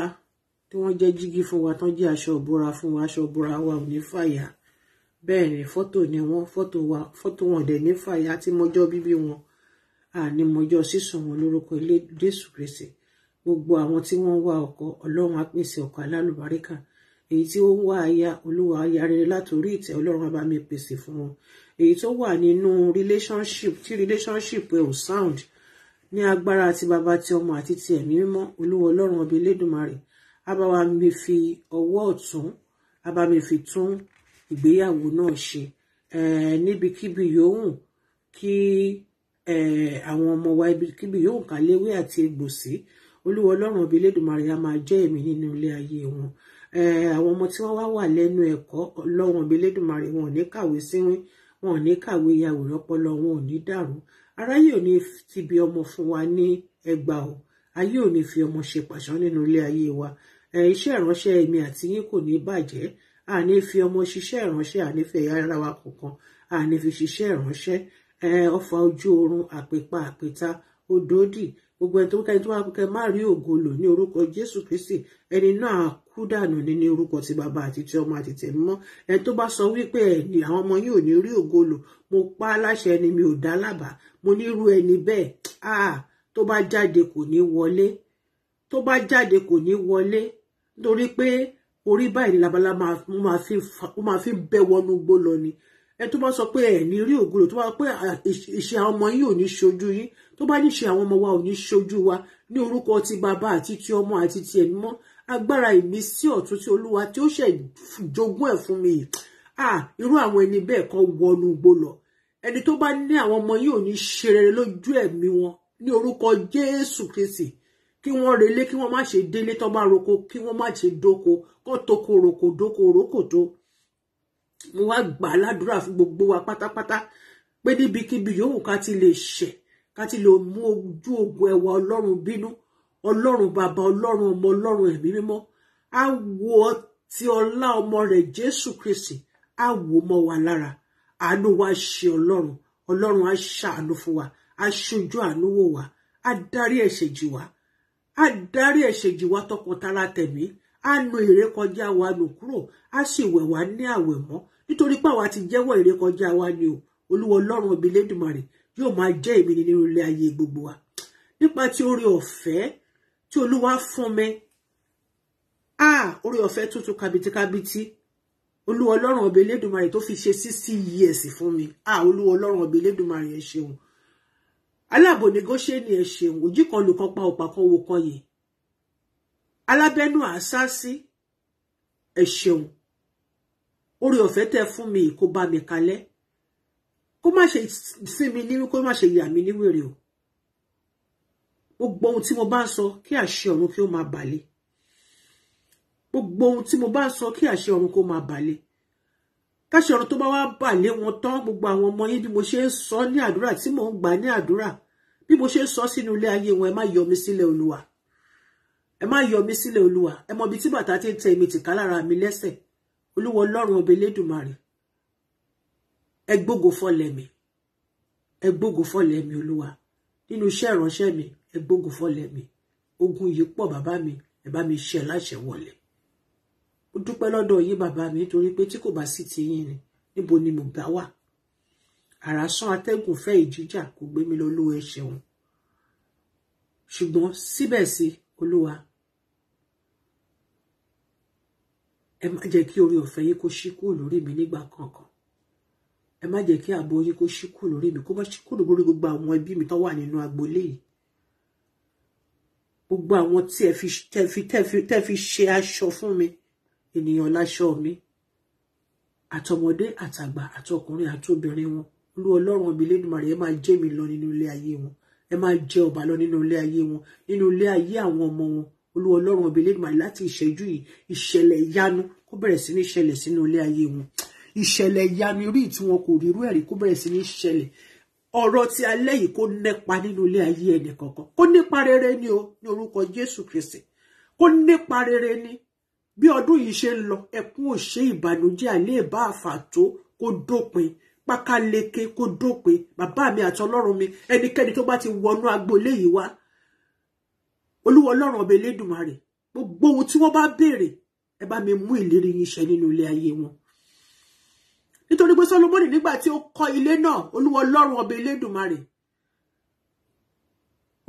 tí wọ́n jẹ́ jígí fún wa tán jẹ́ aṣọ ìbora fún wa aṣọ ìbora wa ò ní fàyà bẹ́ẹ̀ ni fọ́tò ni wọ́n fọ́tò wa fọ́tò wọn dẹ̀ ní fàyà àti mọjọ́ bíbí wọn àní mọjọ́ sísun wọn lórúkọ ilé Jésù Kristi gbogbo àwọn tí wọ́n ń wá ọkọ Ọlọ́run á pèsè ọkọ alálùbáríkà èyí tí ó ń wá aya olúwa aya rere látòrí ìtẹ́ Ọlọ́run á pèsè fún wọn èyí tó wà nínú relationship tí relationship ẹ ò sound ní agbára ti bàbá ti ọmọ àti ti ẹ̀mí mímọ́ olúwa ọlọ́run ọba elédùnmarè á bá wa mi fi ọwọ́ ọ̀tún á bá mi fi tún ìgbéyàwó náà ṣe níbikíbi yòówù kí àwọn ọmọ wa ibikíbi yòówù ká léwé àti egbò sí olúwa ọlọ́run ọba elédùnmarè á máa jẹ́ èmi nínú ilé ayé wọn àwọn ọmọ tí wọ́n wá wà lẹ́nu ẹ̀kọ́ ọlọ́run ọba elédùnmarè wọn ò ní kàwé síwín wọn ò ní kàwé yàwòrán ọpọlọ wọn ò ní dàrú aráyé ò ní ti bí ọmọ fún wa ní ẹgbà o ayé ò ní fi ọmọ ṣe pàṣán nínú ilé ayé wa iṣẹ́ ìránṣẹ́ èmi àti yín kò ní bàjẹ́ àní fi ọmọ ṣiṣẹ́ ìránṣẹ́ àní fi ẹ̀yà ara wa kọ̀ọ̀kan àní fi ṣiṣẹ́ ìránṣẹ́ ọfà ojú oorun àpèpa àpèta odòdì gbogbo ẹni tó kẹ́ni tó máa kẹ́ má rí ògo lò ní orúkọ jésù kristi ẹni náà kú dànù ní ní orúkọ ti bàbá àti ti ọmọ àti tẹ̀mí ẹni tó bá sọ wípé ẹni àwọn ọmọ yìí ò ní rí ògo lò mo pa á láṣẹ ni mi ò dá lábàá mo nírú ẹni bẹ́ẹ̀ ah tó bá jáde kò ní wọlé tó bá jáde kò ní wọlé nítorí pé orí báyìí labalábá ó máa fi bẹ wọnú gbó ni ẹ tó bá sọ pé ẹ ní rí ògùn tó bá pé ìṣe àwọn ọmọ yìí ò ní ṣojú yín tó bá níṣe àwọn ọmọ wa ò ní ṣojú wa ní orúkọ ti bàbá àti ti ọmọ àti ti ẹ̀mí mọ́ agbára ìmísí ọ̀tún tí olúwa tí ó ṣe jogún ẹ̀ fún mi yìí ah irú àwọn ẹni bẹ́ẹ̀ kan wọnú gbó ẹni tó bá ní àwọn ọmọ yìí ò ní ṣe rere lójú ẹ̀mí wọn ní orúkọ Jésù Kristi kí wọ́n relé kí wọ́n má ṣe délé tó bá roko kí wọ́n má ṣe dóko kó toko roko dóko rókòtó mo wá gbà ládùúrà fún gbogbo wa pátápátá pé níbikíbi yòówù ká ti lè ṣẹ̀ ká ti lè mú ojú ogun ẹwà Ọlọ́run bínú Ọlọ́run bàbá Ọlọ́run ọmọ Ọlọ́run ẹ̀mí mímọ́ á wo ti ọlá ọmọ rẹ̀ Jésù Kristi á wò mọ́ wa lára àánú wa ṣe ọlọ́run ọlọ́run á ṣàánú fún wa á ṣojú àánú wò wá á dárí ẹ̀ṣẹ̀ jì wá á dárí ẹ̀ṣẹ̀ jì wá tọkàntara tẹ̀mí á nu ìrékọjá wa nù kúrò á sì wẹ̀ wá ní àwẹ̀ mọ́ nítorí pé àwa ti jẹ́wọ́ ìrékọjá wa ni o olúwa ọlọ́run ọbí lẹ́dùnmarè yóò máa jẹ́ èmi nínú ilé ayé gbogbo wa nípa ti oore ọ̀fẹ́ tí olúwa fún mi ah oore ọ̀fẹ́ tuntun kàbìtìkàbìtì olúwa ọlọ́run ọba elédùnmarè tó fi ṣe sixty years fún mi ah olúwa ọlọ́run ọba elédùnmarè ẹ ṣeun aláàbò negotiate ni ẹ ṣeun ojú kan lùkan pa ọ̀pá kan wo kan yìí alábẹ́nu àṣàṣì ẹ ṣeun orí ọ̀fẹ́ tẹ fún mi kó bá mi kalẹ̀ kó má ṣe sí mi nínú kó má ṣe yà mí níwèrè o gbogbo ohun tí mo bá ń sọ kí àṣẹ ọ̀run kí ó máa bàlẹ̀ gbogbo ohun tí mo bá sọ kí àṣẹ ọ̀run kó máa bàlẹ̀ káṣẹ ọ̀run tó bá wá bàlẹ̀ wọn tán gbogbo àwọn ọmọ yín bí mo ṣe ń sọ ní àdúrà tí mò ń gbà ní àdúrà bí mo ṣe ń sọ sínú ilé ayé wọn ẹ má yọ mi sílẹ̀ olúwa ẹ má yọ mi sílẹ̀ olúwa ẹ mọ ibi tí bàtà ti ń tẹ èmi tìká lára mi lẹ́sẹ̀ olúwa ọlọ́run ọbẹ̀ elédùnmarè ẹ gbógo fọlẹ̀ mi ẹ gbógo fọlẹ̀ mi olúwa nínú iṣẹ́ ìránṣẹ́ mi ẹ gbógo fọlẹ̀ mi ogun yìí pọ̀ bàbá mi ẹ bá mi ṣe láṣẹ wọlẹ̀ dúpẹ́ lọ́dọ̀ yìí bàbá mi nítorí pé tí kò bá sì ti yín ni níbo ni mo gbà wà àràsán atẹ́gùn fẹ́ ìjíjà kò gbé mi lọ olúwa ẹ ṣeun ṣùgbọ́n síbẹ̀ sí olúwa ẹ má jẹ́ kí orí ọ̀fẹ́ yín kó ṣí kúrò lórí mi nígbà kankan ẹ má jẹ́ kí ààbò yín kó ṣí kúrò lórí mi kó má ṣí kúrò lórí gbogbo àwọn ẹbí mi tó wà nínú agboolé yìí gbogbo àwọn tí ẹ fi tẹ fi ṣe aṣọ fún mi ènìyàn láṣọ mi àtọmọdé àtàgbà àtọkùnrin àtobìnrin wọn olú ọlọ́run ọbí lẹ́dùnmarè ẹ máa jẹ́ mi lọ nínú ilé ayé wọn ẹ máa jẹ́ ọba lọ nínú ilé ayé wọn nínú ilé ayé àwọn ọmọ wọn olú ọlọ́run ọbí lẹ́dùnmarè láti ìṣẹ́jú yìí ìṣẹ̀lẹ̀ ìyanu kó bẹ̀rẹ̀ sí ní ṣẹlẹ̀ sínú ilé ayé wọn ìṣẹ̀lẹ̀ ìyanu rí tí wọn kò rírú ẹ̀rí kó bẹ̀rẹ̀ sí ní ṣẹlẹ̀ ọ̀rọ̀ ti alẹ́ yìí kó nípa nínú ilé ayé ẹnì kọ̀ọ̀kan kó nípa rere ni o ní orúkọ Jésù Kristi kó nípa rere ni bí ọdún yìí ṣe ń lọ ẹkún òṣè ìbànújẹ́ àlẹ ìbá àfàtó kó dópin pákáleke kó dópin bàbá mi àti Ọlọ́run mi ẹnikẹ́ni tó bá ti wọnú agboolé yìí wá Olúwa Ọlọ́run ọbẹ Elédùmarè gbogbo ohun tí wọ́n bá béèrè ẹ bá mi mú ìlérí yín ṣẹ nínú ilé ayé wọn nítorí pé Sólómọ́nì nígbà tí ó kọ́ ilé náà Olúwa Ọlọ́run ọbẹ Elédùmarè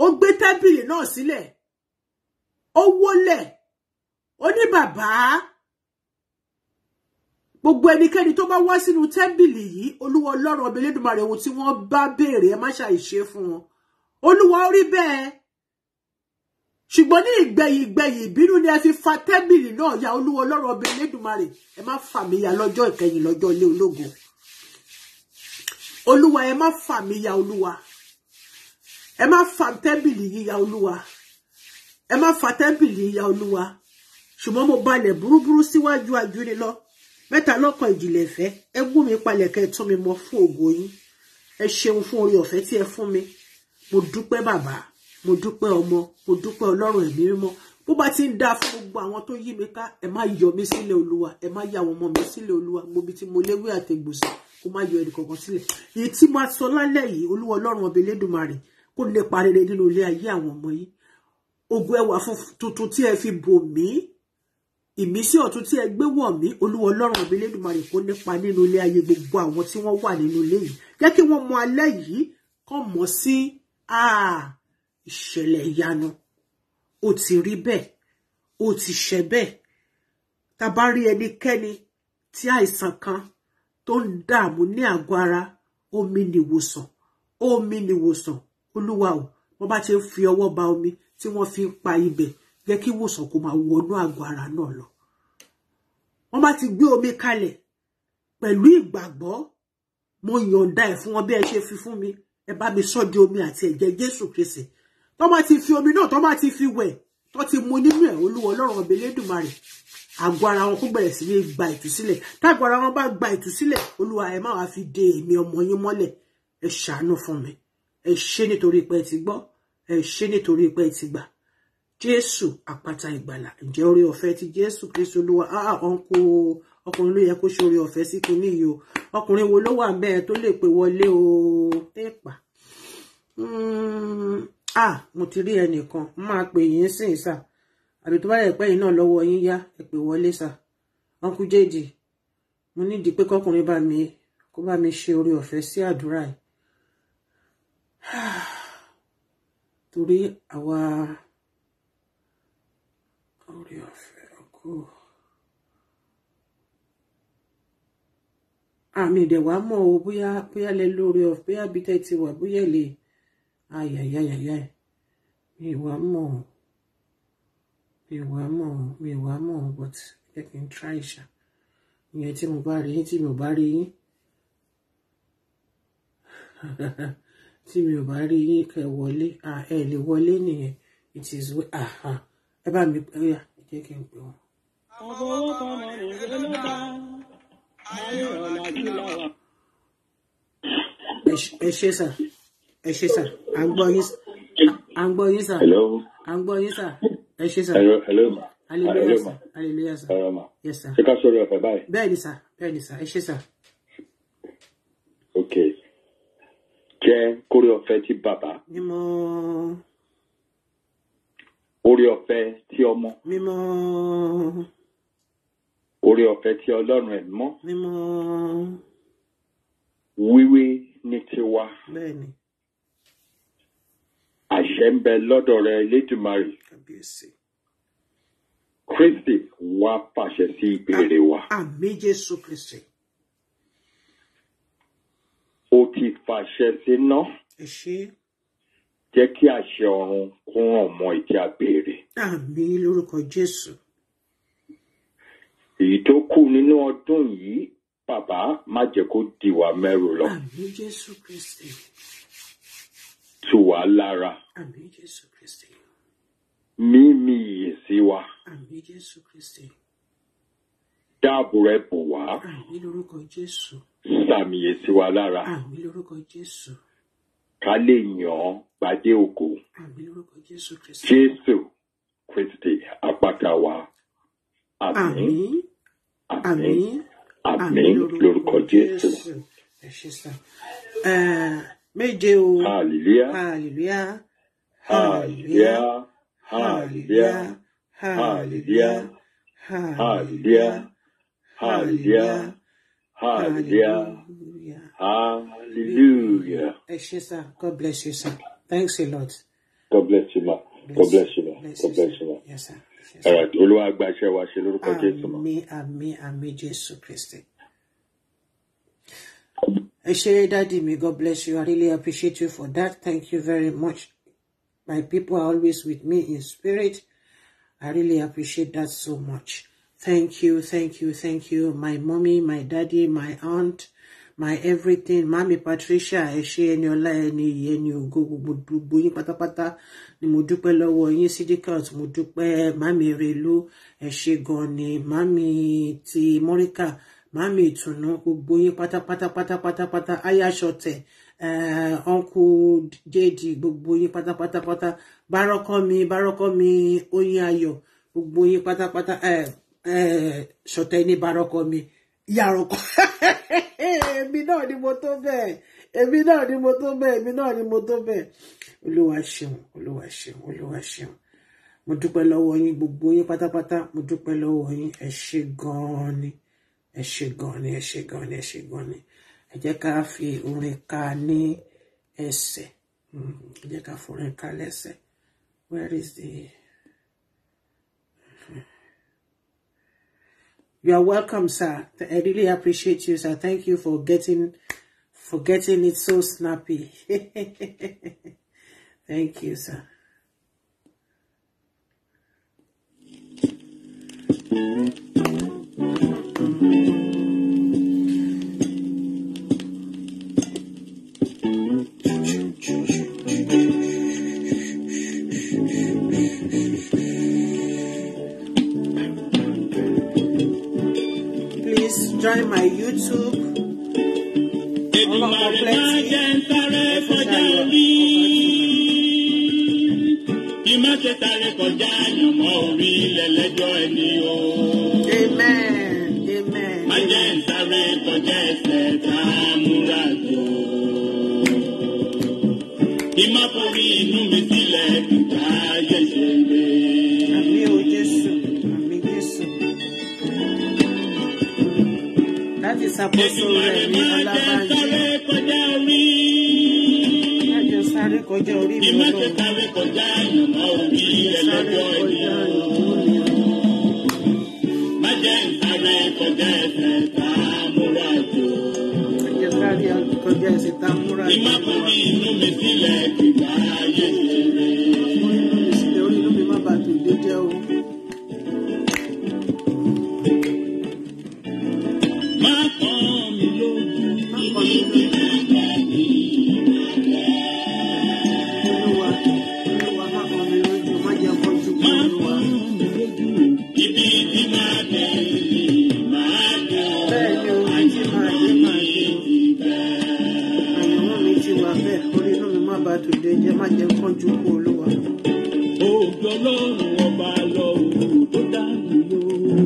ó gbé tábìlì náà sílẹ̀ ó wólẹ̀ ó ní bàbá gbogbo ẹnikẹ́ni tó bá wá sínú tẹ́ḿbìlì yìí olúwa ọlọ́run ọbẹ̀ elédùnmarè ohun tí wọ́n bá béèrè ẹ má ṣàìṣe fún wọn olúwa ó bẹ́ẹ̀ ṣùgbọ́n ní ìgbẹ̀yìn ìgbẹ̀yìn ìbínú ni ẹ fi fa tẹ́ḿbìlì náà ya olúwa ọlọ́run ọbẹ̀ elédùnmarè ẹ má fà mí ya lọ́jọ́ ìkẹyìn lọ́jọ́ ilé ológo olúwa ẹ má fà mí ya olúwa ẹ má fa tẹ́ḿbìlì yìí ya olúwa ẹ má fa tẹ́ḿbìlì yìí ya olúwa ṣùgbọ́n mo balẹ̀ burúburú síwájú ajúni lọ mẹ́ta lọ́kàn ìjìnlẹ̀ ìfẹ́ ẹ gún mi palẹ̀ kẹ́ ẹ tún mi mọ fún ògo yín ẹ ṣeun fún orí ọ̀fẹ́ tí ẹ fún mi mo dúpẹ́ bàbá mo dúpẹ́ ọmọ mo dúpẹ́ ọlọ́run ẹ̀mí mímọ́ bó bá ti ń dáa fún gbogbo àwọn tó yí mi ká ẹ má yọ mí sílẹ̀ olúwa ẹ má yà àwọn ọmọ mi sílẹ̀ olúwa gbobi tí mo léwé àtẹ̀gbòsì kó má yọ ẹnìkọ̀ọ̀kan sílẹ̀ èyí tí mo sọ lálẹ́ yìí olúwa ọlọ́run ọba elédùnmarè kó nípa rere nínú ilé ayé àwọn ọmọ yìí ògo ẹwà tuntun tí ẹ fi bò mí ìmísí ọ̀tún tí ẹ gbé wọ̀ mí olúwa ọlọ́run ọ̀bí lẹ́dùnmarè kó nípa nínú ilé ayé gbogbo àwọn tí wọ́n wà nínú ilé yìí jẹ́ kí wọ́n mọ alẹ́ yìí kàn mọ́ sí ìṣẹ̀lẹ̀ ìyanu ó ti rí bẹ́ẹ̀ ó ti ṣẹ bẹ́ẹ̀ tá bá rí ẹnikẹ́ni tí àìsàn kan tó ń dààmú ní àgọ́ ara omi nìwòsàn omi nìwòsàn olúwa o wọ́n bá ti ń fi ọwọ́ ba omi tí wọ́n fi ń pa ibẹ̀ jẹ́ kí ìwòsàn kó máa wọnú àgọ́ ara náà lọ wọ́n bá ti gbé omi kalẹ̀ pẹ̀lú ìgbàgbọ́ mo yọ̀ǹda ẹ̀ fún wọn bí ẹ ṣe fi fún mi ẹ bá mi sọ di omi àti ẹ̀jẹ̀ Jésù Kristi tó bá ti fi omi náà tó bá ti fi wẹ̀ tó ti mu nínú ẹ̀ Olúwa Ọlọ́run ọbẹ lẹdùnmarè àgọ́ ara wọn kó bẹ̀rẹ̀ sí ní gba ìtúsílẹ̀ tágọ́ ara wọn bá gba ìtúsílẹ̀ Olúwa ẹ má wàá fi de èmi ọmọ yín mọ́lẹ̀ ẹ ṣàánú fún mi ẹ ṣe nítorí pé ẹ ti gbọ́ ẹ ṣe nítorí pé ẹ ti gbà jésù àpáta ìgbàlà ǹjẹ́ orí ọ̀fẹ́ ti jésù kristu olúwa áà ọ̀nkò ọkùnrin ló yẹ kó ṣe orí ọ̀fẹ́ sí kinní yìí o ọkùnrin wo ló wà ń bẹ́ẹ̀ tó lè pè wọlé o pépà hmm, à mo ti rí ẹnìkan máa pè yín sí ìsà àbí tó bá yẹ pẹ́yìn náà lọ́wọ́ yín yá ẹ pè wọlé sà ọ̀nkú jèjì mo nídìí pé kọkùnrin bá mi kó bá mi ṣe orí ọ̀fẹ́ sí àdúrà yìí torí àwa. Awa orí ọ̀fẹ́ ọkọ àmì ìdẹ̀wà mọ̀ more. bóyá bóyá lẹ lórí ọ̀fẹ́ bóyá bí tẹ́ ti wà bóyá lè ayàyàyàyà mi ìwà mọ̀ o mi ìwà mọ̀ o mi ìwà mọ̀ o but I can try ìṣà ìyẹn tí mo bá rí yín tí mi ò bá rí yín tí mi ò bá rí yín kẹ́ wọlé it is way. Uh -huh ẹ bá mi pè óyà ẹ jẹ́ kí n pè wọ́n. àfọwọ́kọ ọmọ nìyẹn ló bá ayé ọ̀làjú lọ́wọ́. ẹ ṣe sà ẹ ṣe sà à ń gbọ́ yín à ń gbọ́ yín sà à ń gbọ́ yín sà ẹ ṣe sà. hallelujah sà hallelujah sà yes sà. ṣé ká sọ̀rọ̀ ẹ̀fẹ̀ báyìí. bẹ́ẹ̀ni sà bẹ́ẹ̀ni sà ẹ ṣe sà. ok jẹ́ kórè ọ̀fẹ́ tí bàbá. ni mo oore ọ̀fẹ́ tí ọmọ. mímọ́. oore ọ̀fẹ́ tí ọlọ́run ẹ̀mọ́. mímọ́. wíwé ní tiwa. bẹ́ẹ̀ni. àṣẹ ń bẹ lọ́dọ̀ rẹ Elédùmarè. kàbíyèsí. Kristi wá pàṣẹ sí ìbéèrè wa. àmín Jésù Kristi. ó ti fàṣẹ sí ná. ẹ ṣé jẹ́ kí àṣẹ ọ̀run kó ràn mọ́ ìdí àgbèrè. àmín lórúkọ jésù. èyí tó kù nínú ọdún yìí bàbá má jẹ́ kó di wá mẹ́rù lọ. àmín jésù kristi. tù wá lára. àmín jésù kristi. mímí iyè sí wa. àmín jésù kristi. dáàbò rẹ bò wá. àmín lórúkọ jésù. sàmì wa lára. àmín lórúkọ jésù ká lè yàn án gbadé ògo jésù kristi àpáta wa àmín àmín àmín lórúkọ jésù. méje o hallelujah hallelujah hallelujah hallelujah hallelujah hallelujah hallelujah hallelujah. Hallelujah. Bless you, sir. God bless you, sir. Thanks a lot. God bless you, ma. God bless you, ma. God bless you, ma. Yes, sir. All right. Olúwa gba iṣẹ́ wa ṣe lórúkọ Jésù ma. Àmín àmín àmín Jésù Kristi. Ẹ ṣé dádì mi, God bless you. I really appreciate you for that. Thank you very much. My people are always with me in spirit. I really appreciate that so much. Thank you, thank you, thank you. My mommy, my daddy, my aunt, my everything mami Patricia ẹ ṣé ẹni ọlá ẹni ìyẹ ẹni ògo gbogbo yín pátápátá ni mo dúpẹ́ lọ́wọ́ yín Sidikat mo dúpẹ́ mami Erelu ẹ ṣé gan ni mami ti Monica mami ìtùnú gbogbo yín pátápátá pátápátá ayáṣọtẹ ọ̀nkù jẹ́ẹ̀dì gbogbo yín pátápátá pátá bárọ́kọ́ mi bárọ́kọ́ mi oyin ayọ̀ gbogbo yín pátápátá ṣọ̀tẹ̀ ní bárọ́kọ́ mi yàrọ̀kọ́ Eh, èmi náà ni mo tó bẹ́ẹ̀ èmi náà ni mo tó bẹ́ẹ̀ èmi náà ni mo tó bẹ́ẹ̀ olúwa ṣeun olúwa ṣeun olúwa ṣeun mo dúpẹ́ lọ́wọ́ yín gbogbo yín pátápátá mo dúpẹ́ lọ́wọ́ yín ẹ ṣé gan-an ni ẹ ṣé gan-an ni ẹ ṣé gan-an ni ẹ ṣé gan-an ni ẹ jẹ́ ká fi orin ká ní ẹsẹ̀ hmm, ẹ jẹ́ ká forin ká lẹ́sẹ̀ where is the. You are welcome, sir. I really appreciate you, sir. Thank you for getting for getting it so snappy. Thank you, sir. join my YouTube. Ọlọ́run bless you. Má ṣe tàrẹ kọjá àyànmọ́ orí lẹ́lẹ́jọ́ ẹni o. Amen. Amen. Má jẹ́ ń tàrẹ kọjá ẹsẹ̀ tá a múra jọ. Ìmọ̀kùnrin ìṣàkóso rẹ̀ ní Ọlábánjí. Ìmájẹ sáré kọjá orí mi lọ. Ìmájẹ sáré kọjá ìmọ̀ òbí ẹlẹ́jọ́ ènìyàn. Májẹ sáré kọjá ẹsẹ̀ tá a múra jù. Májẹ sáré kọjá ẹsẹ̀ tá a múra jù. Ìmájẹ bí inú mi sílẹ̀ kìgbà ayé rere. Mo ní inú mi sílẹ̀ ó ní you.